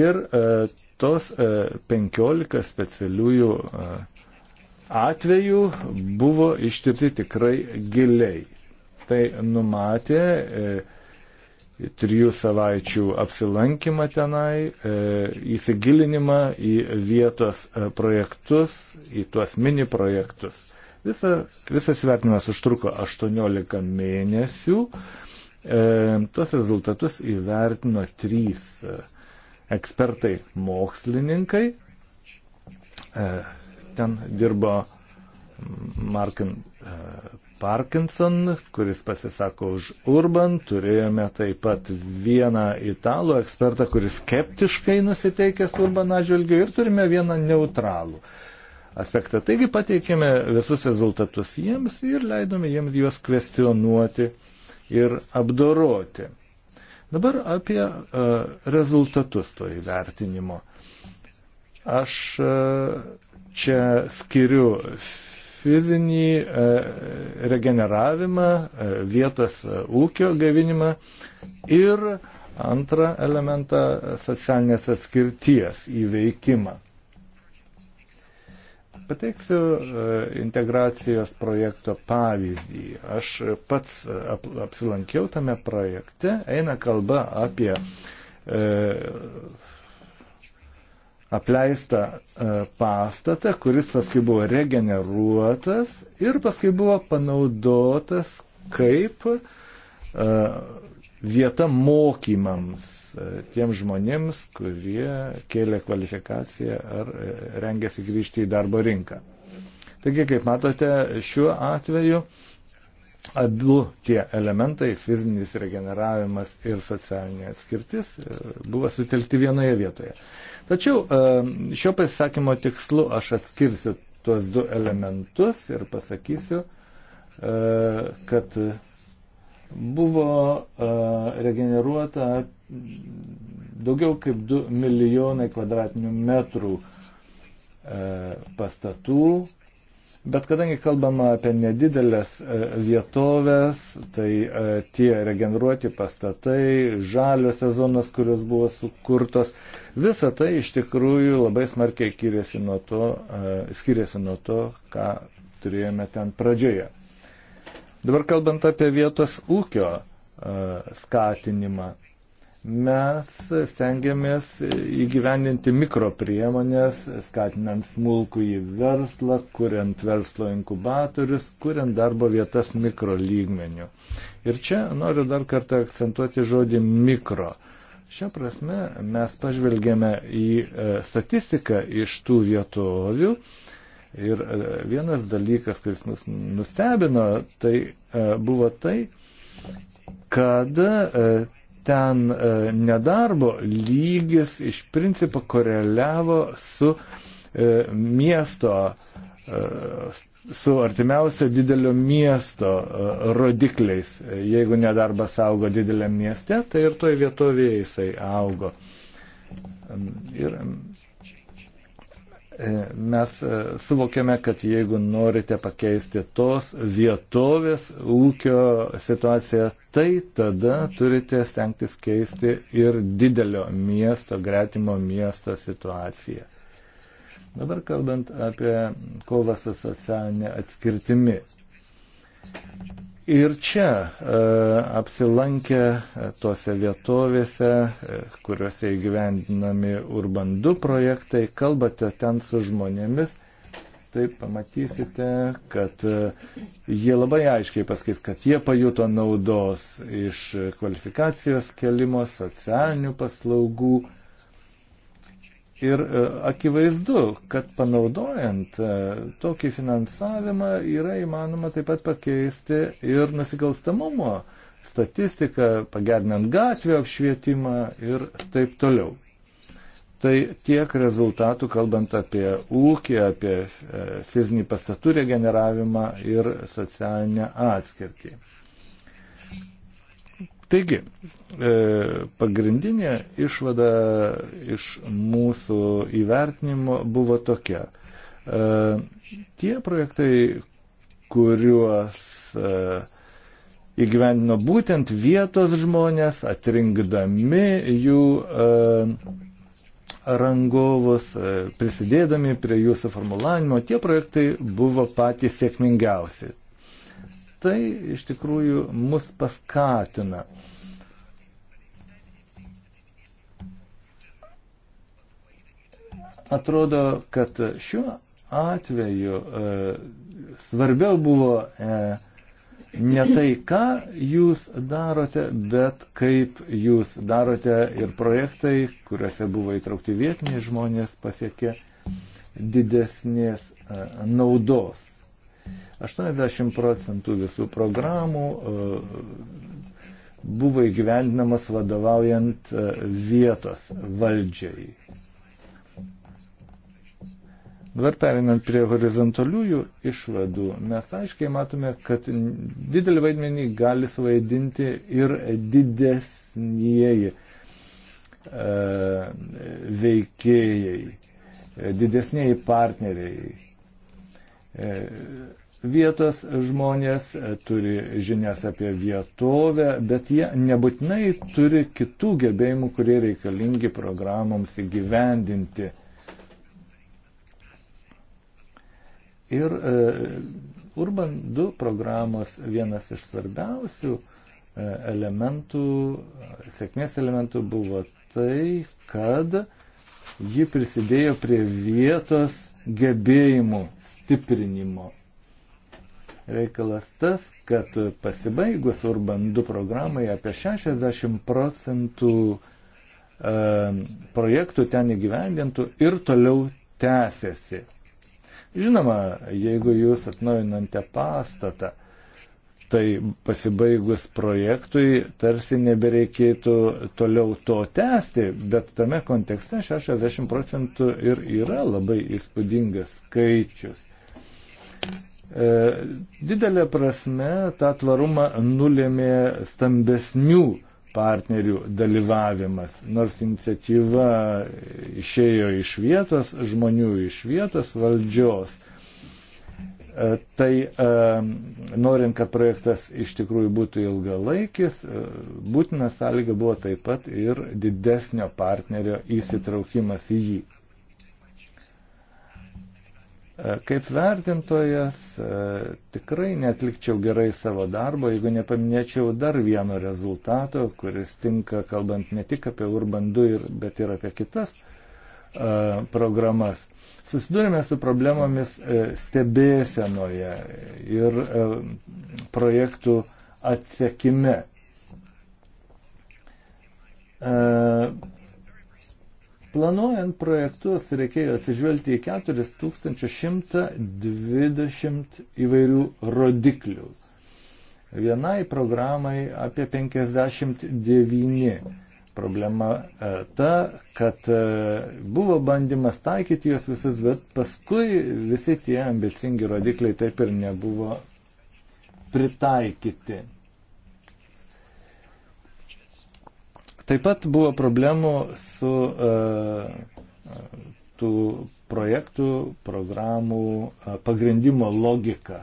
Ir e, tos e, 15 specialiųjų e, atvejų buvo ištirti tikrai giliai. Tai numatė e, trijų savaičių apsilankymą tenai, e, įsigilinimą į vietos e, projektus, į tuos mini projektus. Visa, visas vertinimas užtruko 18 mėnesių. E, tuos rezultatus įvertino trys e, ekspertai mokslininkai. E, ten dirbo Markin e, Parkinson, kuris pasisako už Urban. Turėjome taip pat vieną italų ekspertą, kuris skeptiškai nusiteikęs Urban atžvilgiu ir turime vieną neutralų. E, aspektą. Taigi pateikėme visus rezultatus jiems ir leidome jiems juos kvestionuoti ir apdoroti. Dabar apie uh, rezultatus to įvertinimo. Aš uh, čia skiriu fizinį uh, regeneravimą, uh, vietos uh, ūkio gavinimą ir antrą elementą socialinės atskirties įveikimą. Pateiksiu e, integracijos projekto pavyzdį. Aš pats e, apsilankiau tame projekte, eina kalba apie e, apleistą pastatą, kuris paskui buvo regeneruotas ir paskui buvo panaudotas kaip vieta mokymams e, tiem žmonėms, kurie kėlė kvalifikaciją ar e, rengėsi grįžti į darbo rinką. Taigi, kaip matote, šiuo atveju abu tie elementai - fizinis regeneravimas ir socialinė atskirtis - e, buvo sutelkti vienoje vietoje. Tačiau šio pasisakymo tikslu aš atskirsiu tuos du elementus ir pasakysiu, kad buvo regeneruota daugiau kaip 2 milijonai kvadratinių metrų pastatų, bet kadangi kalbama apie nedidelės vietovės, tai tie regeneruoti pastatai, žaliosios zonas, kurios buvo sukurtos, visa tai iš tikrųjų labai smarkiai skiriasi nuo to, skiriasi nuo to ką turėjome ten pradžioje. Dabar kalbant apie vietos ūkio e, skatinimą, mes stengiamės įgyvendinti mikropriemonės, skatinant smulkų į verslą, kuriant verslo inkubatorius, kuriant darbo vietas mikro lygmenių. Ir čia noriu dar kartą akcentuoti žodį mikro. Šią prasme mes pažvelgėme į e, statistiką iš tų vietovių, Ir e, vienas dalykas, kuris mus nustebino, tai e, buvo tai, kad e, ten nedarbo lygis iš principo koreliavo su miesto, su artimiausio didelio miesto rodikliais. Jeigu nedarbas augo didelėm mieste, tai ir toje vietovėje jisai augo. Ir E, mes e, suvokiame, kad jeigu norite pakeisti tos vietovės ūkio situaciją, tai tada turite stengtis keisti ir didelio miesto, gretimo miesto situaciją. Dabar kalbant apie kovą su socialinė atskirtimi. Ir čia e, apsilankę tuose vietovėse, e, kuriuose įgyvendinami Urban 2 projektai, kalbate ten su žmonėmis, tai pamatysite, kad e, jie labai aiškiai pasakys, kad jie pajuto naudos iš kvalifikacijos kelimo, socialinių paslaugų Ir e, akivaizdu, kad panaudojant e, tokį finansavimą yra įmanoma taip pat pakeisti ir nusikalstamumo statistiką, pagernant gatvių apšvietimą ir taip toliau. Tai tiek rezultatų, kalbant apie ūkį, apie e, fizinį pastatų regeneravimą ir socialinę atskirtį. Taigi, e, pagrindinė išvada iš mūsų įvertinimo buvo tokia. E, tie projektai, kuriuos e, įgyvendino būtent vietos žmonės, atrinkdami jų rangovus, prisidėdami prie jų suformulavimo, tie projektai buvo patys sėkmingiausi tai iš tikrųjų mus paskatina. Atrodo, kad šiuo atveju e, svarbiau buvo e, ne tai, ką jūs darote, bet kaip jūs darote ir projektai, kuriuose buvo įtraukti vietiniai žmonės, pasiekė didesnės e, naudos. 80 procentų visų programų e, buvo įgyvendinamas vadovaujant e, vietos valdžiai. Dabar perinant prie horizontaliųjų išvadų, mes aiškiai matome, kad didelį vaidmenį gali suvaidinti ir didesnieji e, veikėjai, didesnieji partneriai, E, vietos žmonės e, turi žinias apie vietovę, bet jie nebūtinai turi kitų gebėjimų, kurie reikalingi programoms įgyvendinti. Ir e, Urban 2 programos vienas iš svarbiausių elementų, sėkmės elementų buvo tai, kad ji prisidėjo prie vietos gebėjimų stiprinimo. Reikalas tas, kad pasibaigus Urban 2 programai apie 60 procentų e, projektų ten įgyvendintų ir toliau tęsiasi. Žinoma, jeigu jūs atnaujinate pastatą, tai pasibaigus projektui tarsi nebereikėtų toliau to tęsti, bet tame kontekste 60 procentų ir yra labai įspūdingas skaičius. E, didelė prasme tą tvarumą nulėmė stambesnių partnerių dalyvavimas. Nors iniciatyva išėjo iš vietos, žmonių iš vietos valdžios. E, tai e, norint, kad projektas iš tikrųjų būtų ilgalaikis, būtina sąlyga buvo taip pat ir didesnio partnerio įsitraukimas į jį. E, kaip vertintojas e, tikrai netlikčiau gerai savo darbo, jeigu nepaminėčiau dar vieno rezultato, kuris tinka kalbant ne tik apie Urban 2, bet ir apie kitas e, programas. Susidurime su problemomis stebėsenoje ir projektų atsekime Planuojant projektus reikėjo atsižvelgti į 4120 įvairių rodiklių. Vienai programai apie 59. Problema e, ta, kad e, buvo bandymas taikyti juos visus, bet paskui visi tie ambicingi rodikliai taip ir nebuvo pritaikyti. Taip pat buvo problemų su uh, tų projektų, programų uh, pagrindimo logika.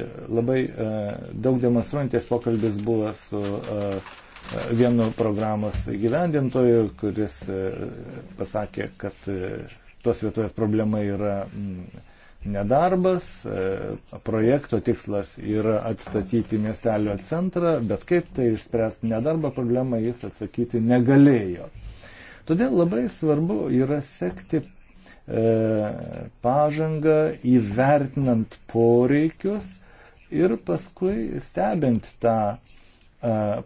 E, labai uh, daug demonstruojantis pokalbis buvo su uh, vienu programos gyvendintoju, kuris pasakė, kad tos vietovės problema yra mm, nedarbas, e, projekto tikslas yra atstatyti miestelio centrą, bet kaip tai išspręsti nedarbo problemą jis atsakyti negalėjo. Todėl labai svarbu yra sekti e, pažangą įvertinant poreikius ir paskui stebint tą uh,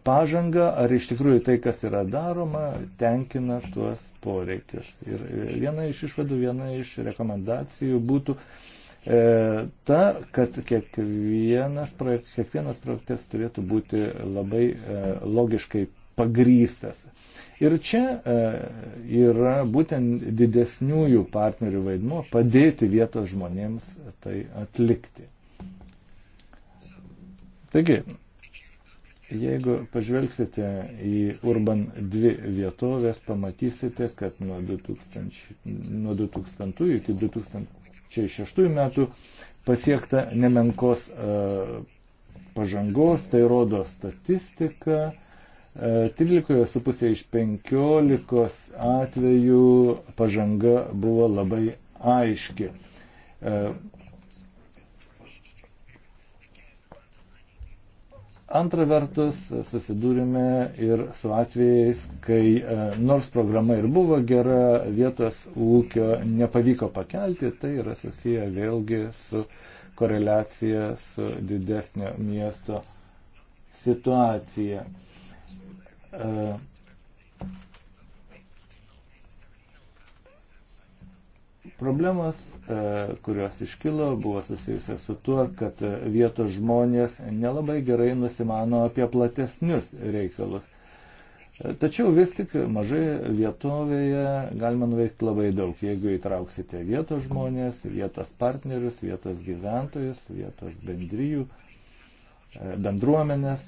pažangą, ar iš tikrųjų tai, kas yra daroma, tenkina tuos poreikius. Ir e, viena iš išvadų, viena iš rekomendacijų būtų e, ta, kad kiekvienas, projekt, kiekvienas projektas turėtų būti labai e, logiškai pagrystas. Ir čia e, yra būtent didesniųjų partnerių vaidmo padėti vietos žmonėms tai atlikti. Taigi, Jeigu pažvelgsite į Urban 2 vietovės, pamatysite, kad nuo 2000, nuo 2000 iki 2006 metų pasiekta nemenkos e, pažangos, tai rodo statistika. 13,5 e, iš 15 atvejų pažanga buvo labai aiški e, Antra vertus, susidūrime ir su atvejais, kai e, nors programa ir buvo gera, vietos ūkio nepavyko pakelti, tai yra susiję vėlgi su koreliacija su didesnio miesto situacija. E, Problemas, e, kurios iškilo, buvo susijusios su tuo, kad vietos žmonės nelabai gerai nusimano apie platesnius reikalus. E, tačiau vis tik mažai vietovėje galima nuveikti labai daug, jeigu įtrauksite vietos žmonės, vietos partnerius, vietos gyventojus, vietos bendryjų, e, bendruomenės.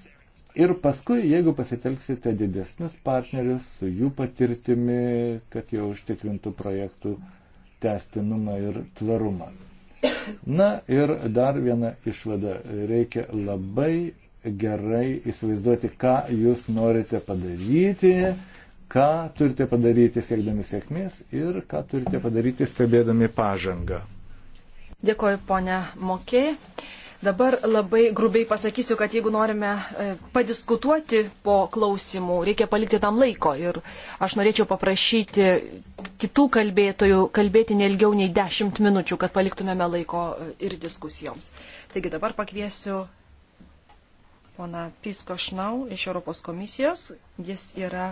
Ir paskui, jeigu pasitelksite didesnius partnerius su jų patirtimi, kad jau užtikrintų projektų testinumą ir tvarumą. Na ir dar viena išvada. Reikia labai gerai įsivaizduoti, ką jūs norite padaryti, ką turite padaryti siekdami sėkmės ir ką turite padaryti stebėdami pažangą. Dėkoju, ponia Mokė. Dabar labai grubiai pasakysiu, kad jeigu norime e, padiskutuoti po klausimų, reikia palikti tam laiko. Ir aš norėčiau paprašyti kitų kalbėtojų kalbėti nelgiau nei 10 minučių, kad paliktumėme laiko e, ir diskusijoms. Taigi dabar pakviesiu pona Pisko Šnau iš Europos komisijos. Jis yra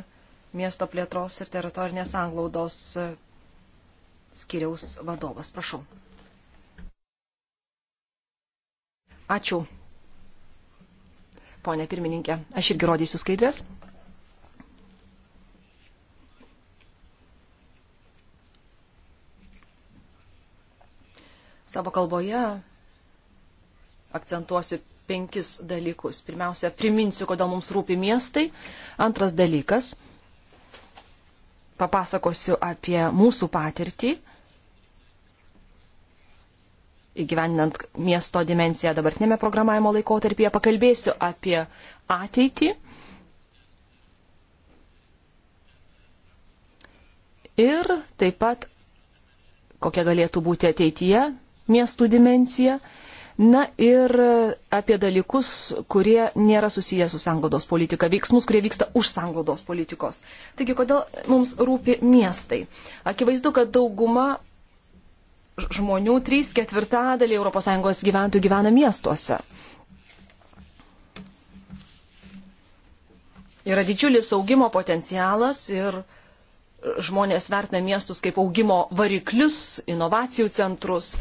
miesto plėtros ir teritorinės anglaudos e, skiriaus vadovas. Prašau. Ačiū. Pone pirmininkė, aš irgi rodysiu skaidrės. Savo kalboje akcentuosiu penkis dalykus. Pirmiausia, priminsiu, kodėl mums rūpi miestai. Antras dalykas, papasakosiu apie mūsų patirtį įgyvendinant miesto dimenciją dabartinėme programavimo laikotarpyje. Pakalbėsiu apie ateitį. Ir taip pat, kokia galėtų būti ateityje miestų dimencija. Na ir apie dalykus, kurie nėra susiję su sanglaudos politika, veiksmus, kurie vyksta už sanglaudos politikos. Taigi, kodėl mums rūpi miestai? Akivaizdu, kad dauguma žmonių, trys ketvirtadaliai ES gyventojų gyvena miestuose. Yra didžiulis augimo potencialas ir žmonės vertina miestus kaip augimo variklius, inovacijų centrus.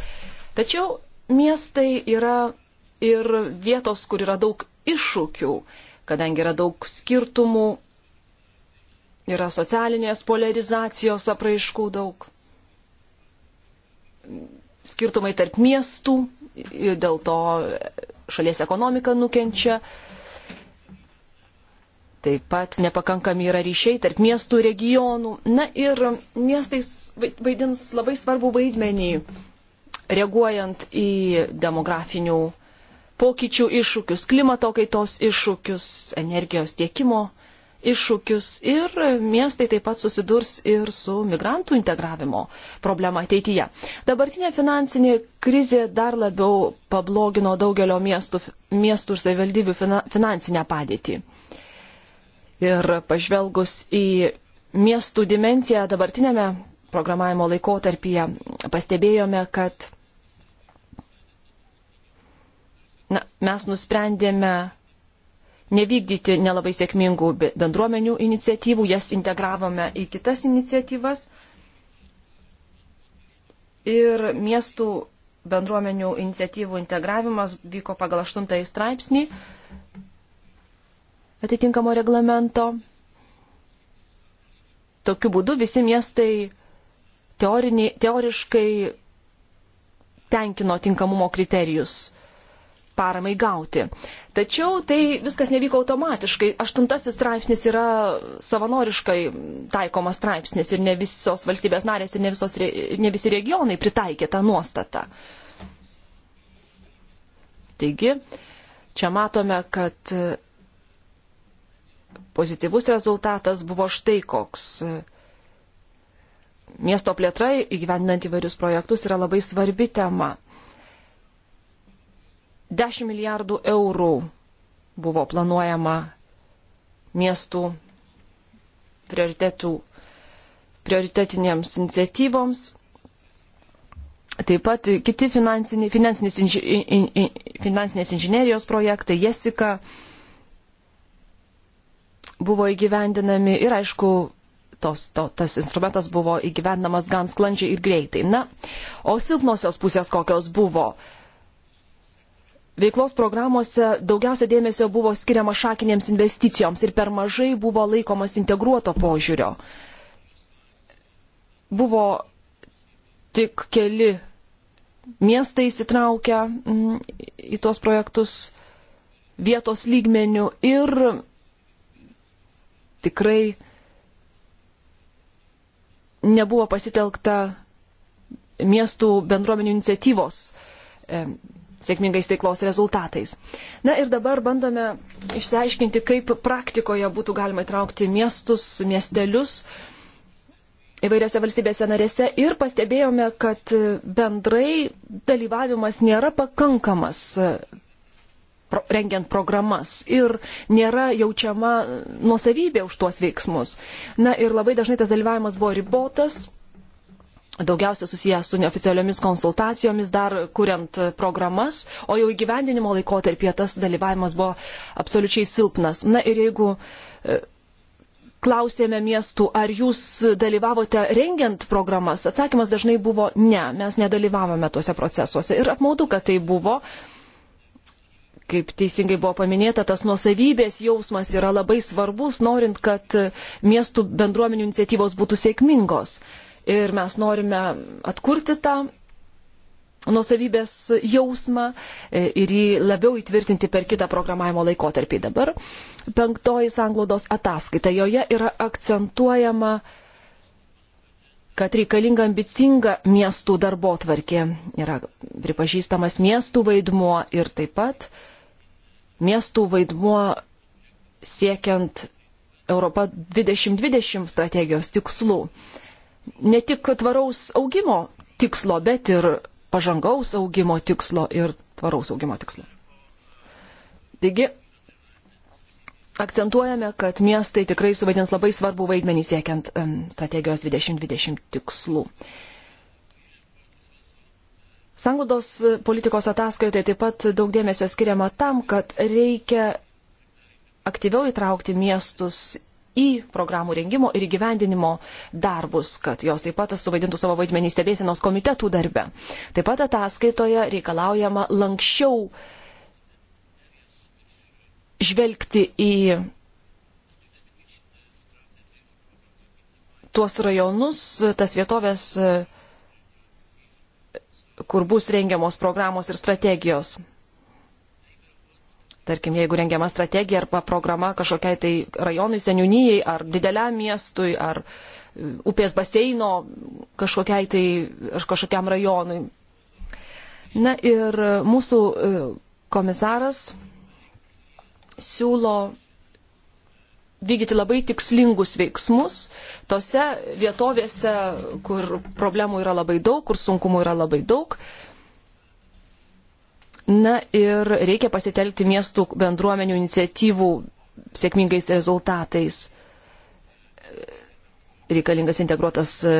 Tačiau miestai yra ir vietos, kur yra daug iššūkių, kadangi yra daug skirtumų, yra socialinės polarizacijos apraiškų daug skirtumai tarp miestų, dėl to šalies ekonomika nukenčia. Taip pat nepakankami yra ryšiai tarp miestų, regionų. Na ir miestai vaidins labai svarbų vaidmenį, reaguojant į demografinių pokyčių iššūkius, klimato kaitos iššūkius, energijos tiekimo iššūkius iššūkius ir miestai taip pat susidurs ir su migrantų integravimo problema ateityje. Dabartinė finansinė krizė dar labiau pablogino daugelio miestų, miestų ir savivaldybių finansinę padėtį. Ir pažvelgus į miestų dimenciją dabartinėme programavimo laikotarpyje pastebėjome, kad na, mes nusprendėme nevykdyti nelabai sėkmingų bendruomenių iniciatyvų, jas integravome į kitas iniciatyvas. Ir miestų bendruomenių iniciatyvų integravimas vyko pagal 8 straipsnį atitinkamo reglamento. Tokiu būdu visi miestai teorini, teoriškai tenkino tinkamumo kriterijus paramai gauti. Tačiau tai viskas nevyko automatiškai. Aštuntasis straipsnis yra savanoriškai taikomas straipsnis ir ne visos valstybės narės ir ne, visos, ne visi regionai pritaikė tą nuostatą. Taigi, čia matome, kad pozityvus rezultatas buvo štai koks. Miesto plėtra įgyvendinant įvairius projektus yra labai svarbi tema. 10 milijardų eurų buvo planuojama miestų prioritetų, prioritetinėms iniciatyvoms. Taip pat kiti finansiniai, finansinės, inži, in, in, finansinės inžinerijos projektai, Jessica, buvo įgyvendinami ir aišku, tos, to, tas instrumentas buvo įgyvendinamas gan sklandžiai ir greitai. Na, o silpnosios pusės kokios buvo? Uh, veiklos programuose daugiausia dėmesio buvo skiriama šakinėms investicijoms ir per mažai buvo laikomas integruoto požiūrio. Buvo tik keli miestai įsitraukę mm, į tuos projektus vietos lygmenių ir tikrai nebuvo pasitelkta miestų bendruomenių iniciatyvos sėkmingais veiklos rezultatais. Na ir dabar bandome išsiaiškinti, kaip praktikoje būtų galima įtraukti miestus, miestelius įvairiose valstybėse narėse ir pastebėjome, kad bendrai dalyvavimas nėra pakankamas e, rengiant programas ir nėra jaučiama nuosavybė už tuos veiksmus. Na ir labai dažnai tas dalyvavimas buvo ribotas, daugiausia susijęs su neoficialiomis konsultacijomis, dar kuriant programas, o jau įgyvendinimo laikotarpyje tas dalyvavimas buvo absoliučiai silpnas. Na ir jeigu e, klausėme miestų, ar jūs dalyvavote rengiant programas, atsakymas dažnai buvo ne, mes nedalyvavome tuose procesuose. Ir apmaudu, kad tai buvo. Kaip teisingai buvo paminėta, tas nuosavybės jausmas yra labai svarbus, norint, kad miestų bendruomenių iniciatyvos būtų sėkmingos ir mes norime atkurti tą nusavybės jausmą e, ir jį labiau įtvirtinti per kitą programavimo laikotarpį. Dabar penktoji sanglaudos ataskaita. Joje yra akcentuojama, kad reikalinga ambicinga miestų darbo tvarkė. Yra pripažįstamas miestų vaidmuo ir taip pat miestų vaidmuo siekiant Europą 2020 strategijos tikslų ne tik tvaraus augimo tikslo, bet ir pažangaus augimo tikslo ir tvaraus augimo tikslo. Taigi, akcentuojame, kad miestai tikrai suvaidins labai svarbu vaidmenį siekiant um, strategijos 2020 tikslų. Sanglaudos politikos ataskaitoje taip pat daug dėmesio skiriama tam, kad reikia aktyviau įtraukti miestus į programų rengimo ir įgyvendinimo darbus, kad jos taip pat suvaidintų savo vaidmenį stebėsienos komitetų darbe. Taip pat ataskaitoje reikalaujama lankščiau žvelgti į tuos rajonus, tas vietovės, kur bus rengiamos programos ir strategijos. Tarkim, jeigu rengiama strategija arba programa kažkokiai tai rajonui, seniūnyjai, ar dideliam miestui, ar e, upės baseino kažkokiai tai, ar kažkokiam rajonui. Na ir e, mūsų e, komisaras siūlo vykdyti labai tikslingus veiksmus tose vietovėse, kur problemų yra labai daug, kur sunkumų yra labai daug. Uh, Na ir reikia pasitelkti miestų bendruomenių iniciatyvų sėkmingais rezultatais. Reikalingas integruotas e,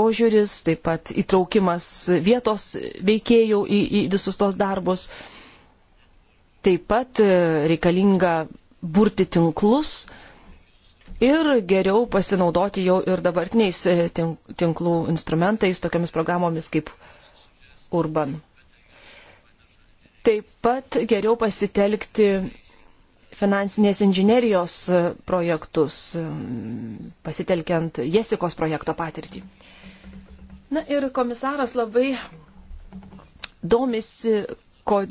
požiūris, taip pat įtraukimas vietos veikėjų į, į visus tos darbus. Taip pat e, reikalinga burti tinklus ir geriau pasinaudoti jau ir dabartiniais e, tinklų instrumentais, tokiamis programomis kaip Urban taip pat geriau pasitelkti finansinės inžinerijos e, projektus, e, pasitelkiant Jesikos projekto patirtį. Na ir komisaras labai domisi ko,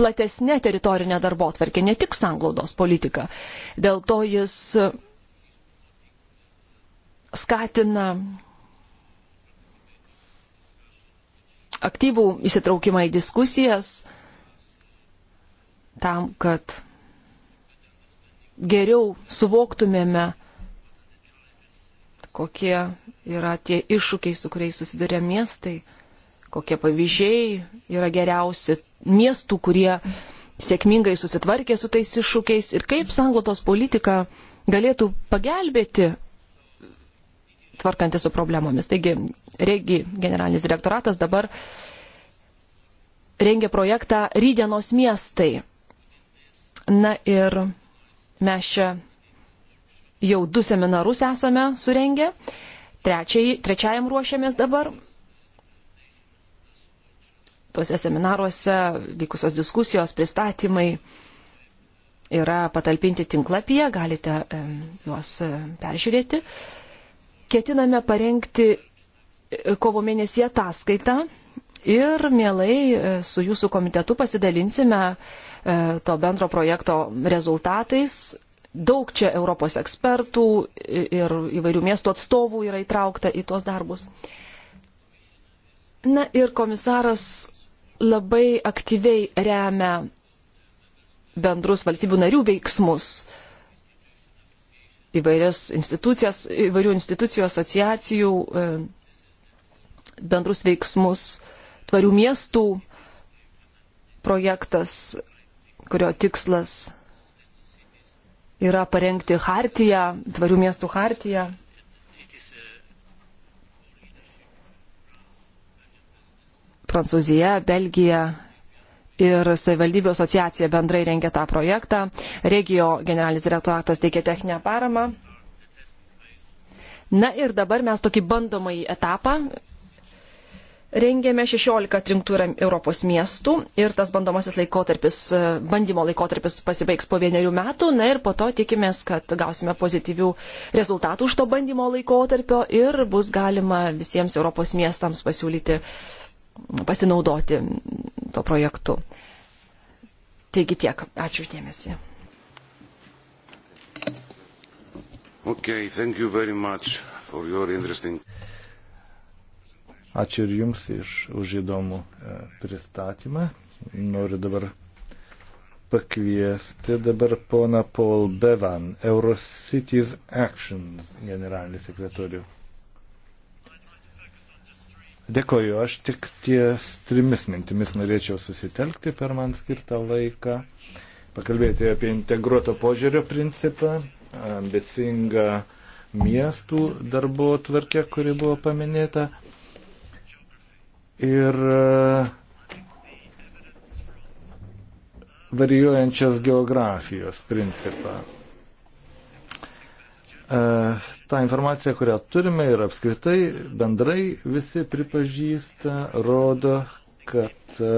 platesnė teritorinė darbo atvarkė, ne tik sanglaudos politika. Dėl to jis skatina aktyvų įsitraukimą į diskusijas, tam, kad geriau suvoktumėme, kokie yra tie iššūkiai, su kuriais susiduria miestai, kokie pavyzdžiai yra geriausi miestų, kurie sėkmingai susitvarkė su tais iššūkiais ir kaip sanglotos politika galėtų pagelbėti tvarkantis su problemomis. Taigi, Regi generalinis direktoratas dabar rengia projektą Rydienos miestai Na ir mes čia jau du seminarus esame surengę, Trečiai, trečiajam ruošiamės dabar. Tuose seminaruose vykusios diskusijos, pristatymai yra patalpinti tinklapyje, galite juos peržiūrėti. Ketiname parengti e, kovo mėnesį ataskaitą ir mielai e, su jūsų komitetu pasidalinsime E, to bendro projekto rezultatais. Daug čia Europos ekspertų ir įvairių miestų atstovų yra įtraukta į tuos darbus. Na ir komisaras labai aktyviai remia bendrus valstybių narių veiksmus, įvairias institucijas, įvairių institucijų, asociacijų, e, bendrus veiksmus, tvarių miestų projektas kurio tikslas yra parengti hartiją, tvarių miestų hartiją. Prancūzija, Belgija ir savivaldybių asociacija bendrai rengia tą projektą. Regio generalinis direktoratas teikia techninę paramą. Na ir dabar mes tokį bandomąjį etapą rengėme 16 atrinktų Europos miestų ir tas bandomasis laikotarpis, e, bandymo laikotarpis pasibaigs po vienerių metų, na ir po to tikimės, kad gausime pozityvių rezultatų už to bandymo laikotarpio ir bus galima visiems Europos miestams pasiūlyti pasinaudoti to projektu. Taigi tiek. Ačiū uždėmesi. Okay, thank you very much for your interesting Ačiū ir Jums iš, už įdomų e, pristatymą. Noriu dabar pakviesti dabar pona Paul Bevan, Eurocities Actions generalinį sekretorių. Dėkoju, aš tik ties trimis mintimis norėčiau susitelkti per man skirtą laiką, pakalbėti apie integruoto požiūrio principą, ambicingą miestų darbo tvarkę, kuri buvo paminėta, ir e, varijuojančios geografijos principą. E, ta informacija, kurią turime ir apskritai bendrai visi pripažįsta, rodo, kad e,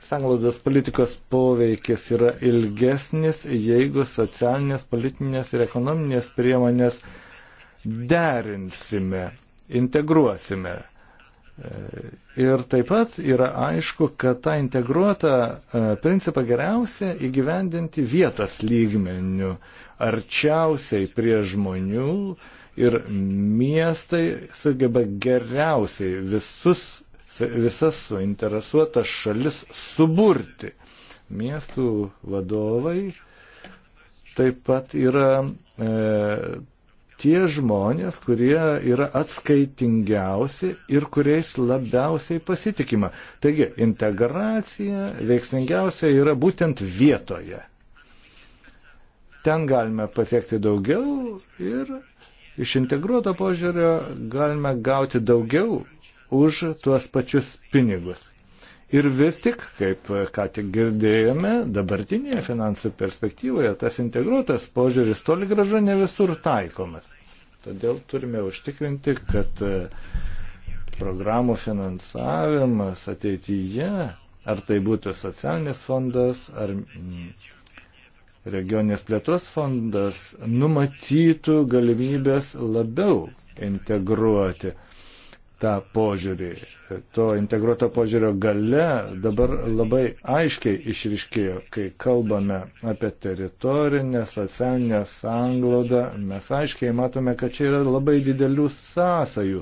sanglaudos politikos poveikis yra ilgesnis, jeigu socialinės, politinės ir ekonominės priemonės derinsime, integruosime Ir taip pat yra aišku, kad tą integruotą e, principą geriausia įgyvendinti vietos lygmenių, arčiausiai prie žmonių ir miestai sugeba geriausiai visus, visas suinteresuotas šalis suburti. Miestų vadovai taip pat yra e, tie žmonės, kurie yra atskaitingiausi ir kuriais labiausiai pasitikima. Taigi, integracija veiksmingiausia yra būtent vietoje. Ten galime pasiekti daugiau ir iš integruoto požiūrio galime gauti daugiau už tuos pačius pinigus. Ir vis tik, kaip ką tik girdėjome, dabartinėje finansų perspektyvoje tas integruotas požiūris toli gražu ne visur taikomas. Todėl turime užtikrinti, kad e, programų finansavimas ateityje, ar tai būtų socialinis fondas, ar mm, regionės plėtos fondas, numatytų galimybės labiau integruoti tą požiūrį. To integruoto požiūrio gale dabar labai aiškiai išriškėjo, kai kalbame apie teritorinę, socialinę sanglodą, mes aiškiai matome, kad čia yra labai didelių sąsajų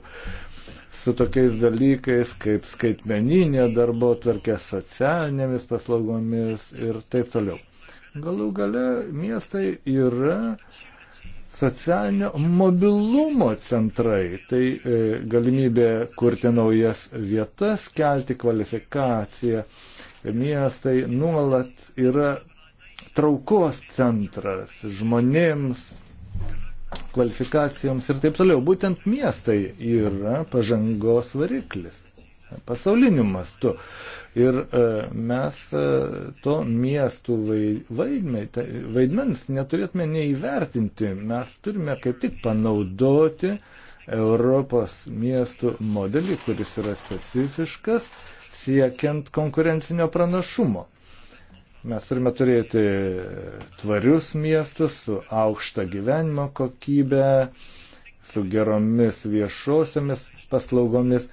su tokiais dalykais kaip skaitmeninė darbo tvarkė, socialinėmis paslaugomis ir taip toliau. Galų gale miestai yra uh, socialinio mobilumo centrai. Tai e, galimybė kurti naujas vietas, kelti kvalifikaciją. E, miestai nuolat yra traukos centras žmonėms, kvalifikacijoms ir taip toliau. Būtent miestai yra pažangos variklis pasauliniu mastu. Ir e, mes e, to miestų vaidmens neturėtume neįvertinti. Mes turime kaip tik panaudoti Europos miestų modelį, kuris yra specifiškas, siekiant konkurencinio pranašumo. Mes turime turėti tvarius miestus su aukšta gyvenimo kokybė, su geromis viešosiomis paslaugomis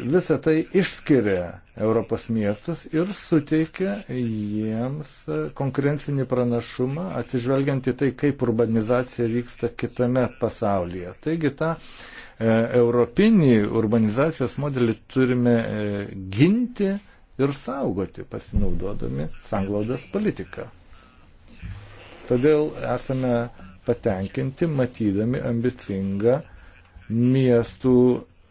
Visą tai išskiria Europos miestus ir suteikia jiems konkurencinį pranašumą, atsižvelgiant į tai, kaip urbanizacija vyksta kitame pasaulyje. Taigi tą e, europinį urbanizacijos modelį turime e, ginti ir saugoti, pasinaudodami sanglaudos politiką. Todėl esame patenkinti, matydami ambicingą miestų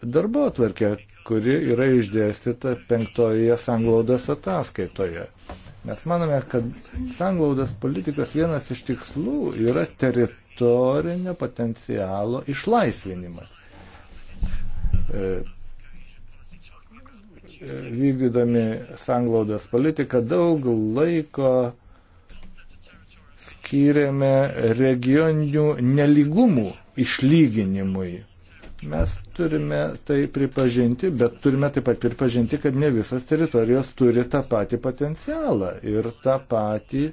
darbo atvarkę, kuri yra išdėstyta penktoje sanglaudas ataskaitoje. Mes manome, kad sanglaudas politikos vienas iš tikslų yra teritorinio potencialo išlaisvinimas. E, vykdydami sanglaudas politiką daug laiko skyrėme regioninių neligumų išlyginimui Mes turime tai pripažinti, bet turime taip pat pripažinti, kad ne visas teritorijos turi tą patį potencialą ir tą patį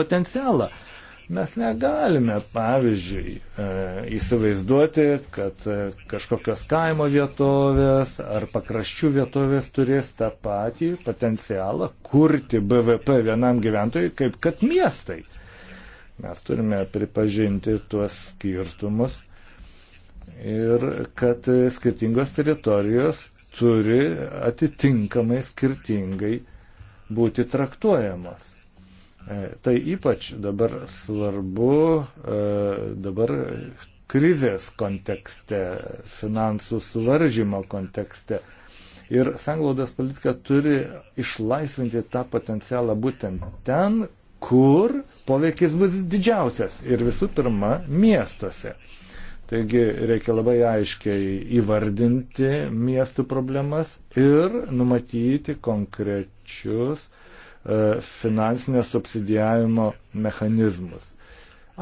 potencialą. Mes negalime, pavyzdžiui, e, įsivaizduoti, kad e, kažkokios kaimo vietovės ar pakraščių vietovės turės tą patį potencialą kurti BVP vienam gyventojui, kaip kad miestai. Mes turime pripažinti tuos skirtumus ir kad skirtingos teritorijos turi atitinkamai skirtingai būti traktuojamos. E, tai ypač dabar svarbu e, dabar krizės kontekste, finansų suvaržymo kontekste. Ir sanglaudos politika turi išlaisvinti tą potencialą būtent ten, kur poveikis bus didžiausias ir visų pirma miestuose. Taigi reikia labai aiškiai įvardinti miestų problemas ir numatyti konkrečius e, finansinio subsidijavimo mechanizmus.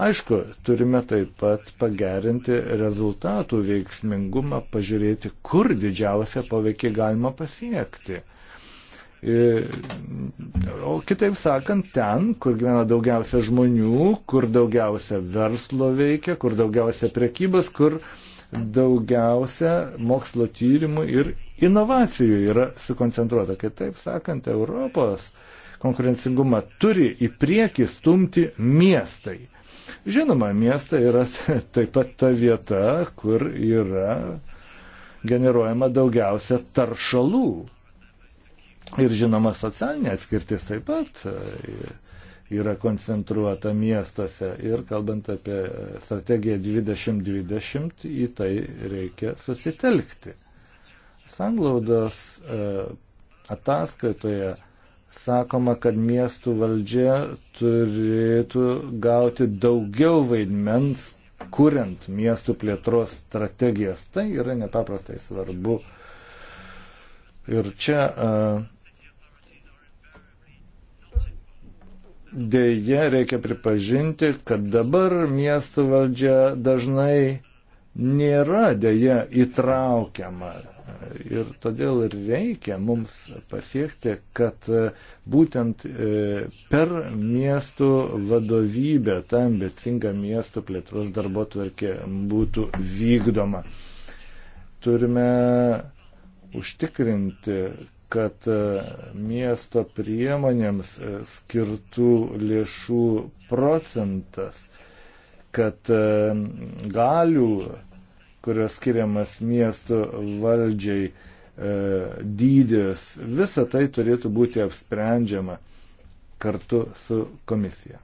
Aišku, turime taip pat pagerinti rezultatų veiksmingumą, pažiūrėti, kur didžiausią poveikį galima pasiekti. E, o kitaip sakant, ten, kur gyvena daugiausia žmonių, kur daugiausia verslo veikia, kur daugiausia prekybos, kur daugiausia mokslo tyrimų ir inovacijų yra sukoncentruota. Kitaip sakant, Europos konkurencingumą turi į priekį stumti miestai. Žinoma, miestai yra taip pat ta vieta, kur yra generuojama daugiausia taršalų. Ir žinoma, socialinė atskirtis taip pat e, yra koncentruota miestuose. Ir kalbant apie strategiją 2020, į tai reikia susitelkti. Sanglaudos e, ataskaitoje sakoma, kad miestų valdžia turėtų gauti daugiau vaidmens, kuriant miestų plėtros strategijas. Tai yra nepaprastai svarbu. Ir čia uh, Deja, reikia pripažinti, kad dabar miestų valdžia dažnai nėra dėja įtraukiama. Ir todėl ir reikia mums pasiekti, kad būtent e, per miestų vadovybę ta ambicinga miestų plėtros darbo tvarkė būtų vykdoma. Turime užtikrinti, kad e, miesto priemonėms e, skirtų lėšų procentas, kad e, galių, kurios skiriamas miesto valdžiai, dydis, visa tai turėtų būti apsprendžiama kartu su komisija.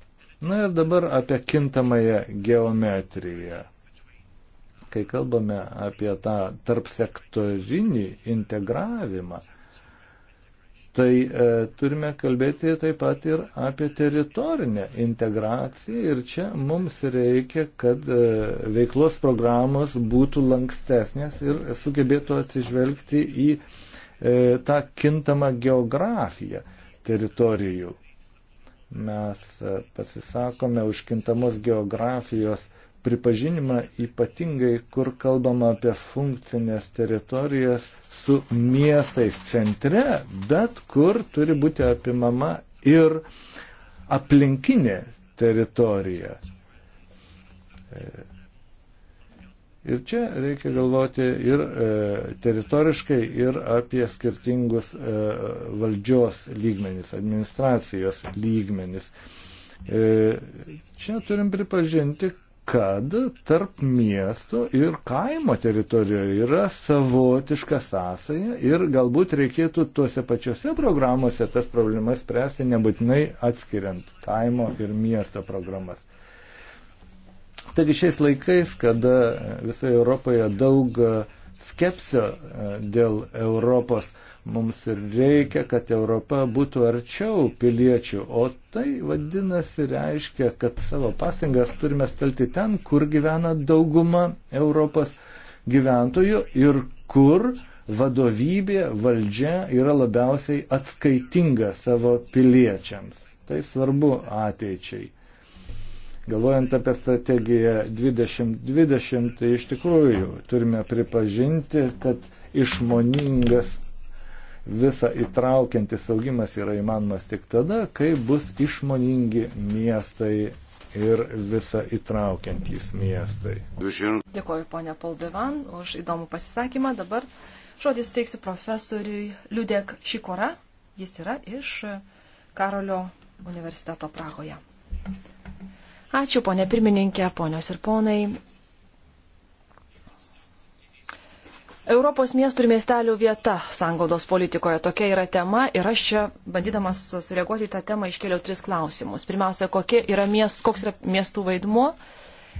Na ir dabar apie kintamąją geometriją. Kai kalbame apie tą tarpsektorinį integravimą, tai e, turime kalbėti taip pat ir apie teritorinę integraciją ir čia mums reikia, kad e, veiklos programos būtų lankstesnės ir sugebėtų atsižvelgti į e, tą kintamą geografiją teritorijų. Mes e, pasisakome už kintamos geografijos pripažinimą ypatingai, kur kalbama apie funkcinės teritorijas su miestais centre, bet kur turi būti apimama ir aplinkinė teritorija. E, ir čia reikia galvoti ir e, teritoriškai, ir apie skirtingus e, valdžios lygmenis, administracijos lygmenis. E, čia turim pripažinti, kad tarp miesto ir kaimo teritorijoje yra savotiška sąsaja ir galbūt reikėtų tuose pačiuose programuose tas problemas spręsti nebūtinai atskiriant kaimo ir miesto programas. Taigi šiais laikais, kada visoje Europoje daug skepsio e, dėl Europos, Mums reikia, kad Europa būtų arčiau piliečių, o tai vadinasi reiškia, kad savo pastangas turime stalti ten, kur gyvena dauguma Europos gyventojų ir kur vadovybė, valdžia yra labiausiai atskaitinga savo piliečiams. Tai svarbu ateičiai galvojant apie strategiją 2020, tai iš tikrųjų turime pripažinti, kad išmoningas visa įtraukiantis augimas yra įmanomas tik tada, kai bus išmoningi miestai ir visa įtraukiantys miestai. Dėkuoju ponia Poldevan už įdomų pasisakymą. Dabar žodį suteiksiu profesoriui Liudek Šikora. Jis yra iš Karolio universiteto Prahoje. Ačiū, ponė pirmininkė, ponios ir ponai. Europos miestų ir miestelių vieta sanglaudos politikoje. Tokia yra tema ir aš čia, bandydamas sureaguoti į tą temą, iškėliau tris klausimus. Pirmiausia, yra miest, koks yra miestų vaidmuo,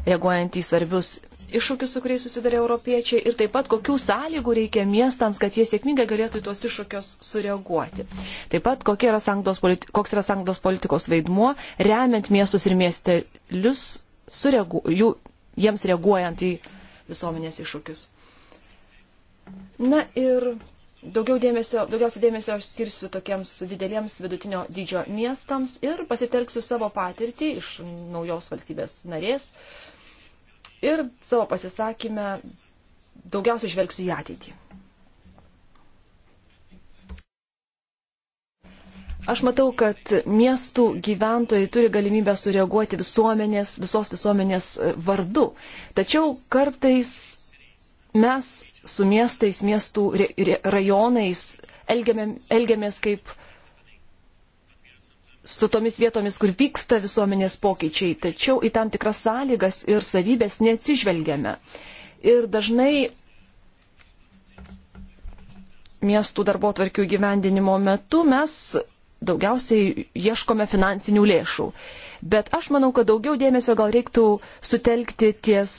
reaguojant į svarbius iššūkius, su kuriais susidarė europiečiai ir taip pat kokių sąlygų reikia miestams, kad jie sėkmingai galėtų į tuos iššūkius sureaguoti. Taip pat yra politi koks yra sanglaudos politikos vaidmuo, remiant miestus ir miestelius, sureagu, jų, jiems reaguojant į visuomenės iššūkius. Na ir daugiau dėmesio, daugiausia dėmesio aš skirsiu tokiems dideliems vidutinio dydžio miestams ir pasitelksiu savo patirtį iš naujos valstybės narės ir savo pasisakymę daugiausiai žvelgsiu į ateitį. Aš matau, kad miestų gyventojai turi galimybę sureaguoti visuomenės, visos visuomenės vardu. Tačiau kartais mes su miestais, miestų rajonais elgiamė, elgiamės kaip su tomis vietomis, kur vyksta visuomenės pokyčiai, tačiau į tam tikras sąlygas ir savybės neatsižvelgiame. Ir dažnai miestų darbo tvarkių gyvendinimo metu mes daugiausiai ieškome finansinių lėšų. Bet aš manau, kad daugiau dėmesio gal reiktų sutelkti ties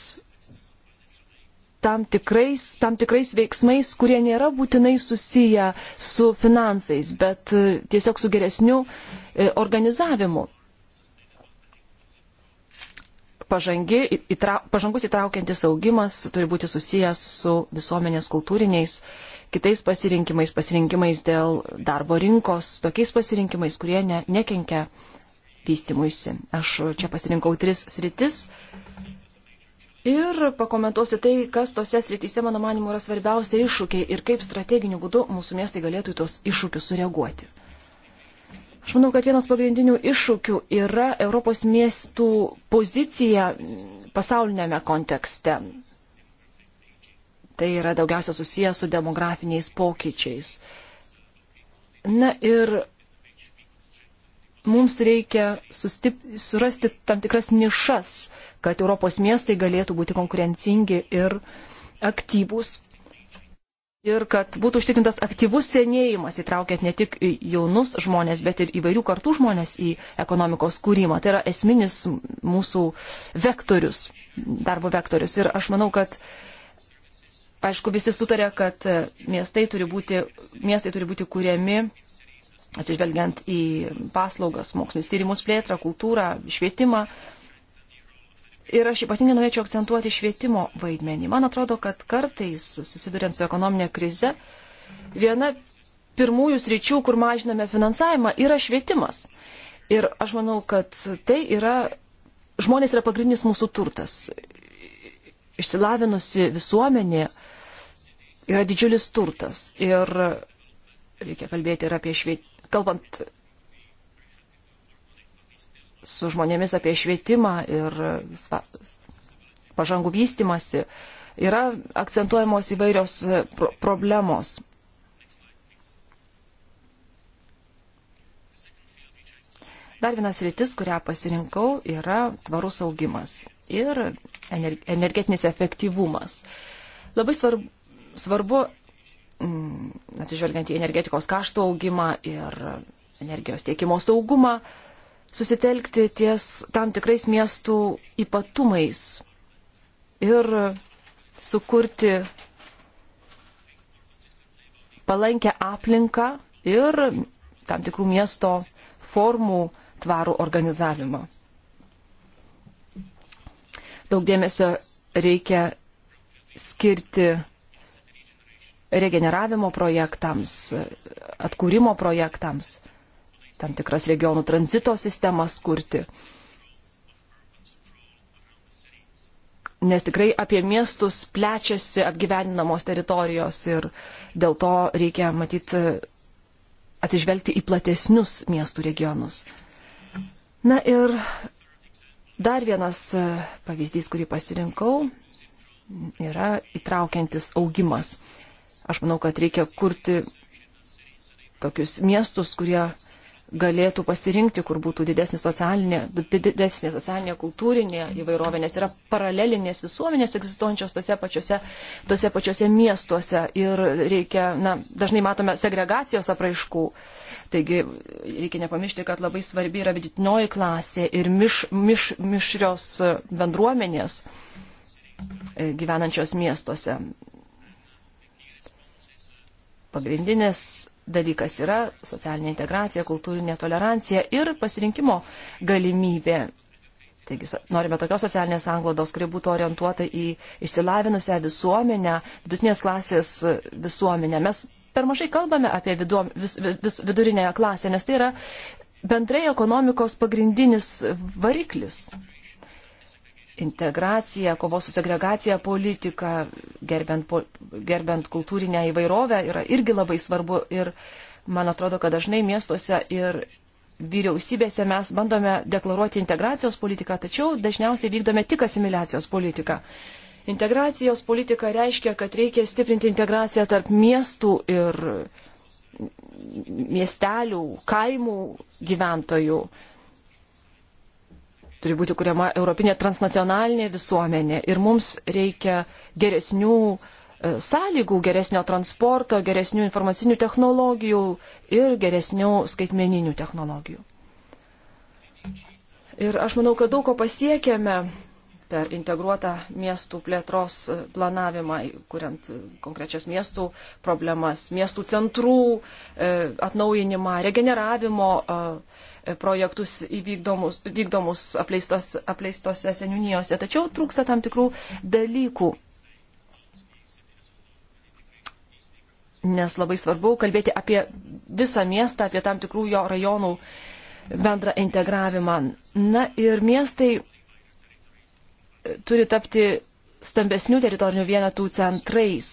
tam tikrais, tam tikrais veiksmais, kurie nėra būtinai susiję su finansais, bet e, tiesiog su geresniu e, organizavimu. Pažangi, įtra, pažangus įtraukiantis augimas turi būti susijęs su visuomenės kultūriniais, kitais pasirinkimais, pasirinkimais dėl darbo rinkos, tokiais pasirinkimais, kurie ne, nekenkia vystimuisi. Aš čia pasirinkau tris sritis ir pakomentuosiu tai, kas tose srityse, mano manimu, yra svarbiausia iššūkiai ir kaip strateginiu būdu mūsų miestai galėtų į tos iššūkius sureaguoti. Aš manau, kad vienas pagrindinių iššūkių yra Europos miestų pozicija pasaulinėme kontekste. Tai yra daugiausia susijęs su demografiniais pokyčiais. Na ir mums reikia sustip, surasti tam tikras nišas, uh, kad Europos miestai galėtų būti konkurencingi ir aktyvūs. Ir kad būtų užtikrintas aktyvus senėjimas, įtraukiant ne tik jaunus žmonės, bet ir įvairių kartų žmonės į ekonomikos kūrimą. Tai yra esminis mūsų vektorius, darbo vektorius. Ir aš manau, kad aišku, visi sutarė, kad miestai turi būti, miestai turi būti kūriami atsižvelgiant į paslaugas, mokslinius tyrimus plėtrą, kultūrą, švietimą, Ir aš ypatingai norėčiau akcentuoti švietimo vaidmenį. Man atrodo, kad kartais, susiduriant su ekonominė krize, viena pirmųjų sričių, kur mažiname finansavimą, yra švietimas. Ir aš manau, kad tai yra, žmonės yra pagrindinis mūsų turtas. Išsilavinusi visuomenė yra didžiulis turtas. Ir reikia kalbėti ir apie švietimą kalbant su žmonėmis apie švietimą ir pažangų vystimasi, yra akcentuojamos įvairios pro problemos. Dar vienas rytis, kurią pasirinkau, yra tvarus augimas ir energetinis efektyvumas. Labai svarbu, svarbu mm, atsižvelgiant į energetikos kaštų augimą ir energijos tiekimo saugumą, susitelkti ties tam tikrais miestų ypatumais ir sukurti palankę aplinką ir tam tikrų miesto formų tvarų organizavimą. Daug dėmesio reikia skirti regeneravimo projektams, atkūrimo projektams tam tikras regionų tranzito sistemas kurti. Nes tikrai apie miestus plečiasi apgyveninamos teritorijos ir dėl to reikia matyti atsižvelgti į platesnius miestų regionus. Na ir dar vienas e, pavyzdys, kurį pasirinkau, yra įtraukiantis augimas. Aš manau, kad reikia kurti tokius miestus, kurie galėtų pasirinkti, kur būtų didesnė socialinė, didesnė socialinė kultūrinė įvairovė, nes yra paralelinės visuomenės egzistuojančios tose pačiose, tose pačiose miestuose ir reikia, na, dažnai matome segregacijos apraiškų. Taigi reikia nepamiršti, kad labai svarbi yra vidutinioji klasė ir miš, miš, mišrios bendruomenės e, gyvenančios miestuose. Pagrindinės dalykas yra socialinė integracija, kultūrinė tolerancija ir pasirinkimo galimybė. Taigi norime tokios socialinės anglodos, kuri būtų orientuota į išsilavinusią visuomenę, vidutinės klasės visuomenę. Mes per mažai kalbame apie vidu, vis, vis, vidurinę klasę, nes tai yra bendrai ekonomikos pagrindinis variklis integraciją, kovos su segregacija politiką, gerbent, gerbent kultūrinę įvairovę yra irgi labai svarbu. Ir man atrodo, kad dažnai miestuose ir vyriausybėse mes bandome deklaruoti integracijos politiką, tačiau dažniausiai vykdome tik asimiliacijos politiką. Integracijos politika reiškia, kad reikia stiprinti integraciją tarp miestų ir miestelių, kaimų gyventojų turi būti kuriama Europinė transnacionalinė visuomenė ir mums reikia geresnių e, sąlygų, geresnio transporto, geresnių informacinių technologijų ir geresnių skaitmeninių technologijų. Ir aš manau, kad daug ko pasiekėme per integruotą miestų plėtros e, planavimą, kuriant e, konkrečias miestų problemas, miestų centrų atnaujinimą, regeneravimo projektus įvykdomus vykdomus apleistos, apleistose seniūnijose. Tačiau trūksta tam tikrų dalykų. Nes labai svarbu kalbėti apie visą miestą, apie tam tikrų jo rajonų bendrą integravimą. Na ir miestai turi tapti stambesnių teritorinių vienetų centrais,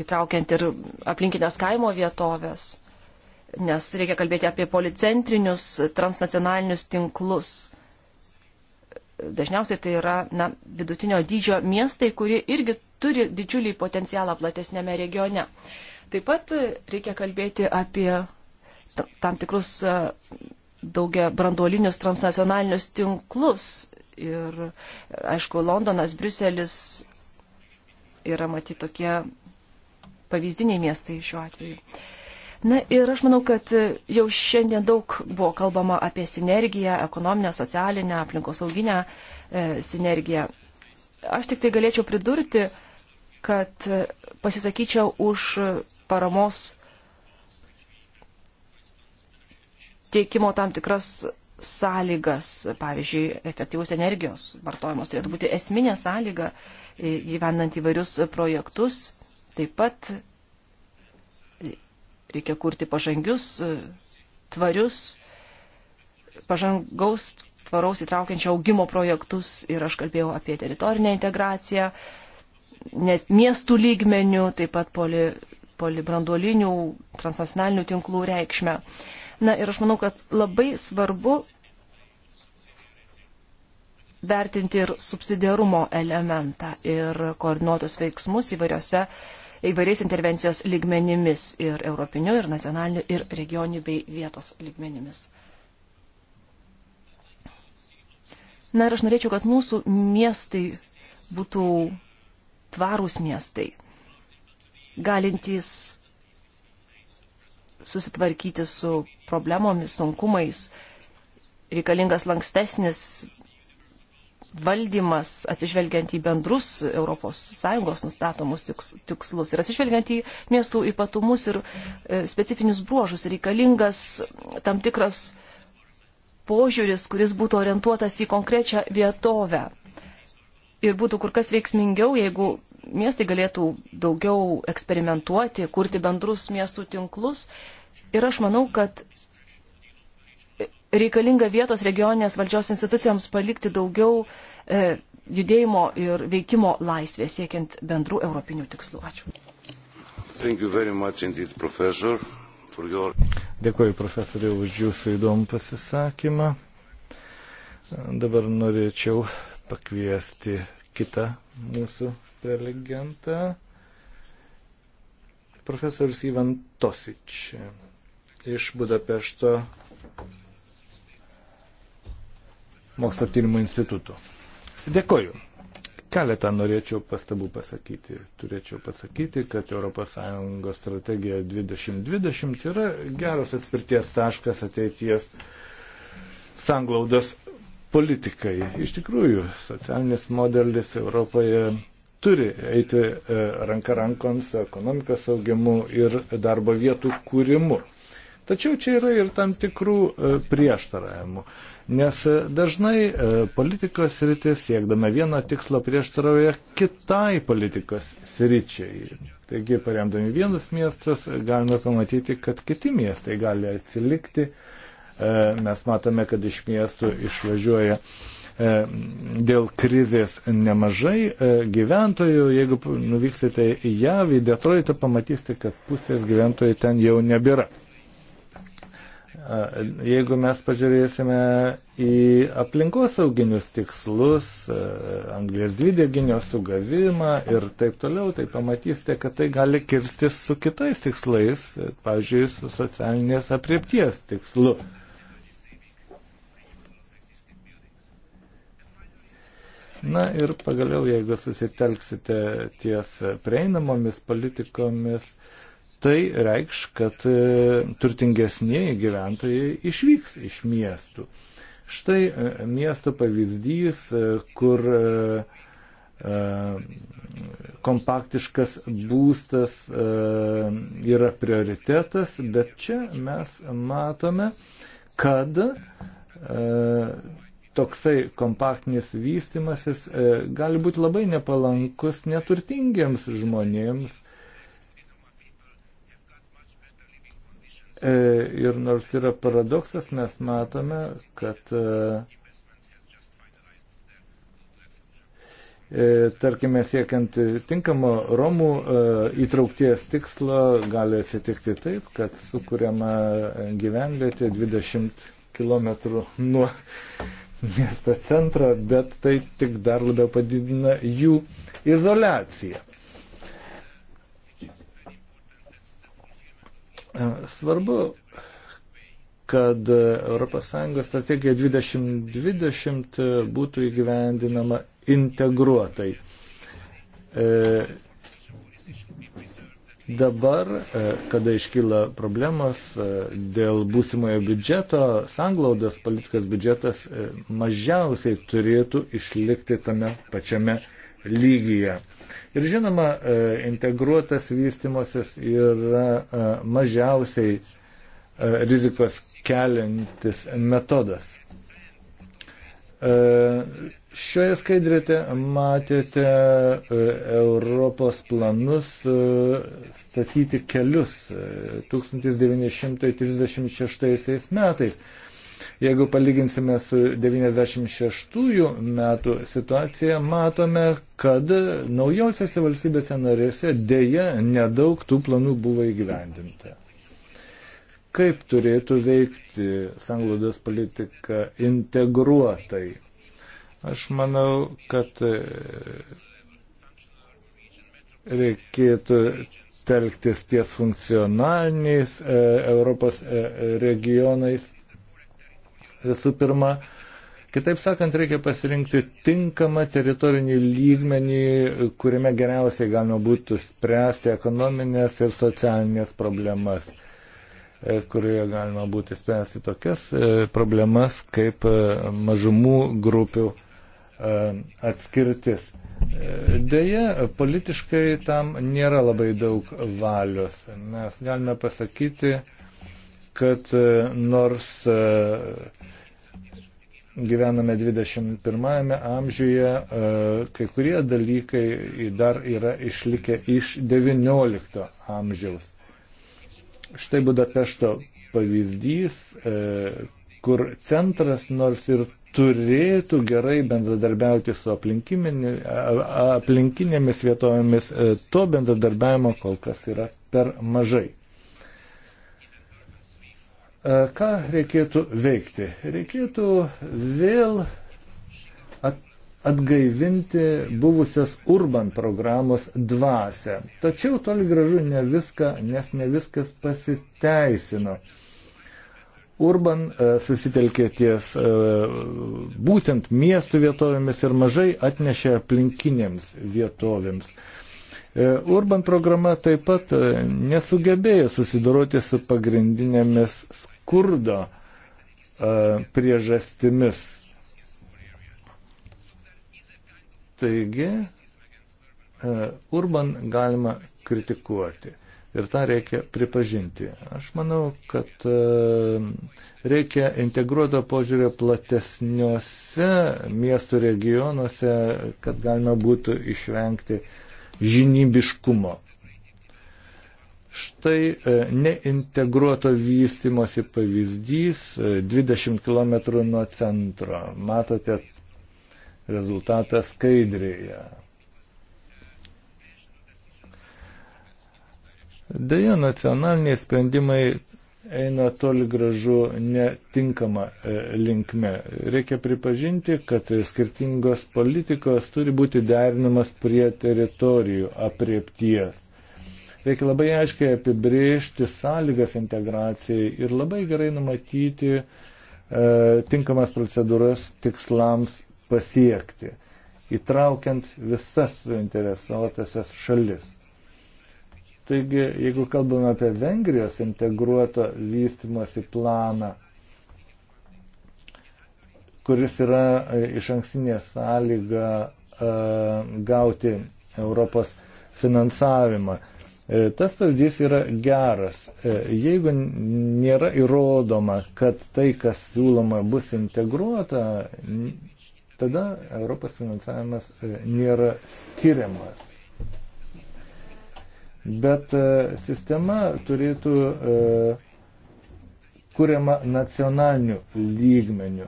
įtraukiant ir aplinkinės kaimo vietovės nes reikia kalbėti apie policentrinius transnacionalinius tinklus. Dažniausiai tai yra na, vidutinio dydžio miestai, kurie irgi turi didžiulį potencialą platesnėme regione. Taip pat reikia kalbėti apie tam tikrus daugia branduolinius transnacionalinius tinklus. Ir, aišku, Londonas, Briuselis yra matyti tokie pavyzdiniai miestai šiuo atveju. Uh, Na ir aš manau, kad jau šiandien daug buvo kalbama apie sinergiją, ekonominę, socialinę, aplinkosauginę e, sinergiją. Aš tik tai galėčiau pridurti, kad pasisakyčiau už paramos teikimo tam tikras sąlygas, pavyzdžiui, efektyvus energijos vartojimas turėtų būti esminė sąlyga e, gyvenant įvairius projektus, taip pat Reikia kurti pažangius, tvarius, pažangaus, tvaraus įtraukiančio augimo projektus ir aš kalbėjau apie teritorinę integraciją, nes miestų lygmenių, taip pat poli, polibranduolinių, transnacionalinių tinklų reikšmę. Na ir aš manau, kad labai svarbu vertinti ir subsidiarumo elementą ir koordinuotus veiksmus įvairiose uh, įvairiais intervencijos lygmenimis ir europiniu, ir nacionaliniu, ir regioniniu bei vietos lygmenimis. Na ir aš norėčiau, kad mūsų miestai būtų tvarūs miestai, galintys susitvarkyti su problemomis, sunkumais, reikalingas lankstesnis valdymas atsižvelgiant į bendrus ES nustatomus tikslus ir atsižvelgiant į miestų ypatumus ir e, specifinius bruožus reikalingas tam tikras požiūris, kuris būtų orientuotas į konkrečią vietovę. Ir būtų kur kas veiksmingiau, jeigu miestai galėtų daugiau eksperimentuoti, kurti bendrus miestų tinklus. Ir aš manau, kad reikalinga vietos regioninės valdžios institucijoms palikti daugiau e, judėjimo ir veikimo laisvės siekiant bendrų europinių tikslų. Ačiū. Indeed, professor, your... Dėkuoju profesoriu už jūsų įdomų pasisakymą. Dabar norėčiau pakviesti kitą mūsų prelegentą, profesorius Ivan Tosič iš Budapešto mokslo tyrimų institutų. Dėkoju. Keletą norėčiau pastabų pasakyti. Turėčiau pasakyti, kad ES strategija 2020 yra geras atspirties taškas ateities sanglaudos politikai. Iš tikrųjų, socialinis modelis Europoje turi eiti e, ranka rankon su ekonomikos augimu ir darbo vietų kūrimu. Tačiau čia yra ir tam tikrų e, prieštaravimų, nes e, dažnai e, politikos rytis siekdama vieno tikslo prieštarauja kitai politikos sričiai. Taigi, paremdami vienus miestus, galime pamatyti, kad kiti miestai gali atsilikti. Mes matome, kad iš miestų išvažiuoja dėl krizės nemažai gyventojų. Jeigu nuvyksite į JAV, į Detroitą, pamatysite, kad pusės gyventojų ten jau nebėra. Jeigu mes pažiūrėsime į aplinkosauginius tikslus, anglės dvideginio sugavimą ir taip toliau, tai pamatysite, kad tai gali kirstis su kitais tikslais, pavyzdžiui, su socialinės apriepties tikslu. Na ir pagaliau, jeigu susitelksite ties prieinamomis politikomis, uh, Tai reikš, kad e, turtingesnieji gyventojai išvyks iš miestų. Štai e, miesto pavyzdys, e, kur kompaktiškas būstas yra prioritetas, bet čia mes matome, kad toksai kompaktinis vystimasis gali būti labai nepalankus neturtingiems žmonėms, E, ir nors yra paradoksas, mes matome, kad e, e, tarkime siekiant tinkamo Romų įtraukties tikslo gali atsitikti taip, kad sukūriama gyvenvietė 20 km nuo miesto centro, bet tai tik dar labiau padidina jų izolaciją. E, svarbu, kad ES strategija 2020 būtų įgyvendinama integruotai. E, dabar, e, kada iškyla problemas dėl būsimojo biudžeto, sanglaudas politikas biudžetas mažiausiai turėtų išlikti tame pačiame lygyje. Ir žinoma, e, integruotas vystimosis yra e, mažiausiai e, rizikos keliantis metodas. Šioje skaidrėte matėte Europos planus statyti kelius 1936 metais. Jeigu palyginsime su 96 metų situacija, matome, kad naujosiose valstybėse narėse dėja nedaug tų planų buvo įgyvendinta. Kaip turėtų veikti sanglaudos politika integruotai? Aš manau, kad e, reikėtų telktis ties funkcionaliniais e, Europos e, regionais visų pirma. Kitaip sakant, reikia pasirinkti tinkamą teritorinį lygmenį, kuriame geriausiai galima būtų spręsti ekonominės ir socialinės problemas, e, kurioje galima būtų spręsti tokias e, problemas kaip e, mažumų grupių atskirtis. Deja, politiškai tam nėra labai daug valios. Mes galime pasakyti, kad e, nors e, gyvename 21 amžiuje, e, kai kurie dalykai dar yra išlikę iš 19 amžiaus. Štai Budapešto pavyzdys, kur centras nors ir turėtų gerai bendradarbiauti su aplinkinėmis vietovėmis, to bendradarbiavimo kol kas yra per mažai. E, ką reikėtų veikti? Reikėtų vėl atgaivinti buvusios urban programos dvasę. Tačiau toli gražu ne viską, nes ne viskas pasiteisino. Urban e, susitelkė ties e, būtent miestų vietovėmis ir mažai atnešė aplinkinėms vietovėms. E, Urban programa taip pat e, nesugebėjo susidoroti su pagrindinėmis skurdo e, priežastimis. Taigi, Urban galima kritikuoti. Ir tą reikia pripažinti. Aš manau, kad reikia integruoto požiūrio platesniuose miestų regionuose, kad galima būtų išvengti uh, žinybiškumo. Štai e, neintegruoto vystimosi pavyzdys 20 e, km nuo centro. Matote rezultatą skaidrėje. Deja, nacionaliniai sprendimai eina toli gražu netinkama e, linkme. Reikia pripažinti, kad skirtingos politikos turi būti derinamas prie teritorijų apriepties. Reikia labai aiškiai apibriežti sąlygas integracijai ir labai gerai numatyti e, tinkamas procedūras tikslams pasiekti, įtraukiant visas suinteresuotasias šalis. Taigi, jeigu kalbame apie Vengrijos integruoto vystimosi planą, kuris yra e, iš ankstinė sąlyga e, gauti Europos finansavimą. E, tas pavyzdys yra geras. Jeigu nėra įrodoma, kad tai, kas siūloma, bus integruota, tada Europos finansavimas nėra skiriamas bet e, sistema turėtų e, kuriama nacionaliniu lygmeniu.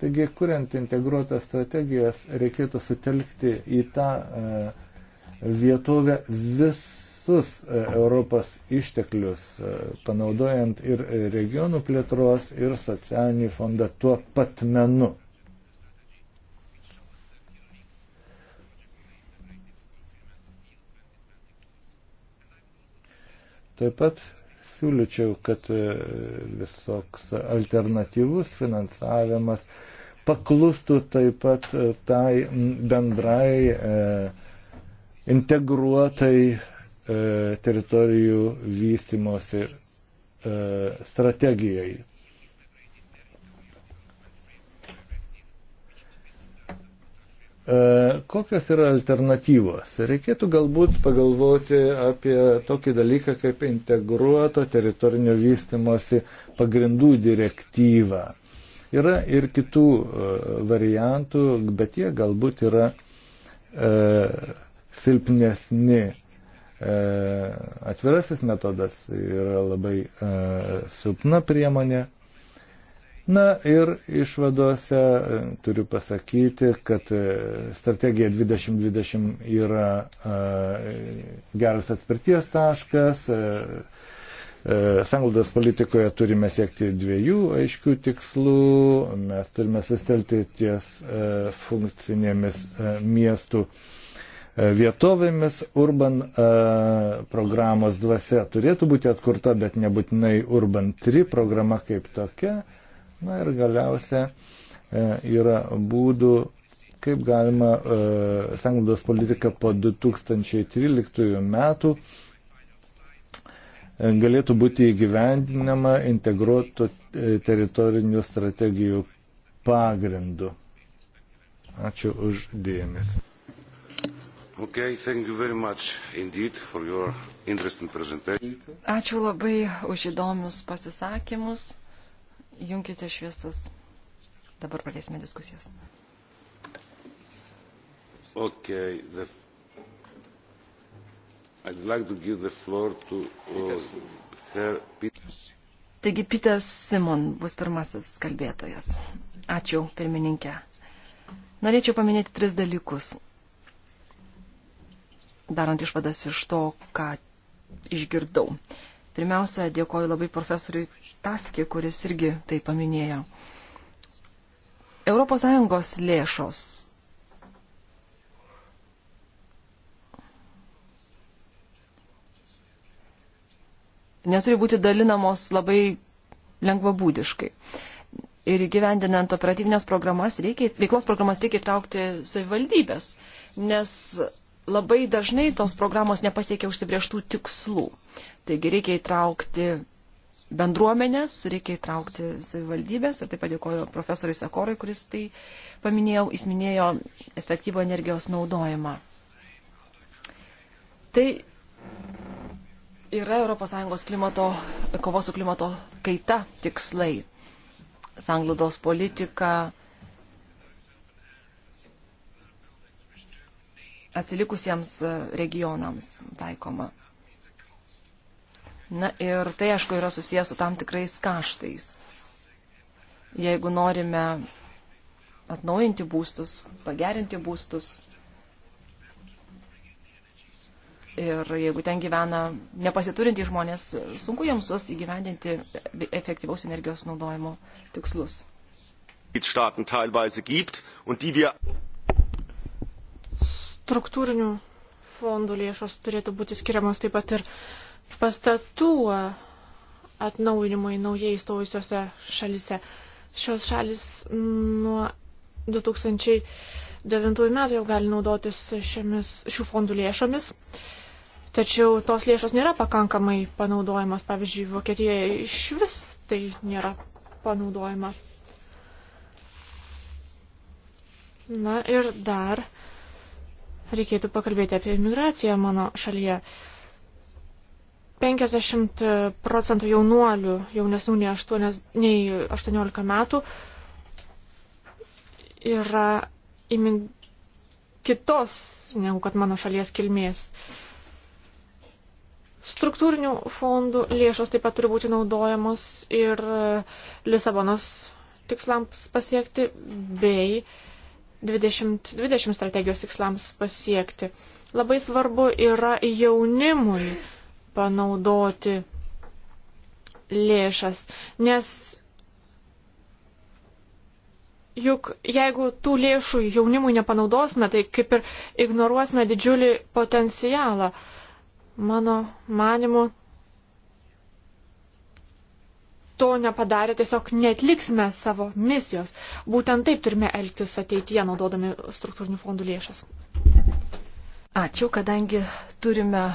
Taigi, kuriant integruotas strategijas, reikėtų sutelkti į tą e, vietovę visus Europos išteklius, panaudojant ir regionų plėtros, ir socialinį fondą tuo pat menu. Taip pat siūlyčiau, kad e, visoks alternatyvus finansavimas paklustų taip pat e, tai bendrai e, integruotai teritorijų vystimosi strategijai. E, kokios yra alternatyvos? Reikėtų galbūt pagalvoti apie tokį dalyką kaip integruoto teritorinio vystimosi pagrindų direktyvą. Yra ir kitų e, variantų, bet jie galbūt yra e, silpnesni. E, atvirasis metodas yra labai e, silpna priemonė, Na ir išvadose e, turiu pasakyti, kad e, strategija 2020 yra e, geras atspirties taškas. Sanglaudos politikoje turime siekti dviejų aiškių tikslų. Mes turime sustelti ties funkcinėmis miestų vietovėmis urban a, programos dvasia turėtų būti atkurta, bet nebūtinai urban 3 programa kaip tokia. Na ir galiausia e, yra būdų, kaip galima e, sanglaudos politiką po 2013 metų e, galėtų būti įgyvendinama integruotų teritorinių strategijų pagrindu. Ačiū už dėmesį. Okay, Ačiū labai už įdomius pasisakymus. Junkite šviesas. Dabar pradėsime diskusijas. Okay, the... I'd like to give the floor to uh, her Peters. Taigi Pitas Simon bus pirmasis kalbėtojas. Ačiū, pirmininkė. Norėčiau paminėti tris dalykus. Darant išvadas iš to, ką išgirdau. Pirmiausia, dėkoju labai profesoriui Taskį, kuris irgi tai paminėjo. ES lėšos. Neturi būti dalinamos labai lengvabūdiškai. Ir gyvendinant operatyvinės programas, reikia, veiklos programas reikia įtraukti savivaldybės, nes labai dažnai tos programos nepasiekia užsibrieštų tikslų. Taigi reikia įtraukti bendruomenės, reikia įtraukti savivaldybės ir taip pat dėkoju profesoriui Sakorui, kuris tai paminėjo, jis minėjo efektyvų energijos naudojimą. Tai yra ES klimato, kovos su klimato kaita tikslai. Sanglaudos politika, atsilikusiems regionams taikoma. Na ir tai, aišku, yra susijęs su tam tikrais kaštais. Jeigu norime atnaujinti būstus, pagerinti būstus, ir jeigu ten gyvena nepasiturinti žmonės, sunku jiems juos įgyvendinti efektyvaus energijos naudojimo tikslus. Struktūrinių fondų lėšos turėtų būti skiriamas taip pat ir uh, pastatų atnaujinimui naujai įstojusiuose šalise. Šios šalis nuo 2009 metų jau gali naudotis šiomis, šių fondų lėšomis. Tačiau tos lėšos nėra pakankamai panaudojamos. Pavyzdžiui, Vokietijoje iš vis tai nėra panaudojama. Na ir dar reikėtų pakalbėti apie imigraciją mano šalyje. Uh, 50 procentų jaunuolių jaunesnių nei, 8, nei 18 metų yra imin... kitos negu kad mano šalies kilmės. Struktūrinių fondų lėšos taip pat turi būti naudojamos ir e, Lisabonos tikslams pasiekti bei 2020 20 strategijos tikslams pasiekti. Labai svarbu yra jaunimui panaudoti lėšas, nes juk jeigu tų lėšų jaunimui nepanaudosime, tai kaip ir ignoruosime didžiulį potencialą. Mano manimu, to nepadarė, tiesiog netliksime savo misijos. Būtent taip turime elgtis ateityje, naudodami struktūrinių fondų lėšas. Ačiū, kadangi turime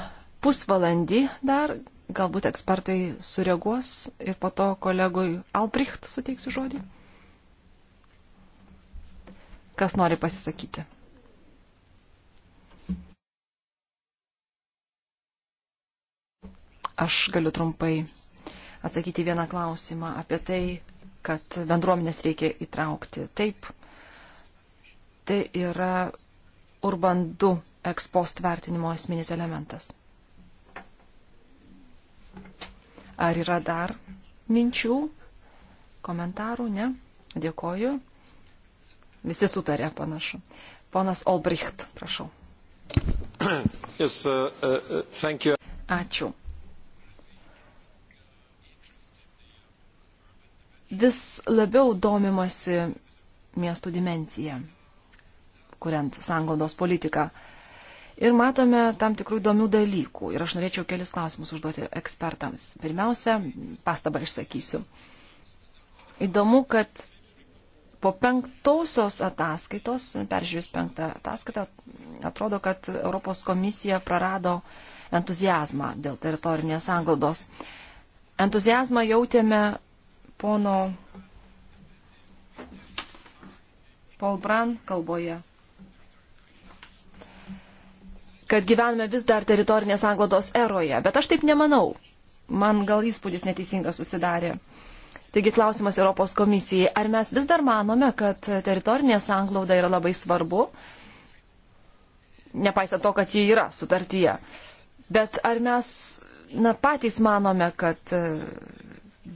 pusvalandį dar, galbūt ekspertai sureaguos ir po to kolegui Albricht suteiksiu žodį. Kas nori pasisakyti? Aš galiu trumpai atsakyti vieną klausimą apie tai, kad bendruomenės reikia įtraukti. Taip, tai yra urban 2 ekspost vertinimo esminis elementas. Ar yra dar minčių, komentarų? Ne? Dėkoju. Visi sutarė panašu. Ponas Olbricht, prašau. Yes, uh, uh, uh Ačiū. Vis labiau domimasi miestų dimencija, kuriant sanglaudos politiką. Uh, Ir matome tam tikrų įdomių dalykų. Ir aš norėčiau kelis klausimus užduoti ekspertams. Pirmiausia, pastabą išsakysiu. Įdomu, kad po penktosios ataskaitos, peržiūrėjus penktą ataskaitą, atrodo, kad Europos komisija prarado entuzijazmą dėl teritorinės anglodos. Entuzijazmą jautėme pono Paul Bran kalboje kad gyvename vis dar teritorinės anglodos eroje, bet aš taip nemanau. Man gal įspūdis neteisingas susidarė. Taigi klausimas Europos komisijai, ar mes vis dar manome, kad teritorinė sanglauda yra labai svarbu, nepaisant to, kad ji yra sutartyje, bet ar mes na, patys manome, kad e,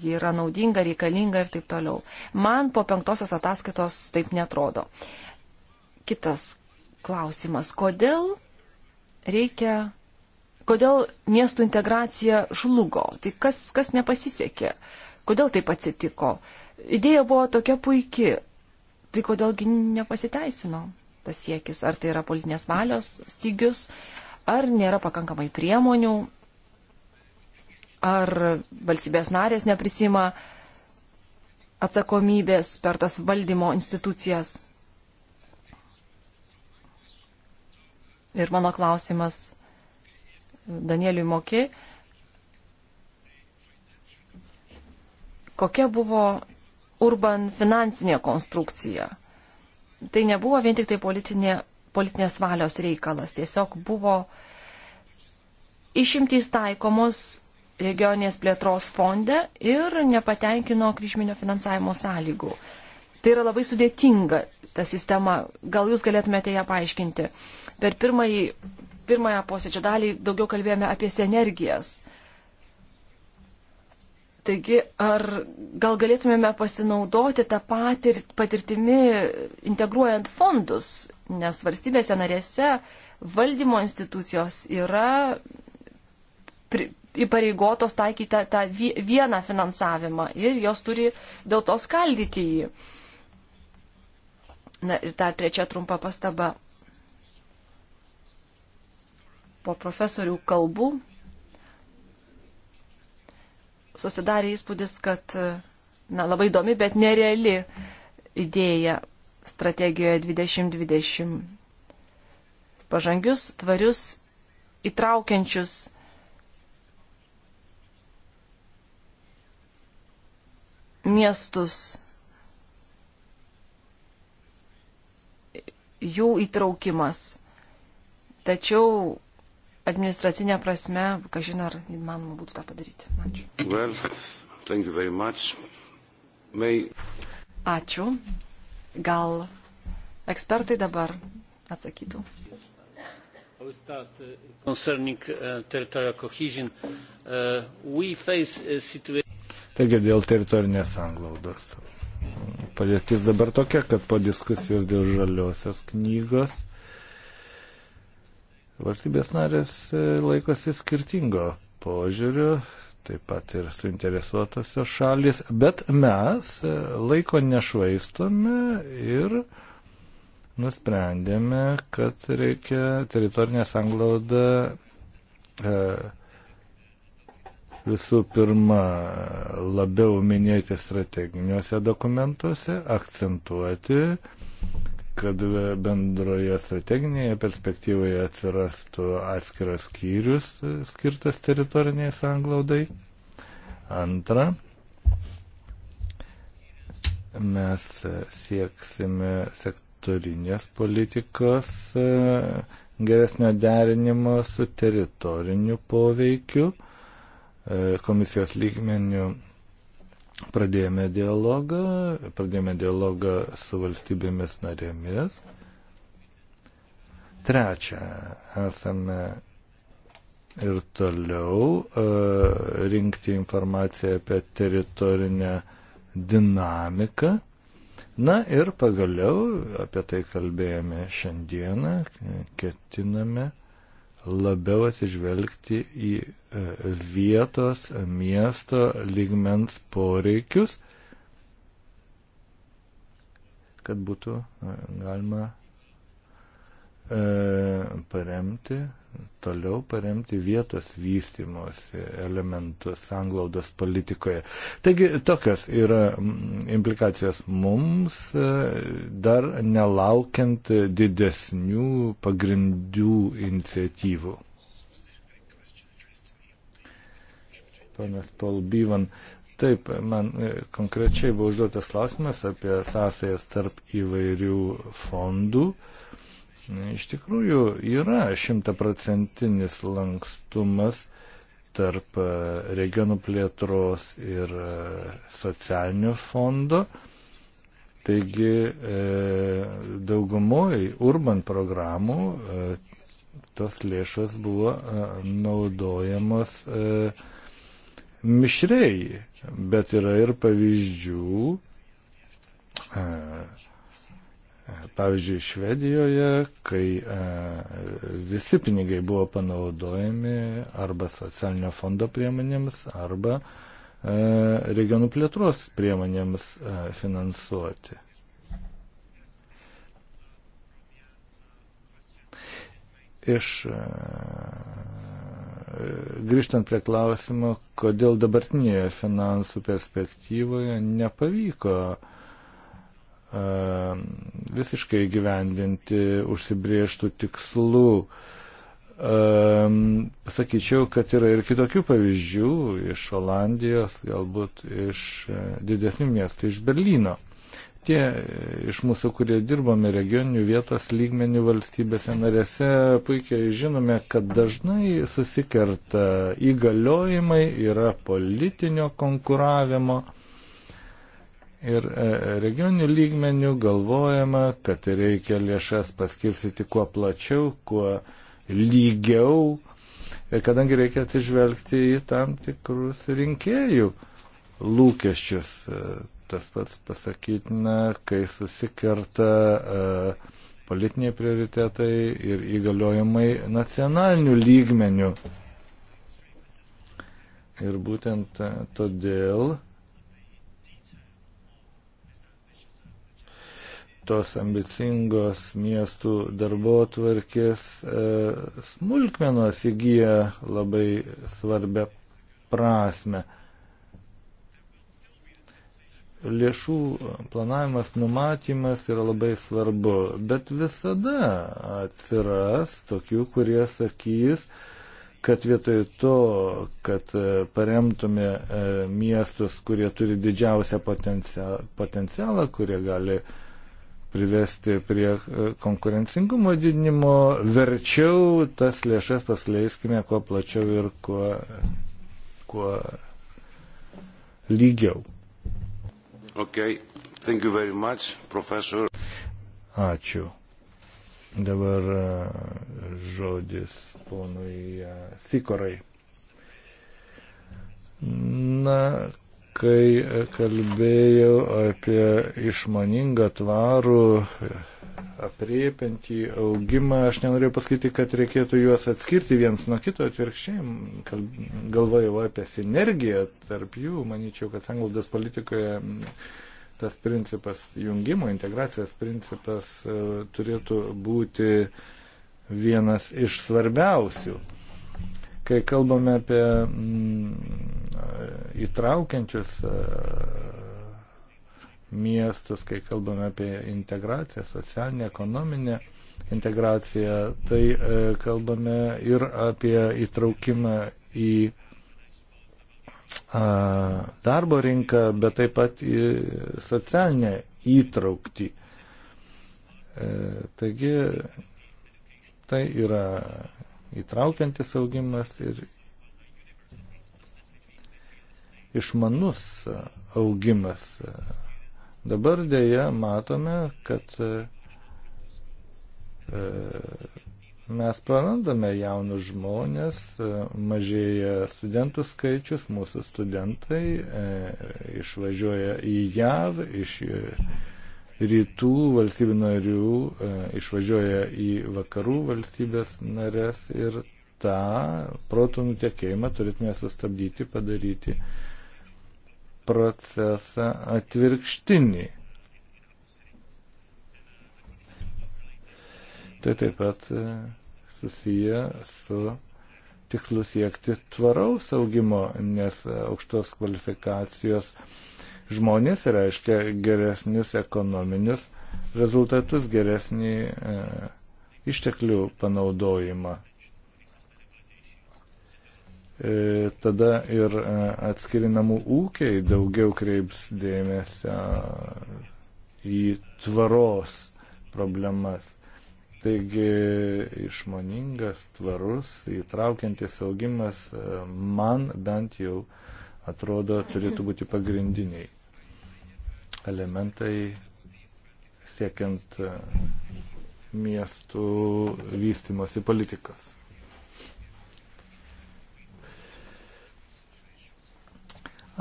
ji yra naudinga, reikalinga ir taip toliau. Man po penktosios ataskaitos taip netrodo. Kitas klausimas, kodėl reikia, kodėl miestų integracija žlugo, tai kas, kas nepasisekė, kodėl taip atsitiko. Idėja buvo tokia puikia, tai kodėlgi nepasiteisino tas siekis, ar tai yra politinės valios stygius, ar nėra pakankamai priemonių, ar valstybės narės neprisima atsakomybės per tas valdymo institucijas. Ir mano klausimas Danieliui Moki. Kokia buvo urban finansinė konstrukcija? Tai nebuvo vien tik tai politinė, politinės valios reikalas, tiesiog buvo išimtys taikomos regioninės plėtros fonde ir nepatenkino kryžminio finansavimo sąlygų. Tai yra labai sudėtinga ta sistema. Gal jūs galėtumėte ją paaiškinti? Uh, Per pirmąjį, pirmąją posėdžio dalį daugiau kalbėjome apie sinergijas. Taigi, ar gal galėtumėme pasinaudoti tą patir, patirtimi integruojant fondus, nes valstybėse narėse valdymo institucijos yra pri, įpareigotos taikyti tą, tą vieną finansavimą ir jos turi dėl to skaldyti jį. Na ir ta trečia trumpa pastaba po profesorių kalbų susidarė įspūdis, kad na, labai įdomi, bet nereali idėja strategijoje 2020. Pažangius, tvarius, įtraukiančius miestus, jų įtraukimas. Tačiau administracinė prasme, kažin ar įmanoma būtų tą padaryti. Ačiū. Well, May... Ačiū. Gal ekspertai dabar atsakytų. Uh, uh, uh, Taigi dėl teritorinės anglaudos. Padėtis dabar tokia, kad po diskusijos dėl žaliosios knygos Valstybės narės e, laikosi skirtingo požiūrio, taip pat ir suinteresuotosios šalis, bet mes e, laiko nešvaistome ir nusprendėme, kad reikia teritorinę sanglaudą e, visų pirma labiau minėti strateginiuose dokumentuose, akcentuoti, kad bendroje strateginėje perspektyvoje atsirastų atskiras skyrius skirtas teritoriniai sanglaudai. Antra, mes sieksime sektorinės politikos e, geresnio derinimo su teritoriniu poveikiu. E, komisijos lygmeniu Pradėjome dialogą, pradėjome dialogą su valstybėmis narėmis. Trečia, esame ir toliau e, rinkti informaciją apie teritorinę dinamiką. Na ir pagaliau, apie tai kalbėjome šiandieną, ketiname labiau atsižvelgti į e, vietos e, miesto lygmens poreikius, kad būtų e, galima paremti toliau paremti vietos vystimosi elementus sanglaudos politikoje. Taigi tokios yra implikacijos mums, e, dar nelaukiant didesnių pagrindų iniciatyvų. Panas Paul Byvan, Taip, man e, konkrečiai buvo užduotas klausimas apie sąsajas tarp įvairių fondų. E, Iš tikrųjų yra šimtaprocentinis lankstumas tarp e, regionų plėtros ir e, socialinio fondo. Taigi e, daugumoji urban programų tos lėšas buvo naudojamos mišrėjai, bet yra ir pavyzdžių Pavyzdžiui, Švedijoje, kai e, visi pinigai buvo panaudojami arba socialinio fondo priemonėms, arba e, regionų plėtros priemonėms e, finansuoti. Iš grįžtant prie klausimo, kodėl dabartinėje finansų perspektyvoje nepavyko uh, E, visiškai gyvendinti užsibrieštų tikslų. E, pasakyčiau, kad yra ir kitokių pavyzdžių iš Olandijos, galbūt iš e, didesnių miestų, iš Berlyno. Tie iš mūsų, kurie dirbame regioninių vietos lygmenių valstybėse narėse, puikiai žinome, kad dažnai susikerta įgaliojimai, yra politinio konkuravimo Ir e, regioninių lygmenių galvojama, kad reikia lėšas paskirsyti kuo plačiau, kuo lygiau, e, kadangi reikia atsižvelgti į tam tikrus rinkėjų lūkesčius. E, tas pats pasakytina, kai susikerta politiniai prioritetai ir įgaliojimai nacionalinių lygmenių. Ir būtent todėl tos ambicingos miestų darbotvarkės e, smulkmenos įgyja labai svarbę prasme. Lėšų planavimas, numatymas yra labai svarbu, bet visada atsiras tokių, kurie sakys, kad vietoj to, kad e, paremtume e, miestus, kurie turi didžiausią potencialą, kurie gali uh, privesti prie e, konkurencingumo didinimo, verčiau tas lėšas paskleiskime kuo plačiau ir kuo, kuo lygiau. Okay. Thank you very much, profesor. Ačiū. Dabar e, žodis ponui e, Sikorai. Na, kai kalbėjau apie išmaningą tvarų apriepinti augimą, aš nenorėjau pasakyti, kad reikėtų juos atskirti viens nuo kito atvirkščiai. Galvojau apie sinergiją tarp jų. Manyčiau, kad sanglaudos politikoje tas principas jungimo, integracijos principas e, turėtų būti vienas iš svarbiausių. Kai kalbame apie mm, įtraukiančius e, miestus, kai kalbame apie integraciją, socialinę, ekonominę integraciją, tai e, kalbame ir apie įtraukimą į darbo rinką, bet taip pat į socialinę įtraukti. E, taigi tai yra įtraukiantis augimas ir išmanus augimas. Dabar dėja matome, kad e, mes prarandame jaunus žmonės, e, mažėja studentų skaičius, mūsų studentai e, išvažiuoja į JAV, iš rytų valstybių narių e, išvažiuoja į vakarų valstybės narės ir tą protų nutekėjimą turėtume sustabdyti, padaryti procesą atvirkštinį. Tai taip pat e, susiję su tikslu siekti tvaraus augimo, nes e, aukštos kvalifikacijos uh, žmonės reiškia geresnius ekonominius rezultatus, geresnį e, išteklių panaudojimą. E, tada ir e, atskirinamų ūkiai daugiau kreips dėmesio į tvaros problemas. Taigi išmoningas, tvarus, įtraukiantis augimas e, man bent jau e, atrodo turėtų būti pagrindiniai elementai siekiant e, miestų vystimosi politikos.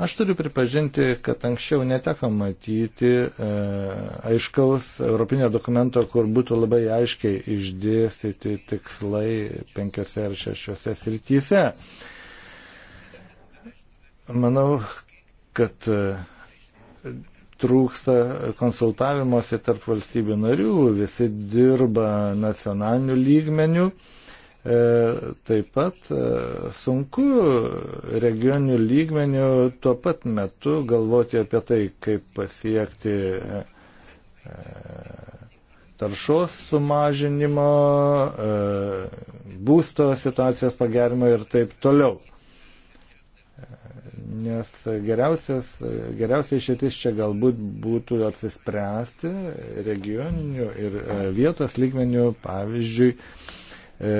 Aš turiu pripažinti, kad anksčiau neteko matyti e, aiškaus europinio dokumento, kur būtų labai aiškiai išdėstyti tikslai penkiose ar šešiose srityse. E, Manau, kad e, trūksta konsultavimuose tarp valstybių narių, visi dirba nacionaliniu lygmeniu. E, taip pat e, sunku regioninių lygmenių tuo pat metu galvoti apie tai, kaip pasiekti taršos sumažinimo, būsto situacijos pagerimo ir taip toliau nes geriausias, geriausia išėtis čia galbūt būtų apsispręsti regioninių ir e, vietos lygmenių, pavyzdžiui, e,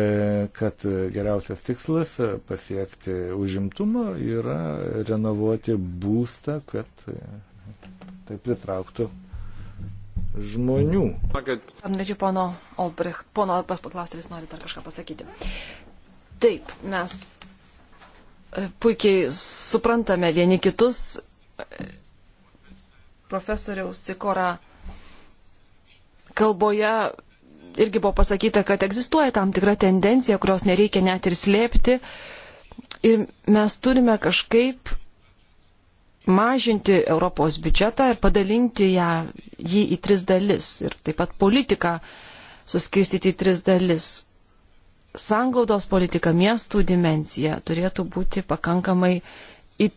kad geriausias tikslas pasiekti užimtumą yra renovuoti būstą, kad e, tai pritrauktų žmonių. Norėčiau pono Albrecht, pono Albrecht paklausti, ar jis nori dar kažką pasakyti. Taip, mes puikiai suprantame vieni kitus. Profesoriaus Sikora kalboje irgi buvo pasakyta, kad egzistuoja tam tikra tendencija, kurios nereikia net ir slėpti. Ir mes turime kažkaip mažinti Europos biudžetą ir padalinti ją, jį į tris dalis ir taip pat politiką suskirstyti į tris dalis sanglaudos politika, miestų dimencija turėtų būti pakankamai į,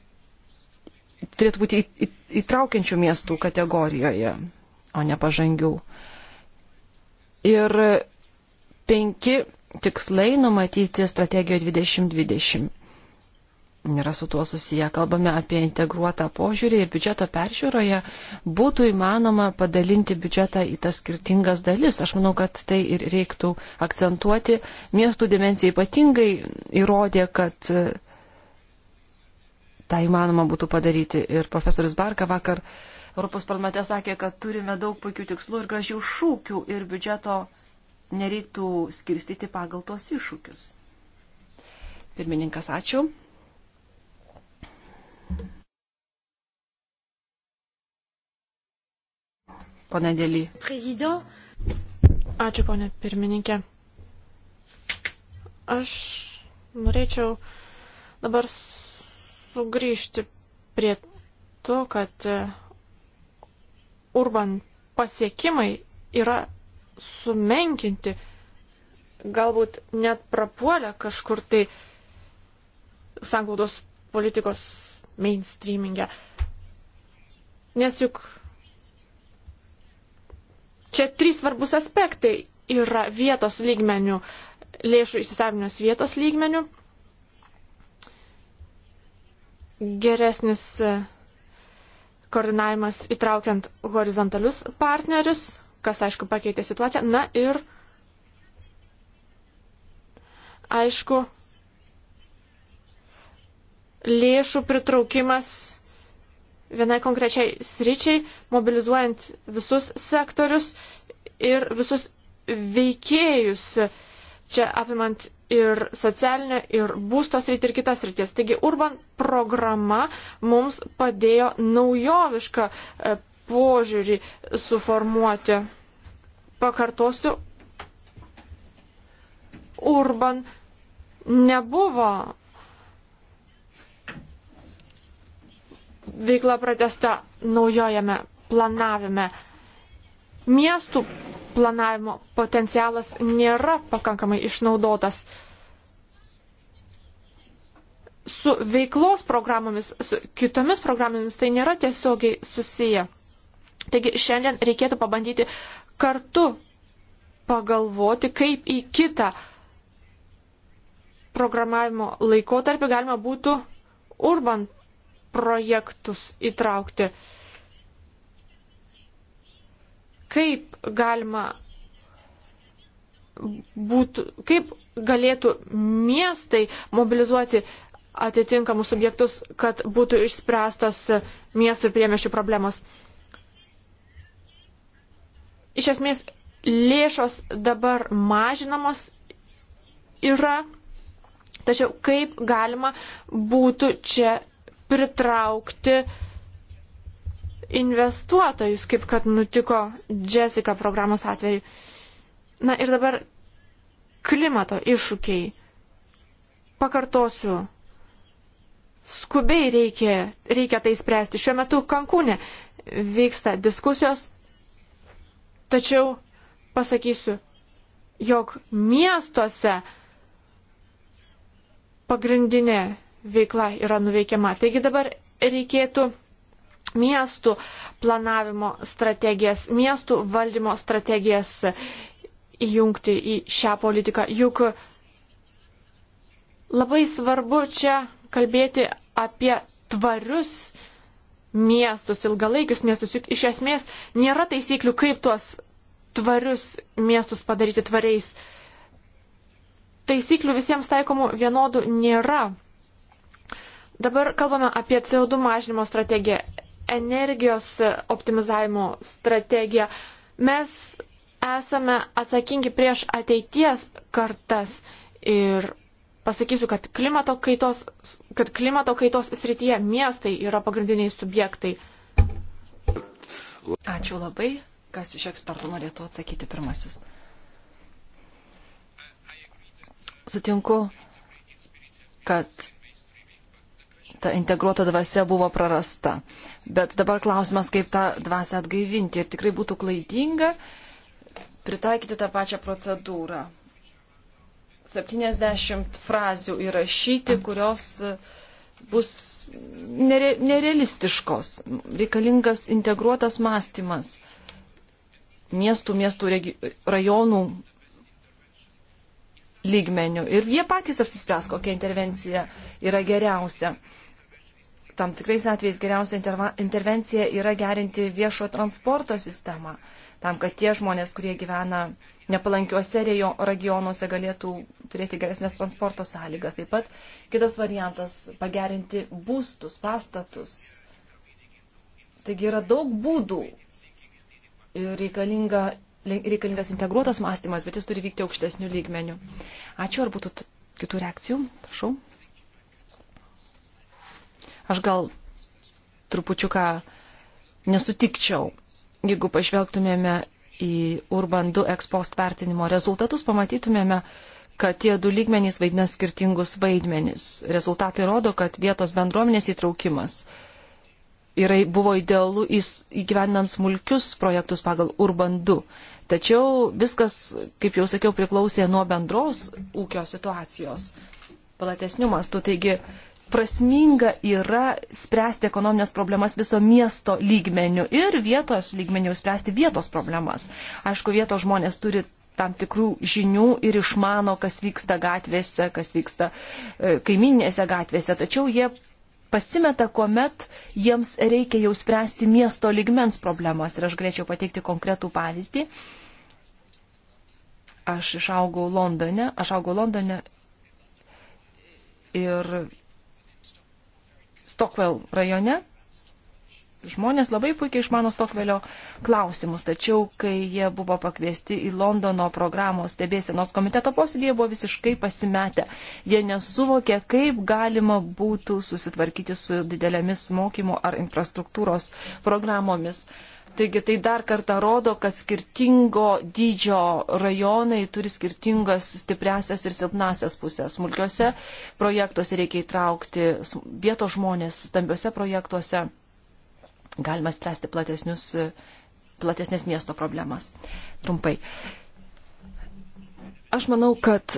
turėtų būti į, į, įtraukiančių miestų kategorijoje, o ne pažangių. Ir penki tikslai numatyti strategijoje 2020 yra su tuo susiję. Kalbame apie integruotą požiūrį ir biudžeto peržiūroje būtų įmanoma padalinti biudžetą į tas skirtingas dalis. Aš manau, kad tai ir reiktų akcentuoti. Miestų dimensija ypatingai įrodė, kad e, tą įmanoma būtų padaryti. Ir profesorius Barka vakar Europos parlamente sakė, kad turime daug puikių tikslų ir gražių šūkių ir biudžeto nereiktų skirstyti pagal tos iššūkius. Pirmininkas, ačiū. Pone Dėly. Ačiū, ponė pirmininkė. Aš norėčiau dabar sugrįžti prie to, kad e, urban pasiekimai yra sumenkinti, galbūt net prapuolę kažkur tai sanglaudos politikos mainstreamingę. Nes juk Čia trys svarbus aspektai yra vietos lygmenių, lėšų įsisavinimas vietos lygmenių, geresnis e, koordinavimas įtraukiant horizontalius partnerius, kas aišku pakeitė situaciją. Na ir aišku, lėšų pritraukimas vienai konkrečiai sričiai, mobilizuojant visus sektorius ir visus veikėjus, čia apimant ir socialinę, ir būsto sritį, ir kitas sritis. Taigi Urban programa mums padėjo naujovišką e, požiūrį suformuoti. Pakartosiu, Urban nebuvo veikla pratesta naujojame planavime. Miestų planavimo potencialas nėra pakankamai išnaudotas. Su veiklos programomis, su kitomis programomis tai nėra tiesiogiai susiję. Taigi šiandien reikėtų pabandyti kartu pagalvoti, kaip į kitą programavimo laikotarpį galima būtų urban projektus įtraukti. Kaip galima būtų, kaip galėtų miestai mobilizuoti atitinkamus subjektus, kad būtų išspręstos miestų ir priemešių problemos. Iš esmės, lėšos dabar mažinamos yra, tačiau kaip galima būtų čia pritraukti investuotojus, kaip kad nutiko Jessica programos atveju. Na ir dabar klimato iššūkiai. Pakartosiu. Skubiai reikia, reikia tai spręsti. Šiuo metu Kankūne vyksta diskusijos, tačiau pasakysiu, jog miestuose pagrindinė veikla yra nuveikiama. Taigi dabar reikėtų miestų planavimo strategijas, miestų valdymo strategijas įjungti į šią politiką. Juk labai svarbu čia kalbėti apie tvarius miestus, ilgalaikius miestus, juk iš esmės nėra taisyklių, kaip tuos tvarius miestus padaryti tvariais. Taisyklių visiems taikomų vienodų nėra. Dabar kalbame apie CO2 mažinimo strategiją, energijos optimizavimo strategiją. Mes esame atsakingi prieš ateities kartas ir pasakysiu, kad klimato kaitos, kad klimato kaitos srityje miestai yra pagrindiniai subjektai. Ačiū labai. Kas iš ekspertų norėtų atsakyti pirmasis? Sutinku, kad ta integruota dvasia buvo prarasta. Bet dabar klausimas, kaip tą dvasę atgaivinti. Ir tikrai būtų klaidinga pritaikyti tą pačią procedūrą. 70 frazių įrašyti, kurios e, bus nere, nerealistiškos. Reikalingas integruotas mąstymas. Miestų, miestų, regi, rajonų lygmenių. Ir jie patys apsispręs, kokia intervencija yra geriausia tam tikrais atvejais geriausia interva, intervencija yra gerinti viešo transporto sistemą, tam, kad tie žmonės, kurie gyvena nepalankiuose regionuose, galėtų turėti geresnės transporto sąlygas. Taip pat kitas variantas - pagerinti būstus, pastatus. Taigi yra daug būdų ir reikalinga, reikalingas integruotas mąstymas, bet jis turi vykti aukštesnių lygmenių. Ačiū, ar būtų kitų reakcijų? Prašau. Aš gal trupučiuką nesutikčiau. Jeigu pažvelgtumėme į Urban 2 ekspost vertinimo rezultatus, pamatytumėme, kad tie du lygmenys vaidina skirtingus vaidmenis. Rezultatai rodo, kad vietos bendruomenės įtraukimas yra, buvo idealu įgyvendant smulkius projektus pagal Urban 2. Tačiau viskas, kaip jau sakiau, priklausė nuo bendros ūkio situacijos platesnių mastų. Taigi prasminga yra spręsti ekonominės problemas viso miesto lygmenių ir vietos lygmenių ir spręsti vietos problemas. Aišku, vietos žmonės turi tam tikrų žinių ir išmano, kas vyksta gatvėse, kas vyksta e, kaiminėse gatvėse, tačiau jie pasimeta, kuomet jiems reikia jau spręsti miesto lygmens problemas. Ir aš galėčiau pateikti konkretų pavyzdį. Aš išaugau Londone, aš augau Londone ir Stockwell rajone. Žmonės labai puikiai išmano Stokvelio klausimus, tačiau kai jie buvo pakviesti į Londono programos stebėsienos komiteto posėdį, jie buvo visiškai pasimetę. Jie nesuvokė, kaip galima būtų susitvarkyti su didelėmis mokymo ar infrastruktūros programomis. Uh, Taigi tai dar kartą rodo, kad skirtingo dydžio rajonai turi skirtingas stipresias ir silpnasias pusės. Smulkiuose projektuose reikia įtraukti vietos žmonės, stambiuose projektuose galima spręsti platesnius, platesnės miesto problemas. Trumpai. Aš manau, kad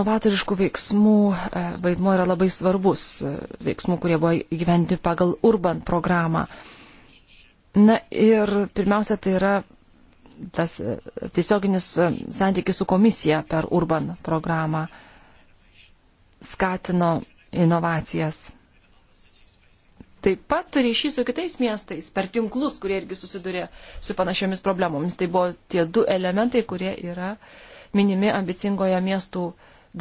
novatoriškų veiksmų e, vaidmuo yra labai svarbus, e, veiksmų, kurie buvo įgyventi pagal Urban programą. Na ir pirmiausia, tai yra tas e, tiesioginis e, santykis su komisija per Urban programą skatino inovacijas. Taip pat ryšys su kitais miestais per tinklus, kurie irgi susidurė su panašiomis problemomis. Tai buvo tie du elementai, kurie yra minimi ambicingoje miestų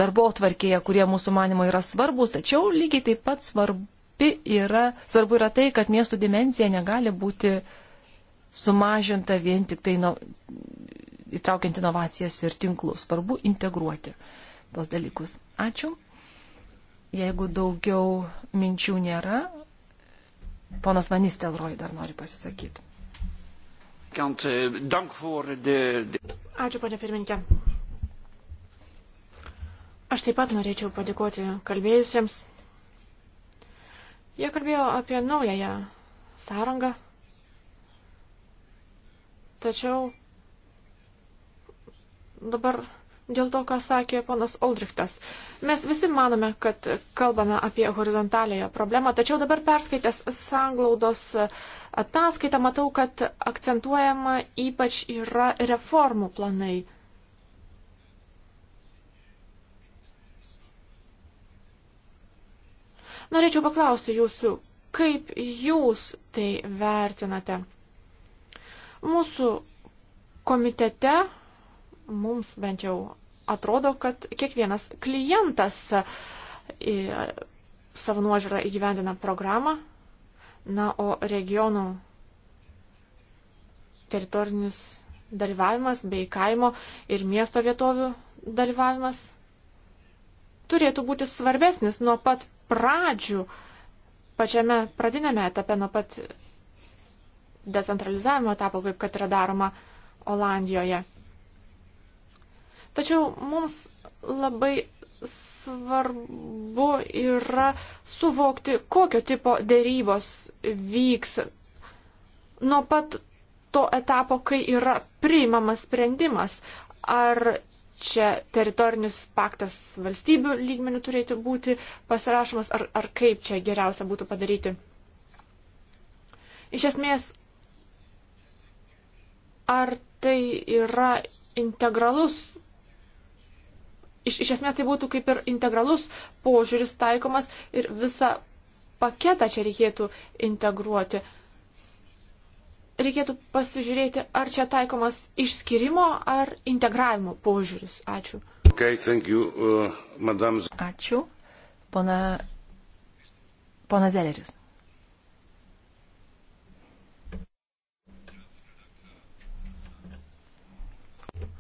darbo tvarkėje, kurie mūsų manimo yra svarbus, tačiau lygiai taip pat svarbu svarbi yra, svarbu yra tai, kad miestų dimencija negali būti sumažinta vien tik tai no, įtraukiant inovacijas ir tinklus. Svarbu integruoti tos dalykus. Ačiū. Jeigu daugiau minčių nėra, ponas Vanistelroj dar nori pasisakyti. E, Ačiū, ponė pirmininkė. Aš taip pat norėčiau padėkoti kalbėjusiems. Jie kalbėjo apie naująją sąrangą, tačiau dabar dėl to, ką sakė ponas Oldrichtas. Mes visi manome, kad kalbame apie horizontalėje problemą, tačiau dabar perskaitęs sanglaudos ataskaitą matau, kad akcentuojama ypač yra reformų planai. Norėčiau paklausti jūsų, kaip jūs tai vertinate? Mūsų komitete mums bent jau atrodo, kad kiekvienas klientas e, savo nuožiūrą įgyvendina programą, na, o regionų teritorinis dalyvavimas bei kaimo ir miesto vietovių dalyvavimas turėtų būti svarbesnis nuo pat pradžių, pačiame pradinėme etape, nuo pat decentralizavimo etapo, kaip kad yra daroma Olandijoje. Tačiau mums labai svarbu yra suvokti, kokio tipo dėrybos vyks nuo pat to etapo, kai yra priimamas sprendimas, ar čia teritorinis paktas valstybių lygmenių turėtų būti pasirašomas, ar, ar kaip čia geriausia būtų padaryti. Iš esmės, ar tai yra integralus, iš, iš esmės tai būtų kaip ir integralus požiūris taikomas ir visą paketą čia reikėtų integruoti reikėtų pasižiūrėti, ar čia taikomas išskirimo ar integravimo požiūris. Ačiū. Okay, you, uh, Ačiū. Pana, pana Zeleris.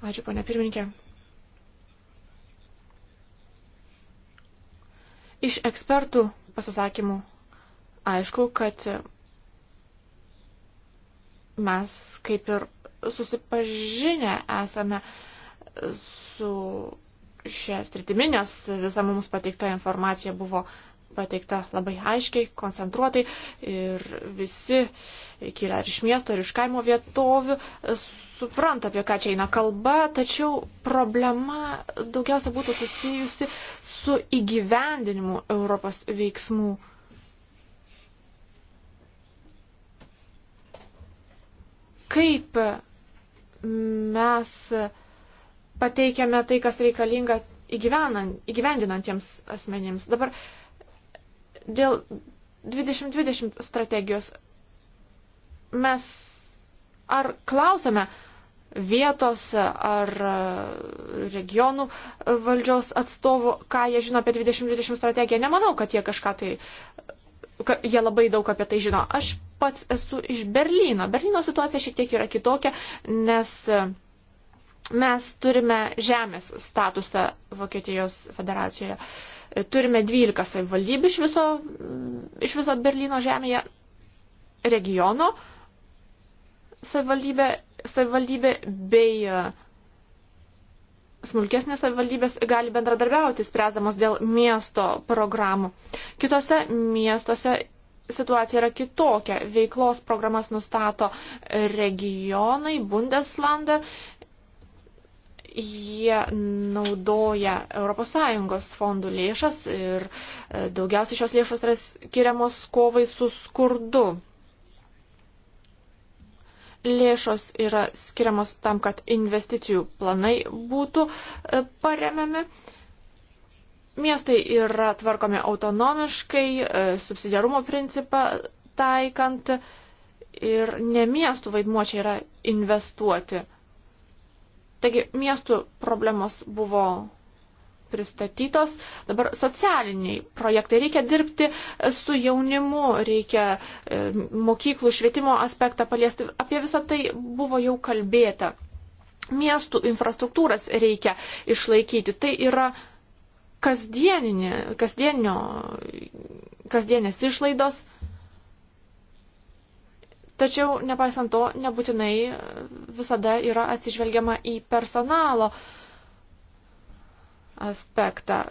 Ačiū, ponia pirmininkė. Iš ekspertų pasisakymų aišku, kad mes kaip ir susipažinę esame su šią stritimį, nes visa mums pateikta informacija buvo pateikta labai aiškiai, koncentruotai ir visi, kilę ar iš miesto, ar iš kaimo vietovių, supranta, apie ką čia eina kalba, tačiau problema daugiausia būtų susijusi su įgyvendinimu Europos veiksmų kaip mes pateikiame tai, kas reikalinga įgyvendinantiems asmenims. Dabar dėl 2020 strategijos mes ar klausome vietos ar regionų valdžios atstovų, ką jie žino apie 2020 strategiją. Nemanau, kad jie kažką tai, jie labai daug apie tai žino. Aš pats esu iš Berlyno. Berlyno situacija šiek tiek yra kitokia, nes e, mes turime žemės statusą Vokietijos federacijoje. E, turime 12 savivaldybių iš viso, iš viso Berlyno žemėje regiono savivaldybė, savivaldybė bei e, smulkesnės savivaldybės gali bendradarbiauti, spręsdamos dėl miesto programų. Kitose miestuose situacija yra kitokia. Veiklos programas nustato regionai, Bundeslanda, jie naudoja ES fondų lėšas ir e, daugiausiai šios lėšos yra skiriamos kovai su skurdu. Lėšos yra skiriamos tam, kad investicijų planai būtų e, paremiami. Miestai yra tvarkomi autonomiškai, e, subsidiarumo principą taikant ir ne miestų vaidmuo čia yra investuoti. Taigi miestų problemos buvo pristatytos. Dabar socialiniai projektai. Reikia dirbti su jaunimu, reikia e, mokyklų švietimo aspektą paliesti. Apie visą tai buvo jau kalbėta. Miestų infrastruktūras reikia išlaikyti. Tai yra kasdieninė, kasdienio, kasdienės išlaidos. Tačiau, nepaisant to, nebūtinai visada yra atsižvelgiama į personalo aspektą.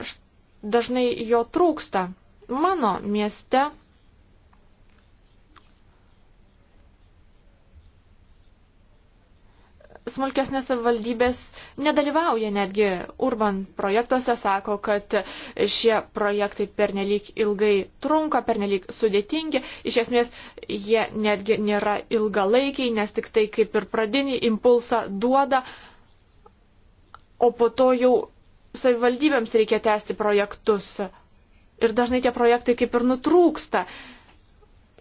Dažnai jo trūksta. Mano mieste smulkesnės valdybės nedalyvauja netgi urban projektuose, sako, kad šie projektai pernelyg ilgai trunka, pernelyg sudėtingi, iš esmės jie netgi nėra ilgalaikiai, nes tik tai kaip ir pradinį impulsą duoda, o po to jau savivaldybėms reikia tęsti projektus. Ir dažnai tie projektai kaip ir nutrūksta,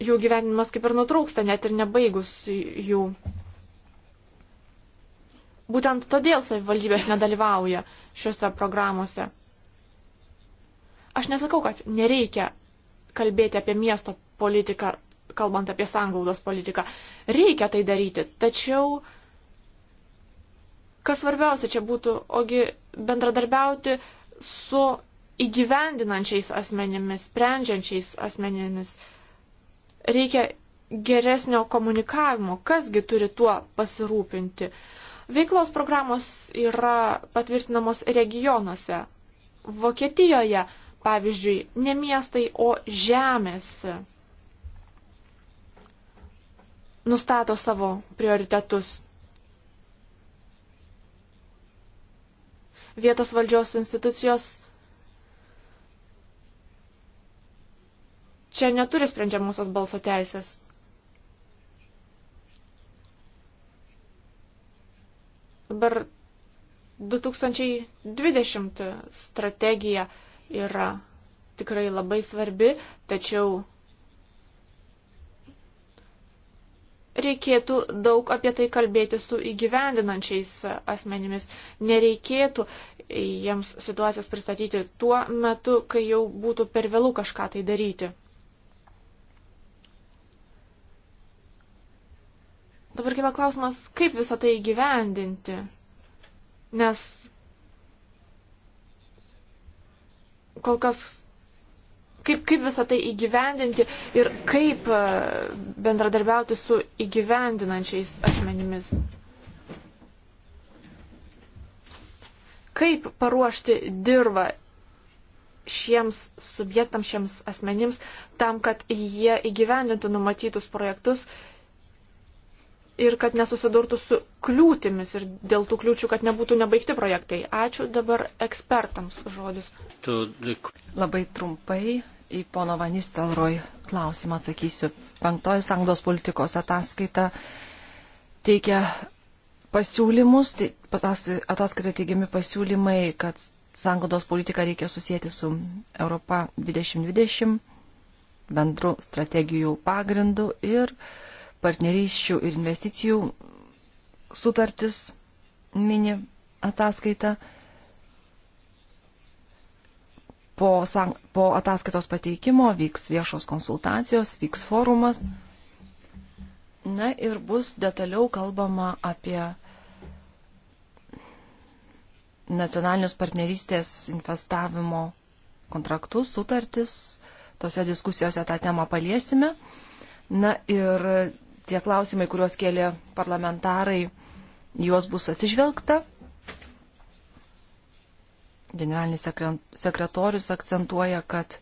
jų gyvenimas kaip ir nutrūksta, net ir nebaigus jų Būtent todėl savivaldybės nedalyvauja šiuose programuose. Aš nesakau, kad nereikia kalbėti apie miesto politiką, kalbant apie sanglaudos politiką. Reikia tai daryti, tačiau kas svarbiausia čia būtų, ogi bendradarbiauti su įgyvendinančiais asmenimis, sprendžiančiais asmenimis. Reikia geresnio komunikavimo, kasgi turi tuo pasirūpinti. Veiklos programos yra patvirtinamos regionuose. Vokietijoje, pavyzdžiui, ne miestai, o žemės nustato savo prioritetus. Vietos valdžios institucijos čia neturi sprendžiamosios balso teisės. Dabar 2020 strategija yra tikrai labai svarbi, tačiau reikėtų daug apie tai kalbėti su įgyvendinančiais asmenimis. Nereikėtų jiems situacijos pristatyti tuo metu, kai jau būtų per vėlų kažką tai daryti. Dabar kila klausimas, kaip visą tai įgyvendinti, nes kol kas, kaip, kaip visą tai įgyvendinti ir kaip e, bendradarbiauti su įgyvendinančiais asmenimis. Kaip paruošti dirbą šiems subjektams, šiems asmenims, tam, kad jie įgyvendintų numatytus projektus ir kad nesusidurtų su kliūtimis ir dėl tų kliūčių, kad nebūtų nebaigti projektai. Ačiū dabar ekspertams žodis. Labai trumpai į pono Vanistelroj klausimą atsakysiu. Penktoji sanglos politikos ataskaita teikia pasiūlymus, tai ataskaita teigiami pasiūlymai, kad sanglos politiką reikia susijęti su Europa 2020 bendru strategijų pagrindu ir uh, partnerysčių ir investicijų sutartis mini ataskaita. Po, po ataskaitos pateikimo vyks viešos konsultacijos, vyks forumas. Na ir bus detaliau kalbama apie nacionalinius partnerystės investavimo kontraktus, sutartis. Tose diskusijose tą temą paliesime. Na ir tie klausimai, kuriuos kėlė parlamentarai, juos bus atsižvelgta. Generalinis sekretorius akcentuoja, kad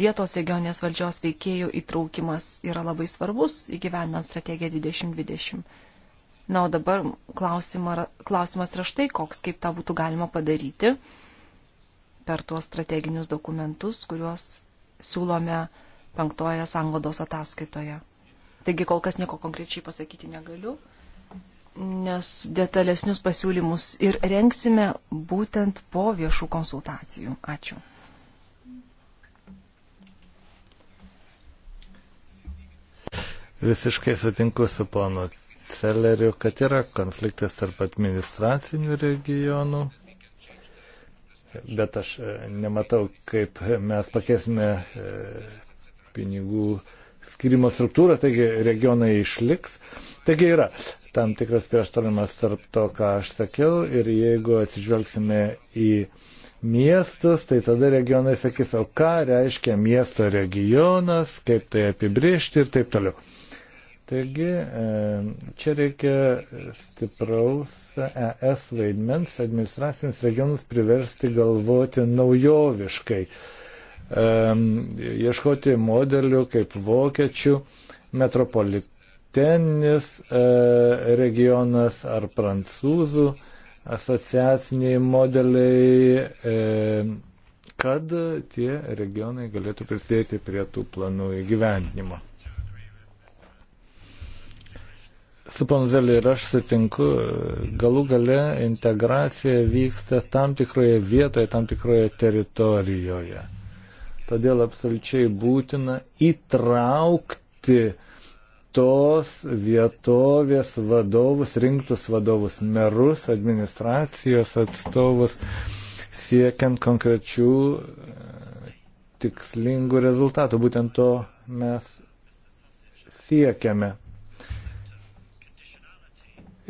vietos regionės valdžios veikėjų įtraukimas yra labai svarbus įgyvendant strategiją 2020. Na, o dabar klausimas, klausimas yra štai koks, kaip tą būtų galima padaryti per tuos strateginius dokumentus, kuriuos siūlome penktoje sanglados ataskaitoje. Taigi kol kas nieko konkrečiai pasakyti negaliu, nes detalesnius pasiūlymus ir renksime būtent po viešų konsultacijų. Ačiū. Visiškai sutinku su ponu Celeriu, kad yra konfliktas tarp administracinių regionų, bet aš e, nematau, kaip mes pakeisime e, pinigų skirimo struktūrą, taigi regionai išliks. Taigi yra tam tikras prieštarimas tarp to, ką aš sakiau ir jeigu atsižvelgsime į miestus, tai tada regionai sakys, o ką reiškia miesto regionas, kaip tai apibriežti ir taip toliau. Taigi e, čia reikia stipraus ES vaidmens administracinius regionus priversti galvoti naujoviškai. Uh, ieškoti modelių kaip vokiečių metropoliteninis e, regionas ar prancūzų asociaciniai modeliai, e, kad tie regionai galėtų prisidėti prie tų planų įgyvendinimo. Su Panzeliu ir aš sutinku, galų gale integracija vyksta tam tikroje vietoje, tam tikroje teritorijoje. Todėl absoliučiai būtina įtraukti tos vietovės vadovus, rinktus vadovus, merus, administracijos atstovus, siekiant konkrečių e, tikslingų rezultatų. Būtent to mes siekiame.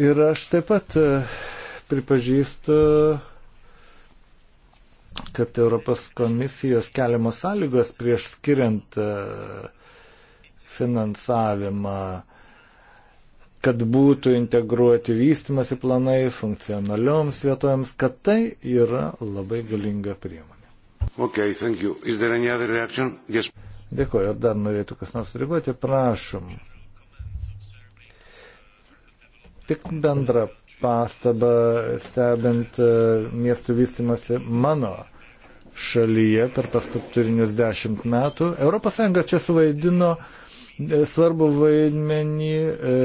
Ir aš taip pat e, pripažįstu kad Europos komisijos keliamos sąlygos prieš skiriant e, finansavimą, kad būtų integruoti vystimasi planai funkcionalioms vietojams, kad tai yra labai galinga priemonė. Okay, yes. Dėkuoju, ar dar norėtų kas nors reaguoti, prašom. Tik bendra pastaba stebint e, miestų vystimasi mano šalyje per paskuturinius dešimt metų. ES čia suvaidino e, svarbu vaidmenį e,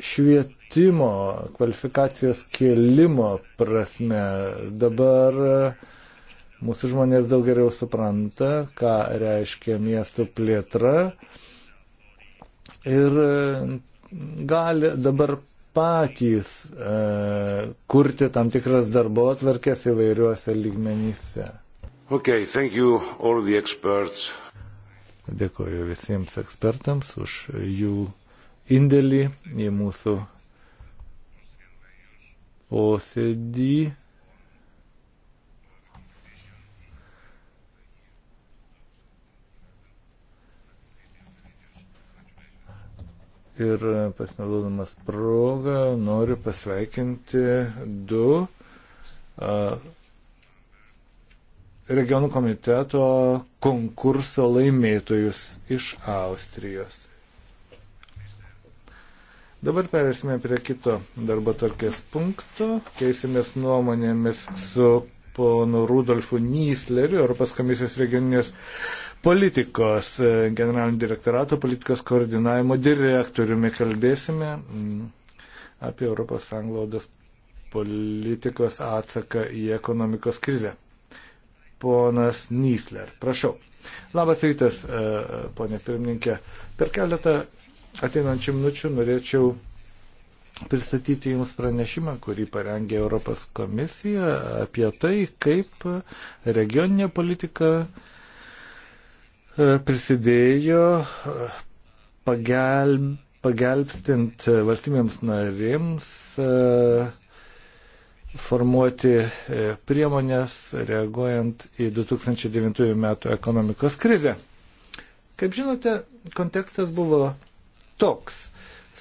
švietimo, kvalifikacijos kėlimo prasme. Dabar e, mūsų žmonės daug geriau supranta, ką reiškia miestų plėtra ir gali dabar patys e, kurti tam tikras darbo atvarkės įvairiuose lygmenyse. Okay, thank you all the experts. Dėkoju visiems ekspertams už jų indėlį į mūsų posėdį. ir pasinaudodamas progą noriu pasveikinti du a, regionų komiteto konkurso laimėtojus iš Austrijos. Dabar perėsime prie kito darbo tarkės punkto. Keisimės nuomonėmis su ponu Rudolfu Nysleriu, Europos komisijos regioninės politikos e, generalinio direktorato politikos koordinavimo direktoriumi kalbėsime mm, apie Europos sanglaudos politikos atsaką į ekonomikos krizę. Ponas Nysler, prašau. Labas rytas, e, ponė pirmininkė. Per keletą ateinančių minučių norėčiau pristatyti Jums pranešimą, kurį parengė Europos komisija apie tai, kaip regioninė politika uh, E, prisidėjo e, pagelb, pagelbstint valstybėms narims e, formuoti priemonės reaguojant į 2009 metų ekonomikos krizę. Kaip žinote, kontekstas buvo toks.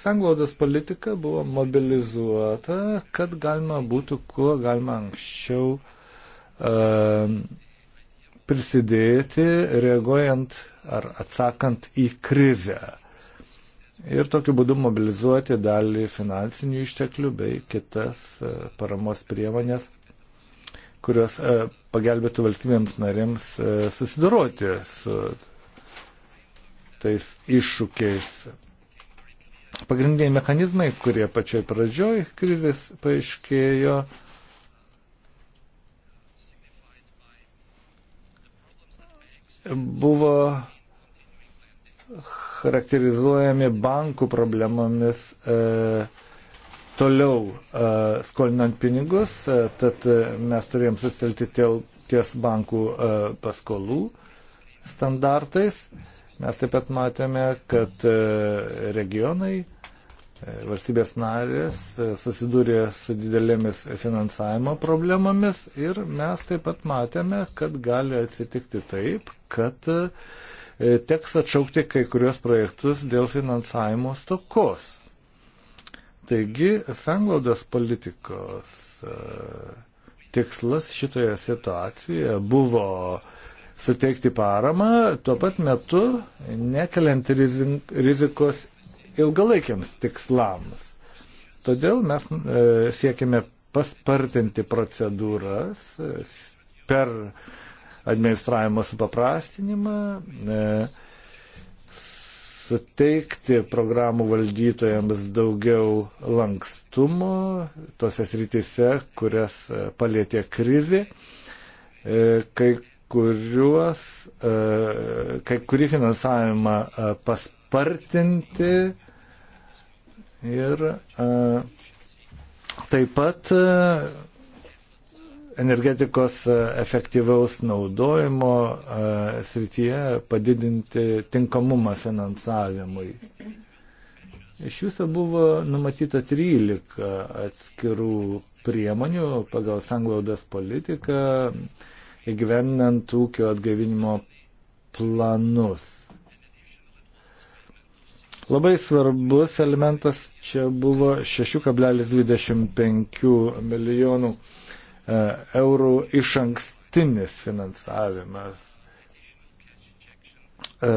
Sanglaudos politika buvo mobilizuota, kad galima būtų kuo galima anksčiau uh, prisidėti reaguojant ar atsakant į krizę. Ir tokiu būdu mobilizuoti dalį finansinių išteklių bei kitas e, paramos priemonės, kurios e, pagelbėtų valstybėms narėms e, susidoroti su tais iššūkiais. Pagrindiniai mechanizmai, kurie pačioj pradžioj krizės paaiškėjo, buvo charakterizuojami bankų problemomis e, toliau e, skolinant pinigus, e, tad e, mes turėjom sustelti ties bankų e, paskolų standartais. Mes taip pat matėme, kad e, regionai e, E, valstybės narės e, susidūrė su didelėmis finansavimo problemomis ir mes taip pat matėme, kad gali atsitikti taip, kad e, teks atšaukti kai kurios projektus dėl finansavimo stokos. Taigi, sanglaudos politikos tikslas šitoje situacijoje buvo suteikti paramą, tuo pat metu nekeliant rizikos ilgalaikiams tikslams. Todėl mes e, siekime paspartinti procedūras e, per administravimo supaprastinimą, e, suteikti programų valdytojams daugiau lankstumo tose srityse, kurias palėtė krizė, kai kuriuos, kai kurį finansavimą pas, spartinti ir a, e, taip pat a, e, energetikos e, efektyvaus naudojimo a, srityje padidinti tinkamumą finansavimui. Iš viso buvo numatyta 13 atskirų priemonių pagal sanglaudas politiką įgyveninant ūkio atgaivinimo planus. Labai svarbus elementas čia buvo 6,25 milijonų e, eurų iš ankstinis finansavimas. E,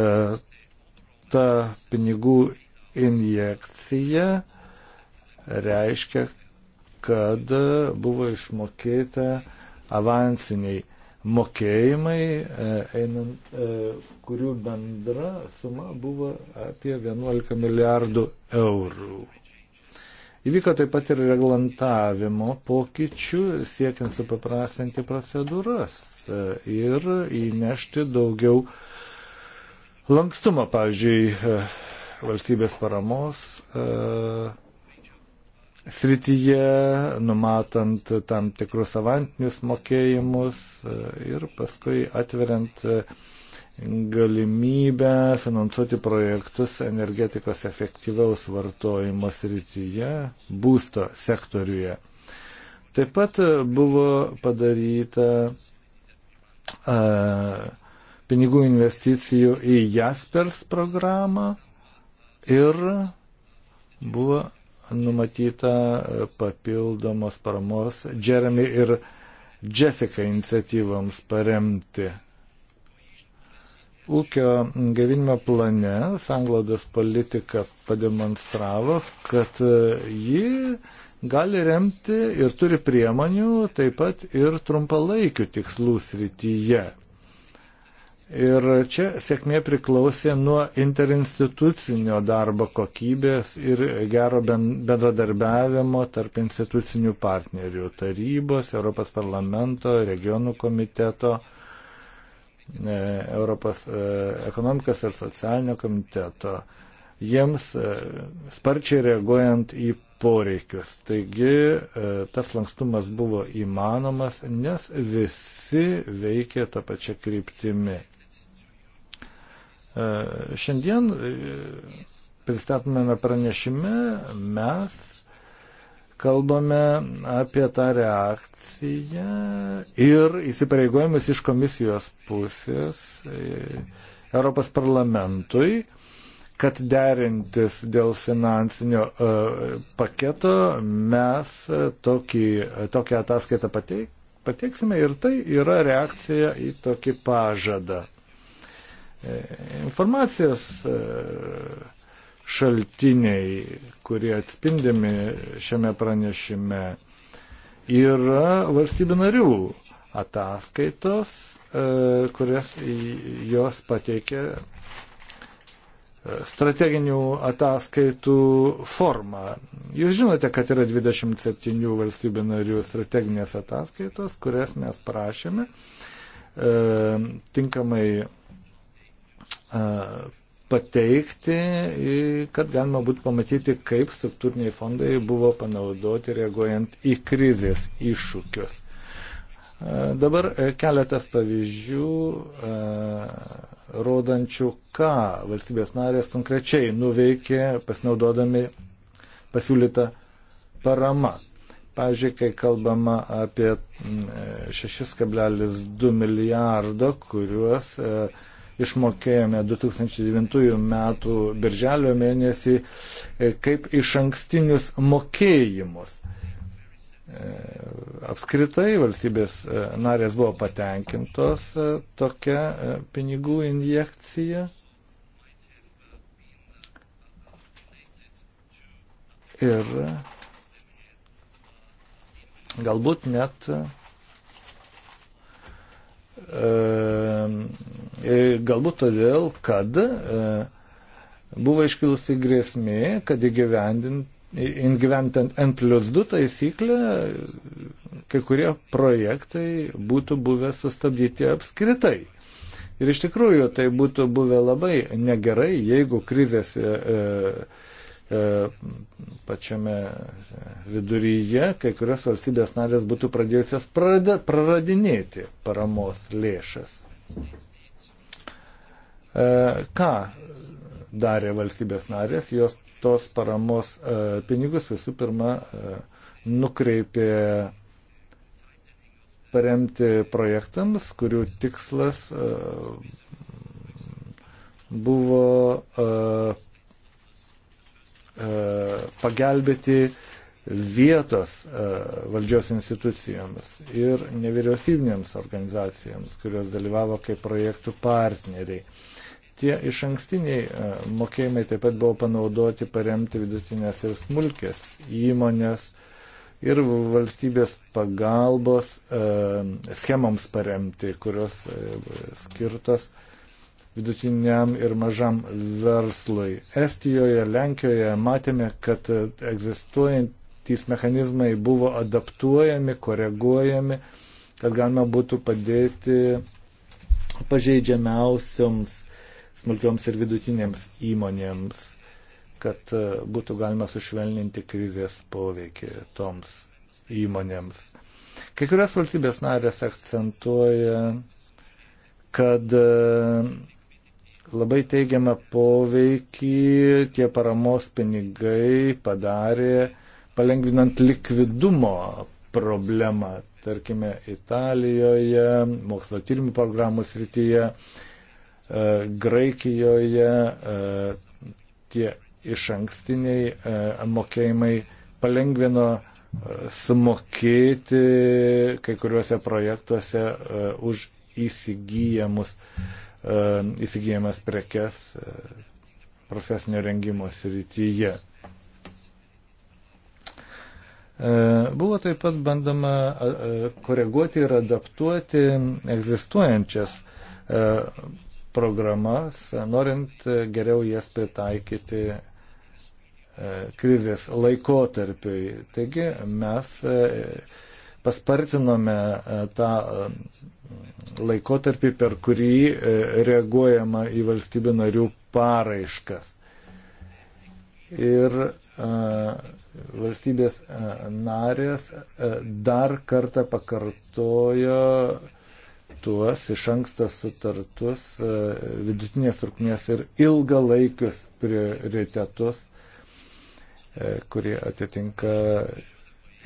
ta pinigų injekcija reiškia, kad buvo išmokėta avansiniai mokėjimai, e, einant, e, kurių bendra suma buvo apie 11 milijardų eurų. Įvyko taip pat ir reglamentavimo pokyčių, siekiant supaprastinti procedūras e, ir įnešti daugiau lankstumo, pavyzdžiui, valstybės paramos srityje, numatant tam tikrus avantinius mokėjimus e, ir paskui atveriant e, galimybę finansuoti projektus energetikos efektyvaus vartojimo srityje, būsto sektoriuje. Taip pat buvo padaryta a, e, pinigų investicijų į Jaspers programą ir buvo numatyta e, papildomos paramos Jeremy ir Jessica iniciatyvams paremti. Ūkio gavinimo plane sanglaudos politika pademonstravo, kad e, ji gali remti ir turi priemonių taip pat ir trumpalaikių tikslų srityje. Ir čia sėkmė priklausė nuo interinstitucinio darbo kokybės ir gero bendradarbiavimo tarp institucinių partnerių - tarybos, Europos parlamento, regionų komiteto, e, Europos e, ekonomikos ir socialinio komiteto. Jiems e, sparčiai reaguojant į poreikius. Taigi tas lankstumas buvo įmanomas, nes visi veikė tą pačią kryptimį. E, šiandien e, pristatomėme pranešime, mes kalbame apie tą reakciją ir įsipareigojimus iš komisijos pusės e, Europos parlamentui, kad derintis dėl finansinio paketo mes tokį, tokią ataskaitą pateiksime ir tai yra reakcija į tokį pažadą informacijos e, šaltiniai, kurie atspindimi šiame pranešime, yra valstybių narių ataskaitos, e, kurias jos pateikia e, strateginių ataskaitų formą. Jūs žinote, kad yra 27 valstybių narių strateginės ataskaitos, kurias mes prašėme e, tinkamai pateikti, kad galima būtų pamatyti, kaip struktūriniai fondai buvo panaudoti reaguojant į krizės iššūkius. Dabar e, keletas pavyzdžių rodančių, ką valstybės narės konkrečiai nuveikė pasinaudodami pasiūlytą paramą. Pavyzdžiui, kai kalbama apie 6,2 milijardo, kuriuos uh, išmokėjome 2009 metų birželio mėnesį e, kaip iš ankstinius mokėjimus. E, apskritai valstybės e, narės buvo patenkintos tokia pinigų injekcija. Ir galbūt net Ehm, galbūt todėl, kad e, buvo iškilusi grėsmė, kad įgyvendint Ingyventant N plus 2 taisyklę, kai kurie projektai būtų buvę sustabdyti apskritai. Ir iš tikrųjų tai būtų buvę labai negerai, jeigu krizės e, E, pačiame viduryje kai kurios valstybės narės būtų pradėjusios praradinėti paramos lėšas. E, ką darė valstybės narės? Jos tos paramos e, pinigus visų pirma nukreipė paremti projektams, kurių tikslas buvo E, pagelbėti vietos e, valdžios institucijoms ir nevyriausybinėms organizacijoms, kurios dalyvavo kaip projektų partneriai. Tie iš ankstiniai e, mokėjimai taip pat buvo panaudoti paremti vidutinės ir smulkės įmonės ir valstybės pagalbos schemoms paremti, kurios skirtos uh, vidutiniam ir mažam verslui. Estijoje, Lenkijoje matėme, kad egzistuojantys mechanizmai buvo adaptuojami, koreguojami, kad galima būtų padėti pažeidžiamiausioms smulkioms ir vidutinėms įmonėms, kad e, būtų galima sušvelninti krizės poveikį toms įmonėms. Kai kurios valstybės narės akcentuoja, kad e, labai teigiamą poveikį tie paramos pinigai padarė palengvinant likvidumo problemą, tarkime, Italijoje, mokslo tyrimų programų srityje, e, Graikijoje e, tie iš ankstiniai e, mokėjimai palengvino sumokėti kai kuriuose projektuose už įsigijamus uh, įsigijamas prekes e, profesinio rengimo srityje. E, buvo taip pat bandoma koreguoti ir adaptuoti egzistuojančias e, programas, norint geriau jas pritaikyti krizės laikotarpiui. Taigi mes paspartinome tą laikotarpį, per kurį e, reaguojama į valstybių narių paraiškas. Ir e, valstybės e, narės dar kartą pakartojo tuos iš anksto sutartus vidutinės trukmės ir ilgalaikius prioritetus, kurie atitinka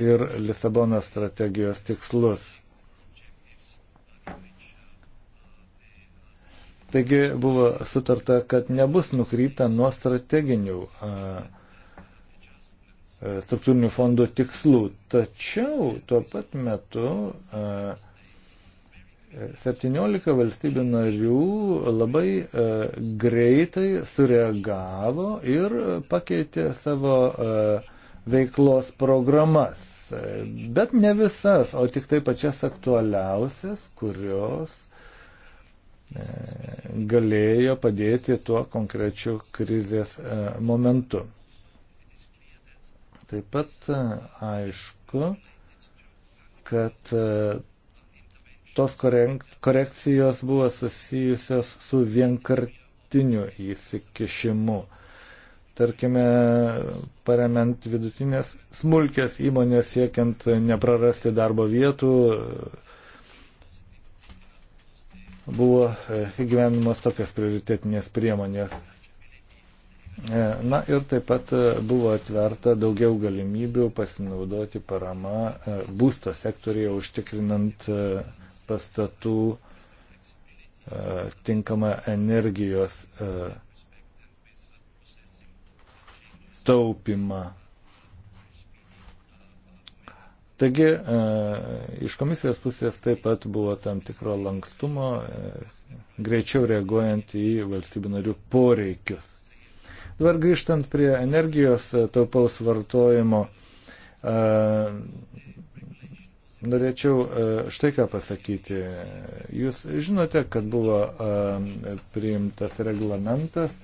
ir Lisabono strategijos tikslus. Taigi buvo sutarta, kad nebus nukrypta nuo strateginių struktūrinių fondų tikslų. Tačiau tuo pat metu 17 valstybių narių labai greitai sureagavo ir pakeitė savo veiklos programas. Bet ne visas, o tik tai pačias aktualiausias, kurios E, galėjo padėti tuo konkrečiu krizės e, momentu. Taip pat e, aišku, kad tos korekcijos buvo susijusios su vienkartiniu įsikišimu. Tarkime, paremiant vidutinės smulkės įmonės siekiant neprarasti darbo vietų, buvo e, įgyvenimas tokios prioritetinės priemonės. E, na ir taip pat e, buvo atverta daugiau galimybių pasinaudoti parama būsto sektorija užtikrinant pastatų tinkamą energijos taupimą. Taigi e, iš komisijos pusės taip pat buvo tam tikro lankstumo, e, greičiau reaguojant į valstybių narių poreikius. Dabar grįžtant prie energijos e, taupaus vartojimo, norėčiau štai ką pasakyti. Jūs žinote, kad buvo priimtas reglamentas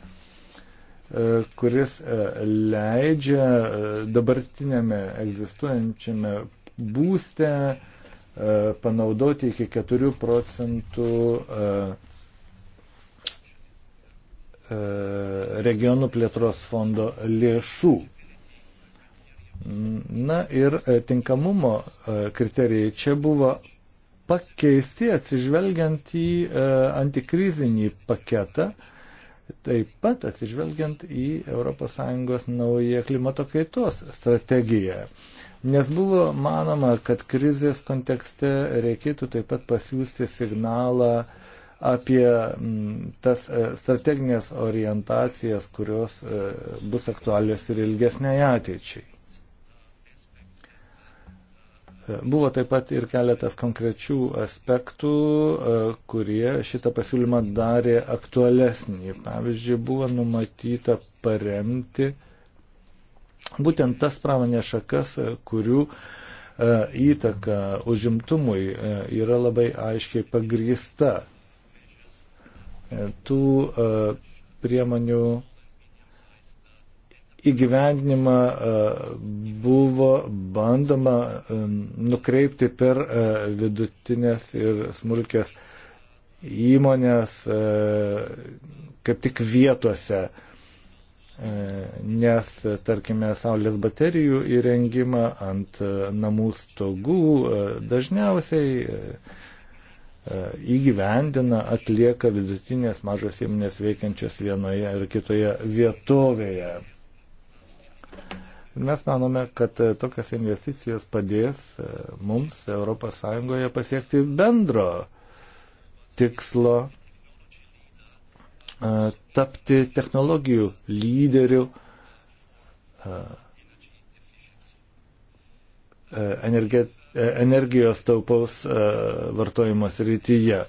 kuris leidžia dabartinėme egzistuojančiame būste panaudoti iki 4 procentų e, e, regionų plėtros fondo lėšų. Na ir e, tinkamumo kriterijai čia buvo pakeisti atsižvelgiant į antikrizinį paketą, taip pat atsižvelgiant į ES naują klimato kaitos strategiją. Nes buvo manoma, kad krizės kontekste reikėtų taip pat pasiūsti signalą apie mm, tas e, strateginės orientacijas, kurios e, bus aktualios ir ilgesniai ateičiai. E, buvo taip pat ir keletas konkrečių aspektų, kurie šitą pasiūlymą darė aktualesnį. Pavyzdžiui, buvo numatyta paremti uh, būtent tas pramonės šakas, e, kurių e, įtaka užimtumui e, yra labai aiškiai pagrįsta. Tų priemonių įgyvendinimą buvo bandoma nukreipti per vidutinės ir smulkės įmonės kaip tik vietuose E, nes, tarkime, saulės baterijų įrengimą ant e, namų stogų e, dažniausiai įgyvendina, atlieka vidutinės mažos įmonės veikiančios vienoje ar kitoje vietovėje. Mes manome, kad tokias investicijas padės mums ES pasiekti bendro tikslo tapti technologijų lyderių energijos taupaus vartojimas rytyje.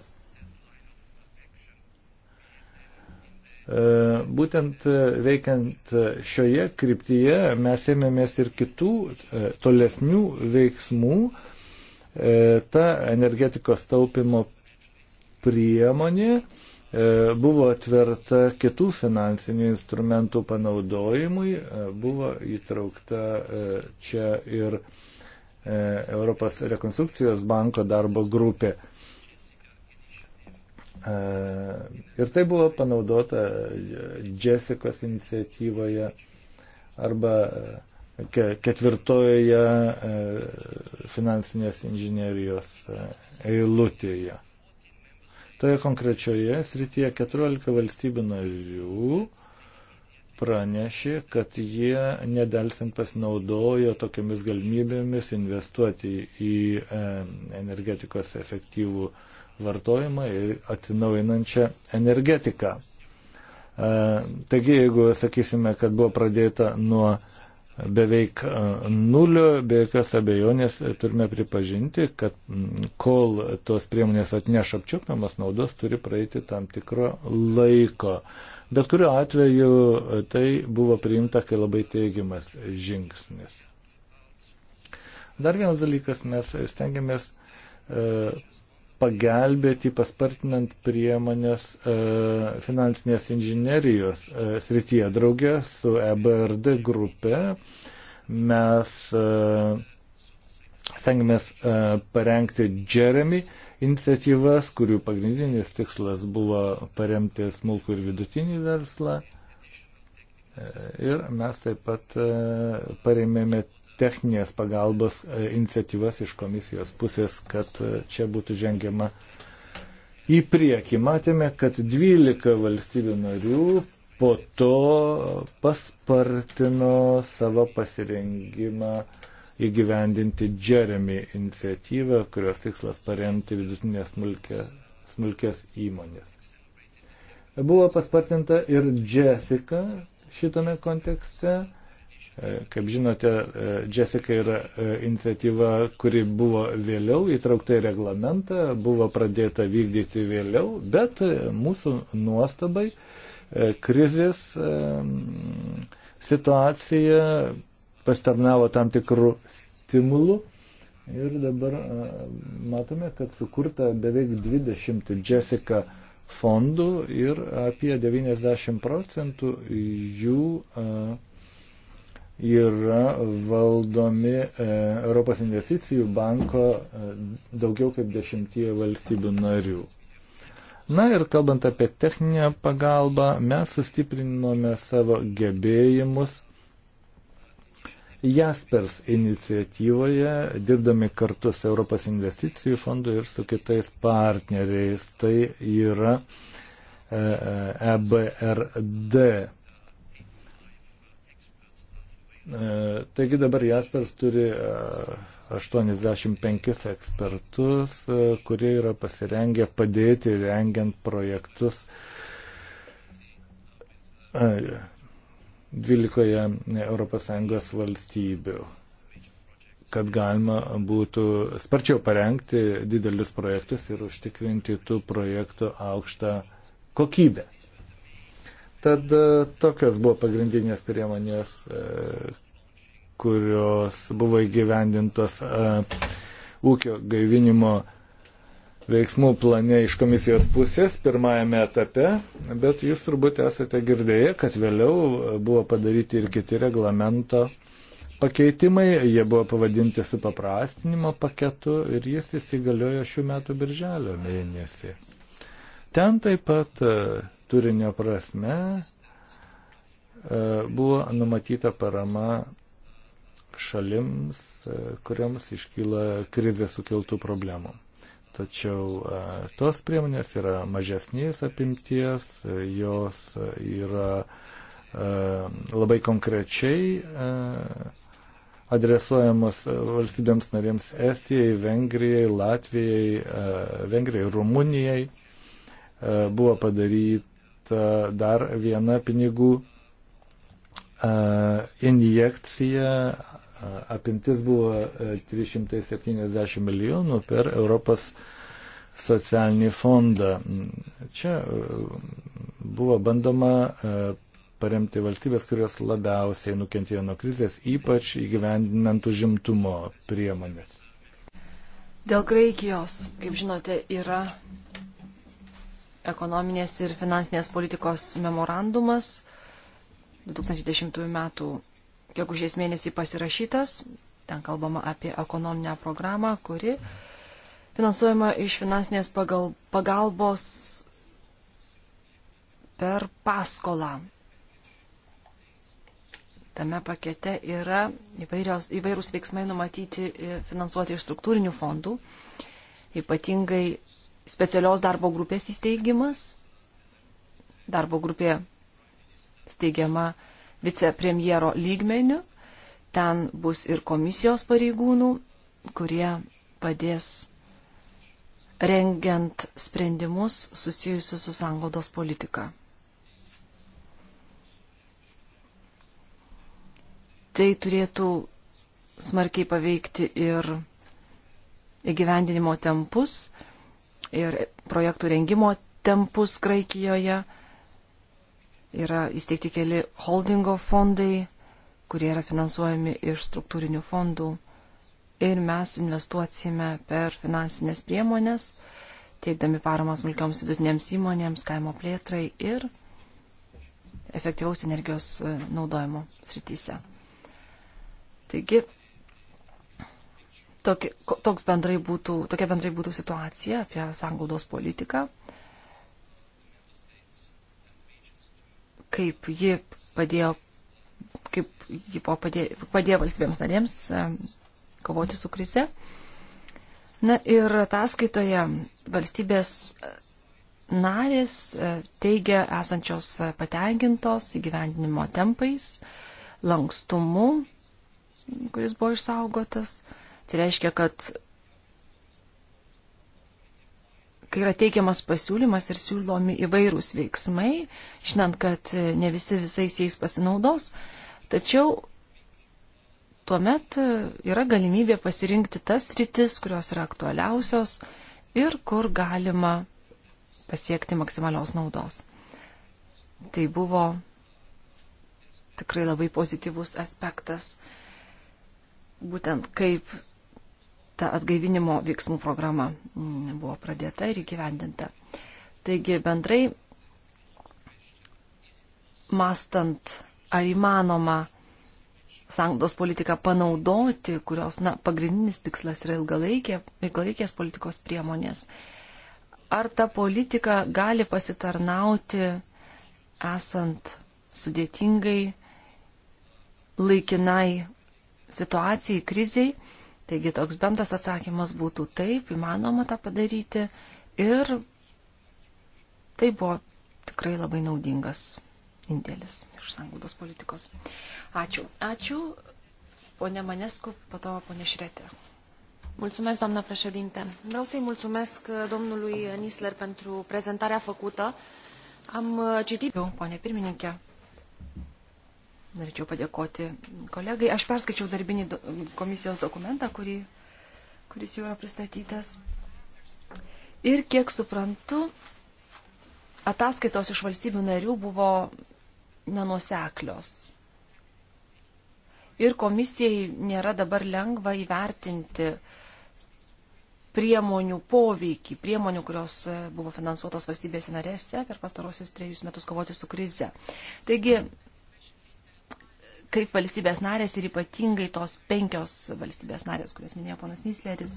Būtent veikiant šioje kryptyje mes ėmėmės ir kitų tolesnių veiksmų. Ta energetikos taupimo priemonė E, buvo atverta kitų finansinių instrumentų panaudojimui, e, buvo įtraukta e, čia ir Europos rekonstrukcijos banko darbo grupė. Ir tai buvo panaudota Jessicos iniciatyvoje arba ketvirtojoje finansinės inžinierijos eilutėje. Toje konkrečioje srityje 14 valstybių narių pranešė, kad jie nedelsint pasinaudojo tokiamis galimybėmis investuoti į e, energetikos efektyvų vartojimą ir atsinaujinančią energetiką. E, taigi, jeigu sakysime, kad buvo pradėta nuo beveik nulio, be jokios abejonės turime pripažinti, kad kol tos priemonės atneš apčiupiamas naudos, turi praeiti tam tikro laiko. Bet kuriuo atveju tai buvo priimta, kai labai teigiamas žingsnis. Dar vienas dalykas, mes stengiamės e, pagelbėti paspartinant priemonės e, finansinės inžinerijos e, srityje. Draugė su EBRD grupe mes e, stengiamės e, parengti Jeremy iniciatyvas, kurių pagrindinis tikslas buvo paremti smulkų ir vidutinį verslą. E, ir mes taip pat e, paremėme techninės pagalbos e, iniciatyvas iš komisijos pusės, kad e, čia būtų žengiama į priekį. Matėme, kad 12 valstybių narių po to paspartino savo pasirengimą įgyvendinti Jeremy iniciatyvą, kurios tikslas paremti vidutinės smulkė, smulkės įmonės. Buvo paspartinta ir Jessica šitame kontekste E, kaip žinote, e, Jessica yra e, iniciatyva, kuri buvo vėliau įtraukta į reglamentą, buvo pradėta vykdyti vėliau, bet mūsų nuostabai krizės situacija pastarnavo tam tikrų stimulų ir dabar matome, kad sukurta beveik 20 Jessica fondų ir apie 90 procentų jų yra valdomi e, Europos investicijų banko e, daugiau kaip dešimtie valstybių narių. Na ir kalbant apie techninę pagalbą, mes sustiprinome savo gebėjimus Jaspers iniciatyvoje, dirbdami kartu su Europos investicijų fondu ir su kitais partneriais. Tai yra EBRD e, E, taigi dabar Jaspers turi 85 e, ekspertus, e, kurie yra pasirengę padėti rengiant projektus 12 ES valstybių kad galima būtų sparčiau parengti didelius projektus ir užtikrinti tų projektų aukštą kokybę. Tad e, tokios buvo pagrindinės priemonės, e, kurios buvo įgyvendintos e, ūkio gaivinimo veiksmų plane iš komisijos pusės pirmajame etape, bet jūs turbūt esate girdėję, kad vėliau buvo padaryti ir kiti reglamento pakeitimai, jie buvo pavadinti supaprastinimo paketu ir jis įsigaliojo šių metų birželio mėnesį. Ten taip pat turinio prasme e, buvo numatyta parama šalims, e, kuriams iškyla krizė sukeltų problemų. Tačiau e, tos priemonės yra mažesnės apimties, jos yra labai konkrečiai adresuojamos valstybėms narėms Estijai, Vengrijai, Latvijai, Vengrijai, Rumunijai. Buvo padaryt, E, dar viena pinigų e, injekcija e, apimtis buvo 370 milijonų per Europos socialinį fondą. Čia buvo bandoma paremti valstybės, kurios labiausiai nukentėjo nuo krizės, ypač įgyvendinant užimtumo priemonės. Dėl Graikijos, kaip žinote, yra ekonominės ir finansinės politikos memorandumas 2010 m. gegužės mėnesį pasirašytas. Ten kalbama apie ekonominę programą, kuri finansuojama iš finansinės pagal, pagalbos per paskolą. Tame pakete yra įvairios, įvairūs veiksmai numatyti finansuoti iš struktūrinių fondų, ypatingai specialios darbo grupės įsteigimas. Darbo grupė steigiama vicepremjero lygmeniu. Ten bus ir komisijos pareigūnų, kurie padės rengiant sprendimus susijusius su sanglaudos politika. Tai turėtų smarkiai paveikti ir įgyvendinimo tempus ir projektų rengimo tempus Graikijoje. Yra įsteigti keli holdingo fondai, kurie yra finansuojami iš struktūrinių fondų. Ir mes investuosime per finansinės priemonės, teikdami paramą smulkioms vidutinėms įmonėms, kaimo plėtrai ir efektyvaus energijos naudojimo srityse. Taigi, Toki, toks bendrai būtų, tokia bendrai būtų situacija apie sanglaudos politiką, kaip ji padėjo, kaip ji padėjo, padėjo valstybėms narėms kovoti su krize. Na ir ataskaitoje valstybės narės e, teigia esančios patenkintos įgyvendinimo tempais, lankstumu, kuris buvo išsaugotas. Tai reiškia, kad kai yra teikiamas pasiūlymas ir siūlomi įvairūs veiksmai, žinant, kad ne visi visais jais pasinaudos, tačiau tuomet yra galimybė pasirinkti tas rytis, kurios yra aktualiausios ir kur galima pasiekti maksimalios naudos. Tai buvo tikrai labai pozityvus aspektas, būtent kaip ta atgaivinimo veiksmų programa buvo pradėta ir įgyvendinta. Taigi bendrai, mastant, ar įmanoma sangdos politiką panaudoti, kurios na, pagrindinis tikslas yra ilgalaikė, ilgalaikės politikos priemonės, ar ta politika gali pasitarnauti esant sudėtingai laikinai situacijai, kriziai Taigi toks bendras atsakymas būtų taip, įmanoma tą padaryti ir tai buvo tikrai labai naudingas indėlis iš sanglaudos politikos. Ačiū. Ačiū, ponė Manescu, po to ponė Šretė. Mulțumesc, doamnă președinte. Vreau să-i mulțumesc domnului Nisler pentru prezentarea făcută. Am uh, citit... Eu, ponė pirmininkė, Norėčiau padėkoti kolegai. Aš perskaičiau darbinį komisijos dokumentą, kurį, kuris jau yra pristatytas. Ir kiek suprantu, ataskaitos iš valstybių narių buvo nenuseklios. Ir komisijai nėra dabar lengva įvertinti priemonių poveikį, priemonių, kurios e, buvo finansuotos valstybėse narėse per pastarosius trejus metus kovoti su krize. Taigi, kaip valstybės narės ir ypatingai tos penkios valstybės narės, kurias minėjo ponas Misleris,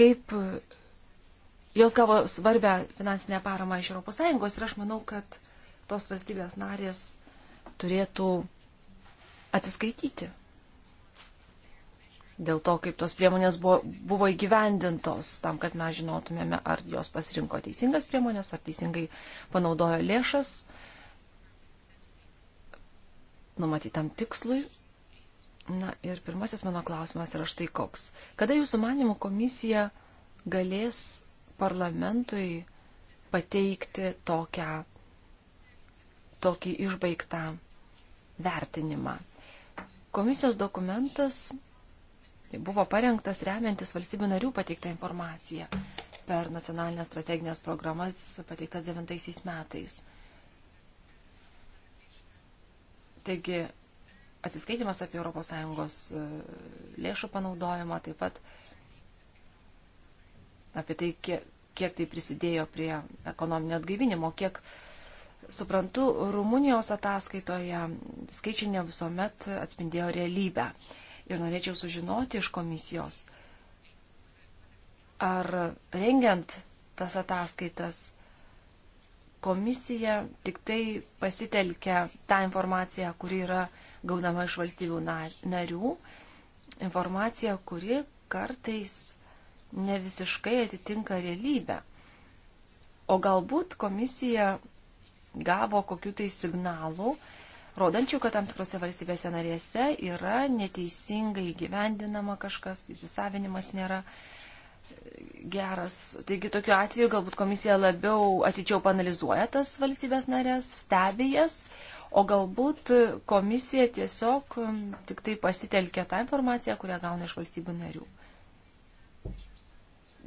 kaip jos gavo svarbę finansinę paramą iš ES ir aš manau, kad tos valstybės narės turėtų atsiskaityti dėl to, kaip tos priemonės buvo, buvo įgyvendintos, tam, kad mes žinotumėme, ar jos pasirinko teisingas priemonės, ar teisingai panaudojo lėšas. Uh, numatytam tikslui. Na ir pirmasis mano klausimas yra štai koks. Kada jūsų manimų komisija galės parlamentui pateikti tokią, tokį išbaigtą vertinimą? Komisijos dokumentas buvo parengtas remiantis valstybių narių pateiktą informaciją per nacionalinės strateginės programas pateiktas 9 metais. Taigi atsiskaitimas apie ES e, lėšų panaudojimą, taip pat apie tai, kiek, kiek tai prisidėjo prie ekonominio atgaivinimo, kiek suprantu, Rumunijos ataskaitoje skaičiai ne visuomet atspindėjo realybę. Ir norėčiau sužinoti iš komisijos, ar rengiant tas ataskaitas komisija tik tai pasitelkia tą informaciją, kuri yra gaunama iš valstybių narių, informacija, kuri kartais ne visiškai atitinka realybę. O galbūt komisija gavo kokiu tai signalu, rodančių, kad tam tikrose valstybėse narėse yra neteisingai gyvendinama kažkas, įsisavinimas nėra uh, geras. Taigi tokiu atveju galbūt komisija labiau atidžiau panalizuoja tas valstybės narės, stebi jas, o galbūt komisija tiesiog um, tik tai pasitelkia tą informaciją, kurią gauna iš valstybių narių.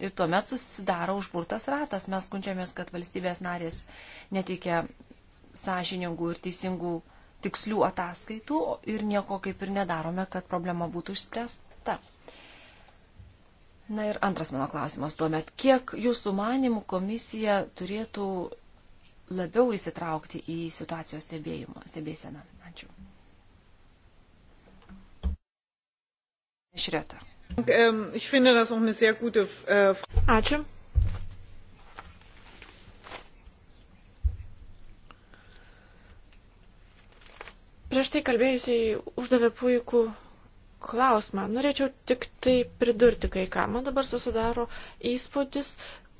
Ir tuomet susidaro užburtas ratas. Mes skunčiamės, kad valstybės narės neteikia sąžiningų ir teisingų tikslių ataskaitų ir nieko kaip ir nedarome, kad problema būtų išspręsta. Na ir antras mano klausimas tuomet, kiek jūsų manimų komisija turėtų labiau įsitraukti į situacijos stebėjimą, stebėseną? Ačiū. Šriota. Ähm, äh, Ačiū. Prieš tai kalbėjusiai uždavė puikų klausimą. Norėčiau tik tai pridurti kai ką. Man dabar susidaro įspūdis,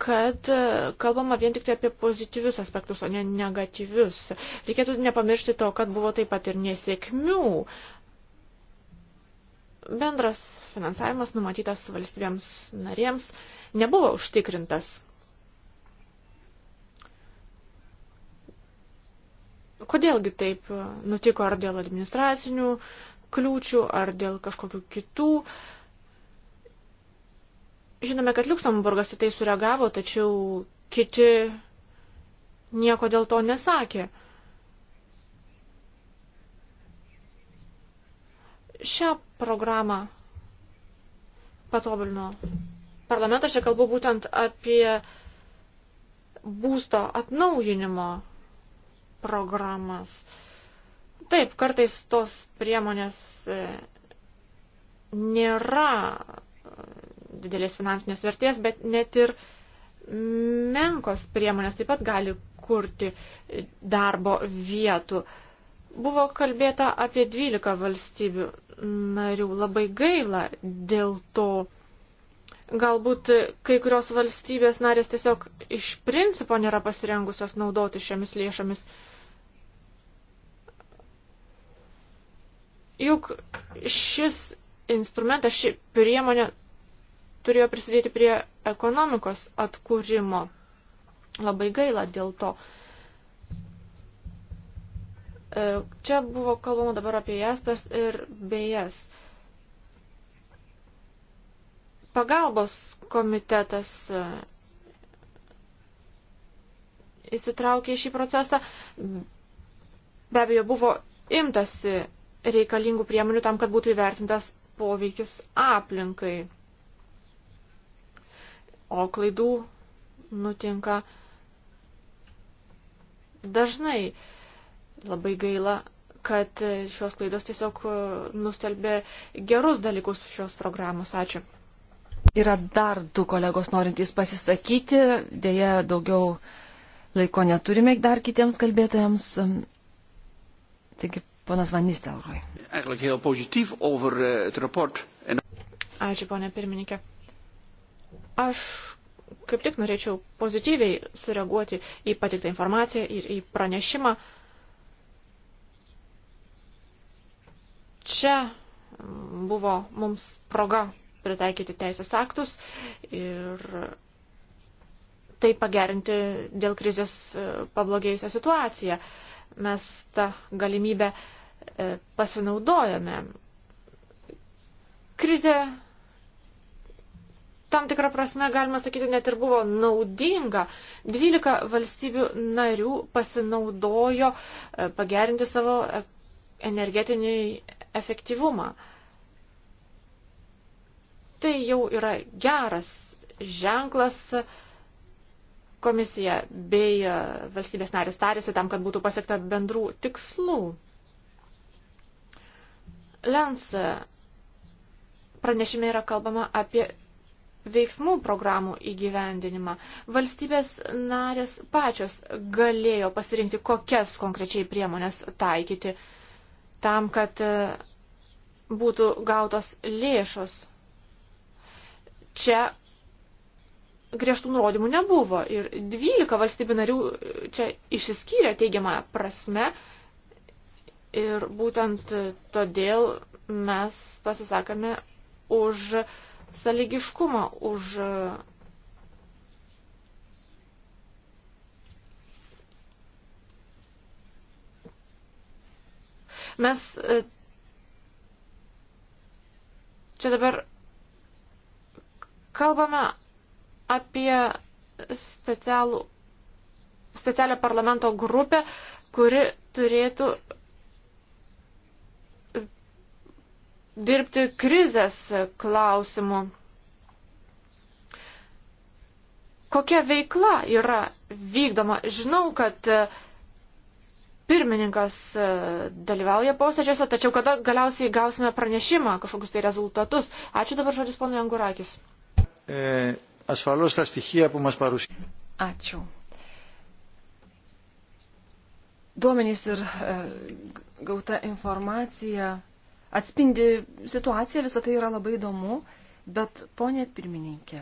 kad e, kalbama vien tik tai apie pozityvius aspektus, o ne negatyvius. Reikėtų nepamiršti to, kad buvo taip pat ir nesėkmių. Bendras finansavimas numatytas valstybėms narėms nebuvo užtikrintas. Kodėlgi taip nutiko ar dėl administracinių uh, kliūčių ar dėl kažkokių kitų. Žinome, kad Luksemburgas į tai sureagavo, tačiau kiti nieko dėl to nesakė. Šią programą patobulino parlamentas, čia kalbu būtent apie būsto atnaujinimo programas. Uh, Taip, kartais tos priemonės e, nėra e, didelės finansinės vertės, bet net ir menkos priemonės taip pat gali kurti e, darbo vietų. Buvo kalbėta apie 12 valstybių narių. Labai gaila dėl to. Galbūt kai kurios valstybės narės tiesiog iš principo nėra pasirengusios naudoti šiomis lėšomis. Uh, Juk šis instrumentas, ši priemonė turėjo prisidėti prie ekonomikos atkūrimo. Labai gaila dėl to. E, čia buvo kalbama dabar apie jastas ir bejas. Pagalbos komitetas e, įsitraukė į šį procesą. Be abejo, buvo imtasi reikalingų priemonių tam, kad būtų įvertintas poveikis aplinkai. O klaidų nutinka dažnai. Labai gaila, kad šios klaidos tiesiog nustelbė gerus dalykus šios programos. Ačiū. Yra dar du kolegos norintys pasisakyti, dėja daugiau laiko neturime dar kitiems kalbėtojams. Taigi Ponas Van Nistelrooy. Eh, Ačiū, ponė pirmininkė. Aš kaip tik norėčiau pozityviai sureaguoti į patiktą informaciją ir į pranešimą. Čia mm, buvo mums proga pritaikyti teisės aktus ir tai pagerinti dėl krizės e, pablogėjusią situaciją. Mes tą galimybę uh, E, pasinaudojame. Krize tam tikrą prasme, galima sakyti, net ir buvo naudinga. 12 valstybių narių pasinaudojo e, pagerinti savo e, energetinį efektyvumą. Tai jau yra geras ženklas. Komisija bei valstybės narės tarėsi tam, kad būtų pasiekta bendrų tikslų. Lens pranešime yra kalbama apie veiksmų programų įgyvendinimą. Valstybės narės pačios galėjo pasirinkti, kokias konkrečiai priemonės taikyti tam, kad e, būtų gautos lėšos. Čia griežtų nurodymų nebuvo ir 12 valstybių narių e, čia išsiskyrė teigiamą prasme Ir būtent todėl mes pasisakome už saligiškumą, už mes čia dabar kalbame apie specialų, specialią parlamento grupę, kuri turėtų dirbti krizės klausimu. Kokia veikla yra vykdoma? Žinau, kad e, pirmininkas e, dalyvauja posėdžiuose, tačiau kada galiausiai gausime pranešimą, kažkokius tai rezultatus. Ačiū dabar žodis ponui Angurakis. E, Ačiū. Duomenys ir e, gauta informacija atspindi situaciją, visą tai yra labai įdomu, bet ponė pirmininkė,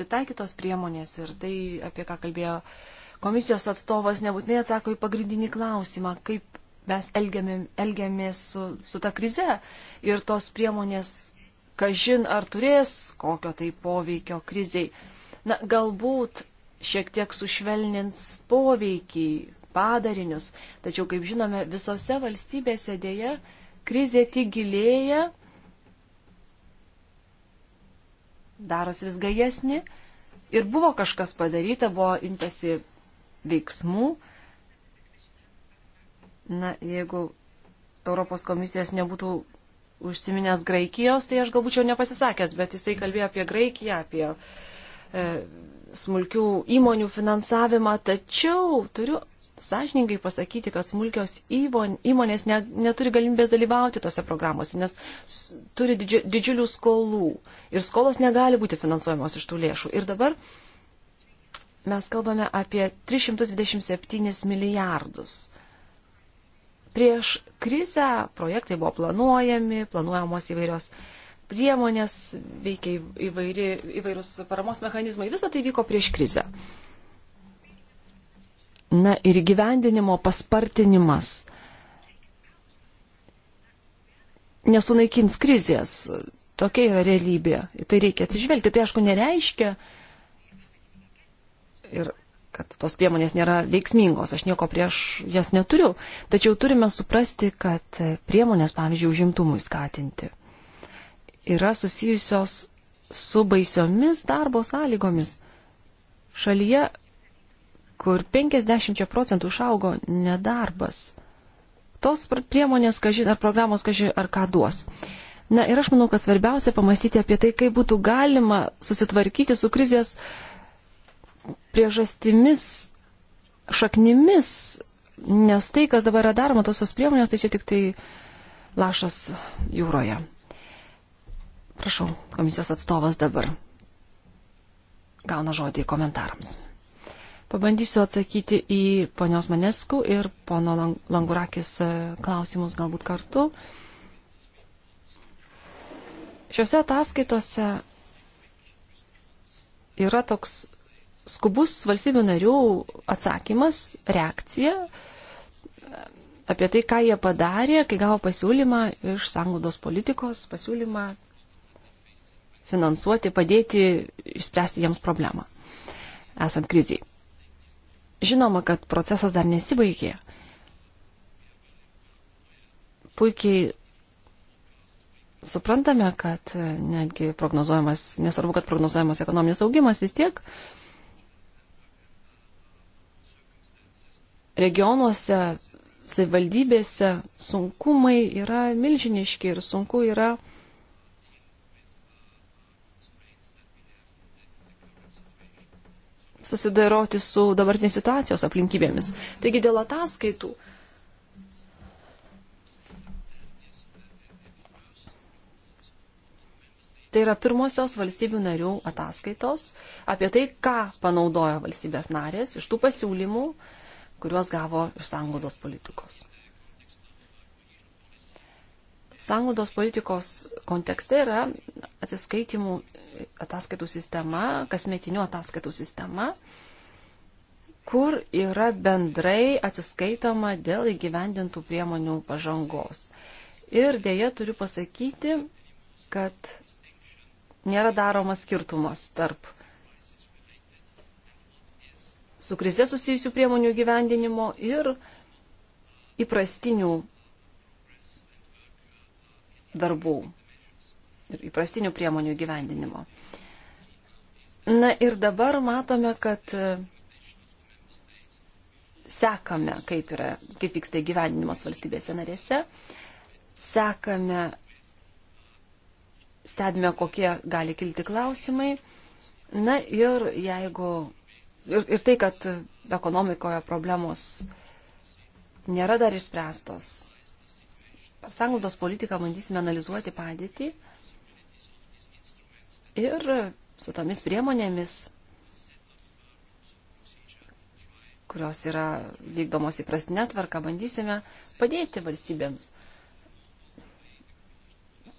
pritaikytos priemonės ir tai, apie ką kalbėjo komisijos atstovas, nebūtinai atsako į pagrindinį klausimą, kaip mes elgiamė, elgiamės su, su ta krize ir tos priemonės, kažin ar turės kokio tai poveikio kriziai. Na, galbūt šiek tiek sušvelnins poveikį padarinius. Tačiau, kaip žinome, visose valstybėse dėja krizė tik gilėja, daros vis gajesni ir buvo kažkas padaryta, buvo imtasi veiksmų. Na, jeigu Europos komisijas nebūtų užsiminęs Graikijos, tai aš gal būčiau nepasisakęs, bet jisai kalbėjo apie Graikiją, apie e, smulkių įmonių finansavimą. Tačiau turiu sąžiningai pasakyti, kad smulkios įmonės ne, neturi galimybės dalyvauti tose programuose, nes turi didži, didžiulių skolų ir skolos negali būti finansuojamos iš tų lėšų. Ir dabar mes kalbame apie 327 milijardus. Prieš krizę projektai buvo planuojami, planuojamos įvairios priemonės, veikia įvairi, įvairūs paramos mechanizmai. Visą tai vyko prieš krizę. Mm na, ir gyvendinimo paspartinimas nesunaikins krizės. Tokia yra realybė. Į tai reikia atsižvelgti. Tai aišku nereiškia, ir kad tos priemonės nėra veiksmingos, aš nieko prieš jas neturiu, tačiau turime suprasti, kad priemonės, pavyzdžiui, užimtumui skatinti yra susijusios su baisiomis darbo sąlygomis. Šalyje kur 50 procentų išaugo nedarbas. Tos priemonės, kažin, ar programos, kažin, ar ką duos. Na ir aš manau, kad svarbiausia pamastyti apie tai, kaip būtų galima susitvarkyti su krizės priežastimis, šaknimis, nes tai, kas dabar yra daroma, tos tos priemonės, tai čia tik tai lašas jūroje. Prašau, komisijos atstovas dabar gauna žodį komentarams. Pabandysiu atsakyti į ponios Maneskų ir pono Langurakis e, klausimus galbūt kartu. Šiuose ataskaitose yra toks skubus valstybių narių atsakymas, reakcija e, apie tai, ką jie padarė, kai gavo pasiūlymą iš sanglaudos politikos, pasiūlymą finansuoti, padėti išspręsti jiems problemą, esant kriziai. Žinoma, kad procesas dar nesibaigė. Puikiai suprantame, kad netgi prognozuojamas, nesvarbu, kad prognozuojamas ekonominis augimas vis tiek regionuose, savivaldybėse sunkumai yra milžiniški ir sunku yra susidaroti su dabartinės situacijos aplinkybėmis. Taigi dėl ataskaitų. Tai yra pirmosios valstybių narių ataskaitos apie tai, ką panaudojo valstybės narės iš tų pasiūlymų, kuriuos gavo iš sanglaudos politikos. Sanglaudos politikos kontekste yra atsiskaitimų ataskaitų sistema, kasmetinių ataskaitų sistema, kur yra bendrai atsiskaitama dėl įgyvendintų priemonių pažangos. Ir dėja turiu pasakyti, kad nėra daromas skirtumas tarp su krize susijusių priemonių gyvendinimo ir įprastinių darbų ir įprastinių priemonių gyvendinimo. Na ir dabar matome, kad sekame, kaip, yra, kaip vyksta gyvenimas valstybėse narėse, sekame, stebime, kokie gali kilti klausimai. Na ir jeigu ir, ir tai, kad ekonomikoje problemos nėra dar išspręstos, Per sanglaudos politiką bandysime analizuoti padėtį ir su tomis priemonėmis, kurios yra vykdomos įprastinė tvarka, bandysime padėti valstybėms.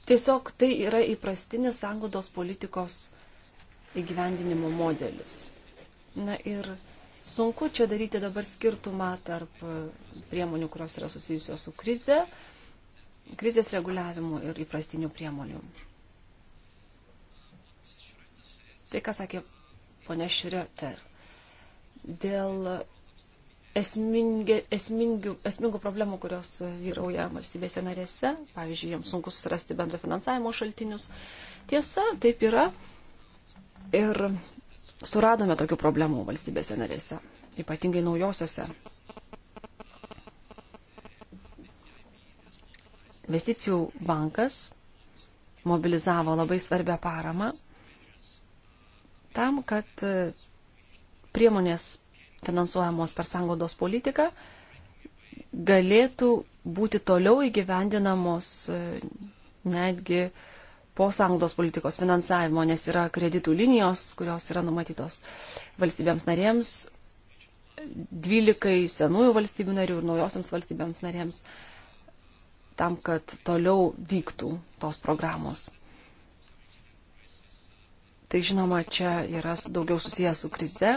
Tiesiog tai yra įprastinis anglodos politikos įgyvendinimo modelis. Na ir sunku čia daryti dabar skirtumą tarp priemonių, kurios yra susijusios su krize, krizės reguliavimų ir įprastinių priemonių. Tai, ką sakė ponia Šrioter, dėl esmingi, esmingių, esmingų problemų, kurios vyrauja valstybėse narėse, pavyzdžiui, jiems sunku susirasti bendro finansavimo šaltinius. Tiesa, taip yra. Ir suradome tokių problemų valstybėse narėse, ypatingai naujosiose Investicijų bankas mobilizavo labai svarbę paramą tam, kad e, priemonės finansuojamos per sangodos politiką galėtų būti toliau įgyvendinamos e, netgi po sangodos politikos finansavimo, nes yra kreditų linijos, kurios yra numatytos valstybėms narėms, 12 senųjų valstybių narių ir naujosiams valstybėms narėms. Uh, tam, kad toliau vyktų tos programos. Tai žinoma, čia yra daugiau susijęs su krize.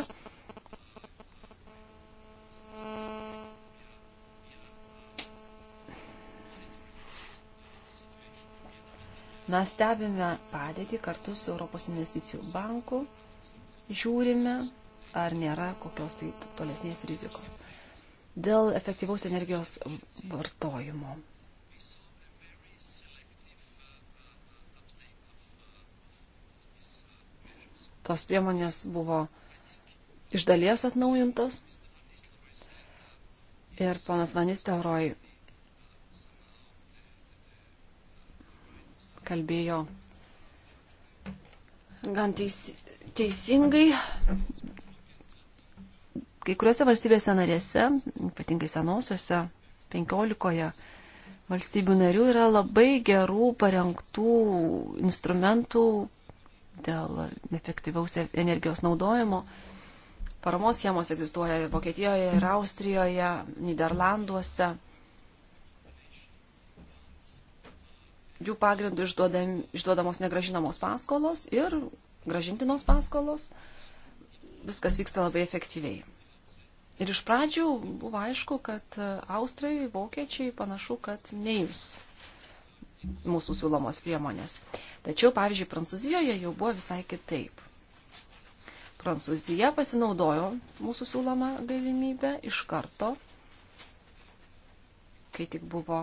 Mes stebime padėtį kartu su Europos investicijų banku, žiūrime, ar nėra kokios tai tolesnės rizikos. Dėl efektyvaus energijos vartojimo. Tos priemonės buvo iš dalies atnaujintos. Ir ponas Vanis Delroj kalbėjo gan teis, teisingai. Kai kuriuose valstybėse narėse, ypatingai senosiuose, 15 valstybių narių yra labai gerų parengtų instrumentų, dėl efektyvaus energijos naudojimo. Paramos schemos egzistuoja ir Vokietijoje, ir Austrijoje, Niderlanduose. Jų pagrindų išduodamos negražinamos paskolos ir gražintinos paskolos. Viskas vyksta labai efektyviai. Ir iš pradžių buvo aišku, kad Austrai, Vokiečiai panašu, kad neims mūsų siūlomos priemonės. Tačiau, pavyzdžiui, Prancūzijoje jau buvo visai kitaip. Prancūzija pasinaudojo mūsų siūlomą galimybę iš karto, kai tik buvo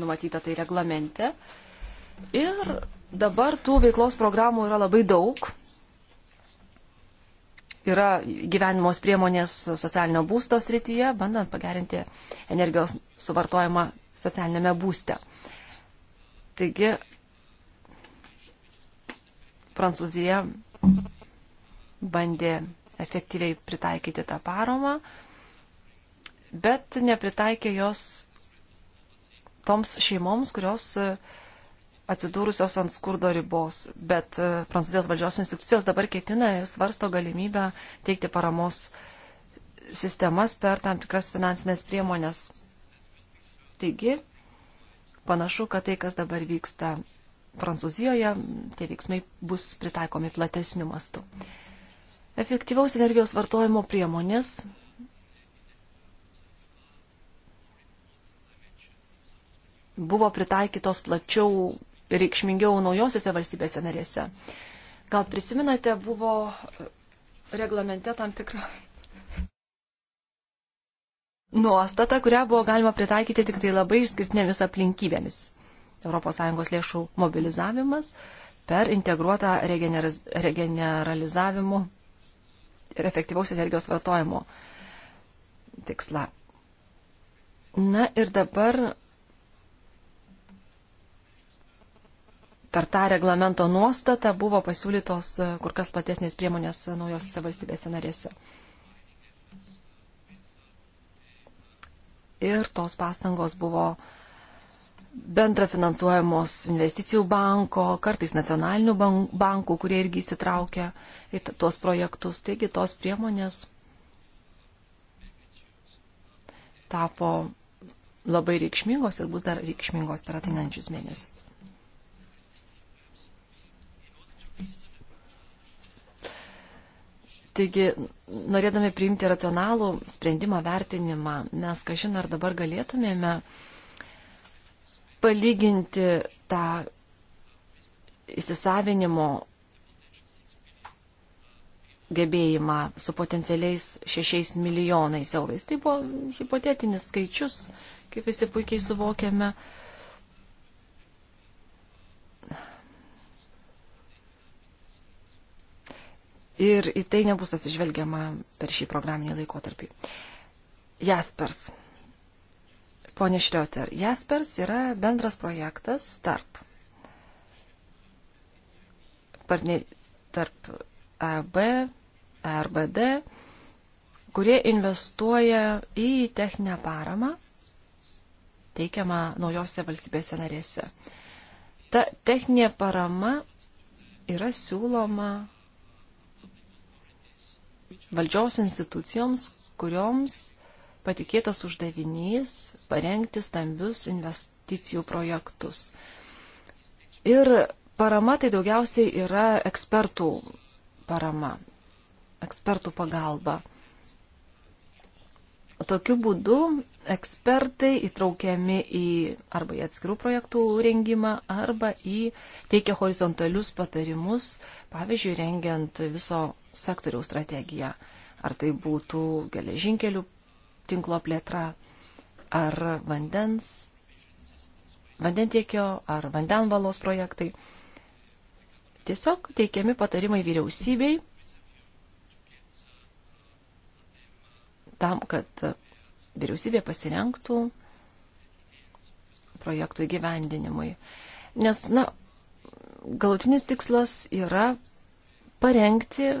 numatyta tai reglamente. Ir dabar tų veiklos programų yra labai daug. Yra gyvenimos priemonės socialinio būsto srityje, bandant pagerinti energijos suvartojimą socialinėme būste. Taigi Prancūzija bandė efektyviai pritaikyti tą paromą, bet nepritaikė jos toms šeimoms, kurios e, atsidūrusios ant skurdo ribos. Bet e, Prancūzijos valdžios institucijos dabar ketina ir svarsto galimybę teikti paramos sistemas per tam tikras finansinės priemonės. Taigi, panašu, kad tai, kas dabar vyksta Prancūzijoje tie veiksmai bus pritaikomi platesniu mastu. Efektyvaus energijos vartojimo priemonės buvo pritaikytos plačiau ir reikšmingiau naujosiuose valstybėse narėse. Gal prisiminate, buvo reglamente tam tikra nuostata, kurią buvo galima pritaikyti tik tai labai išskirtinėmis aplinkybėmis. ES lėšų mobilizavimas per integruotą regeneralizavimo ir efektyvaus energijos vartojimo tikslą. Na ir dabar per tą reglamento nuostatą buvo pasiūlytos e, kur kas platesnės priemonės e, naujosiuose valstybėse narėse. Ir tos pastangos buvo uh, bendra finansuojamos investicijų banko, kartais nacionalinių bankų, kurie irgi įsitraukia į tuos projektus. Taigi tos priemonės tapo labai reikšmingos ir bus dar reikšmingos per ateinančius mėnesius. Taigi, norėdami priimti racionalų sprendimą vertinimą, mes kažin ar dabar galėtumėme uh, palyginti tą įsisavinimo gebėjimą su potencialiais 6 milijonais eurais. Tai buvo hipotetinis skaičius, kaip visi puikiai suvokiame. Ir į tai nebus atsižvelgiama per šį programinį laikotarpį. Jaspers. Pone Šrioter, Jaspers yra bendras projektas tarp, partner, tarp AB, RBD, kurie investuoja į techninę paramą teikiamą naujose valstybėse narėse. Ta techninė parama yra siūloma valdžios institucijoms, kurioms patikėtas uždavinys parengti stambius investicijų projektus. Ir parama tai daugiausiai yra ekspertų parama, ekspertų pagalba. Tokiu būdu ekspertai įtraukiami į arba į atskirų projektų rengimą, arba į teikia horizontalius patarimus, pavyzdžiui, rengiant viso sektoriaus strategiją. Ar tai būtų geležinkelių tinklo plėtra, ar vandens, vandentiekio, ar vandenvalos projektai. Tiesiog teikiami patarimai vyriausybei tam, kad vyriausybė pasirenktų projektų įgyvendinimui. Nes, na, galutinis tikslas yra parengti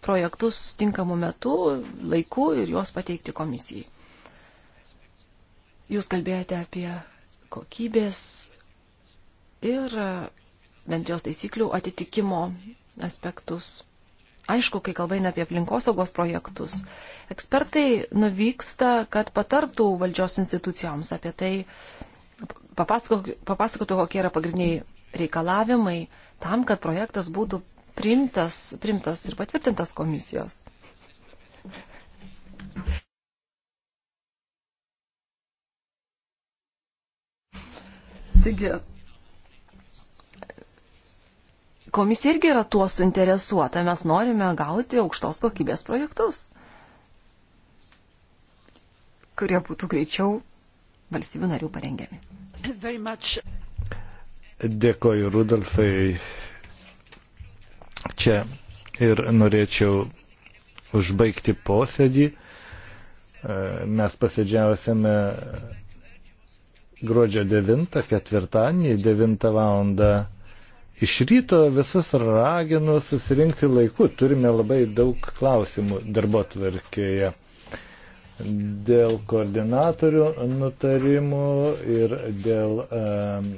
projektus tinkamu metu, laiku ir juos pateikti komisijai. Jūs kalbėjote apie kokybės ir bendrijos taisyklių atitikimo aspektus. Aišku, kai kalba eina apie aplinkosaugos projektus, ekspertai nuvyksta, kad patartų valdžios institucijoms apie tai, papasakotų, kokie yra pagrindiniai reikalavimai tam, kad projektas būtų primtas, primtas ir patvirtintas komisijos. Taigi, komisija irgi yra tuo suinteresuota, mes norime gauti aukštos kokybės projektus, kurie būtų greičiau valstybių narių parengiami. Dėkoju Rudolfai Čia ir norėčiau užbaigti posėdį. E, mes pasėdžiausiame gruodžio 9, ketvirtadienį, 9 val. Iš ryto visus raginu susirinkti laiku. Turime labai daug klausimų darbo tvarkėje dėl koordinatorių nutarimų ir dėl um,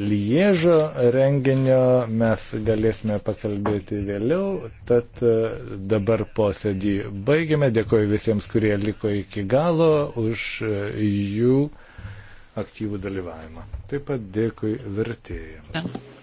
Liežo renginio mes galėsime pakalbėti vėliau, tad e, dabar posėdį baigiame. Dėkoju visiems, kurie liko iki galo už e, jų aktyvų dalyvavimą. Taip pat dėkui vertėjams.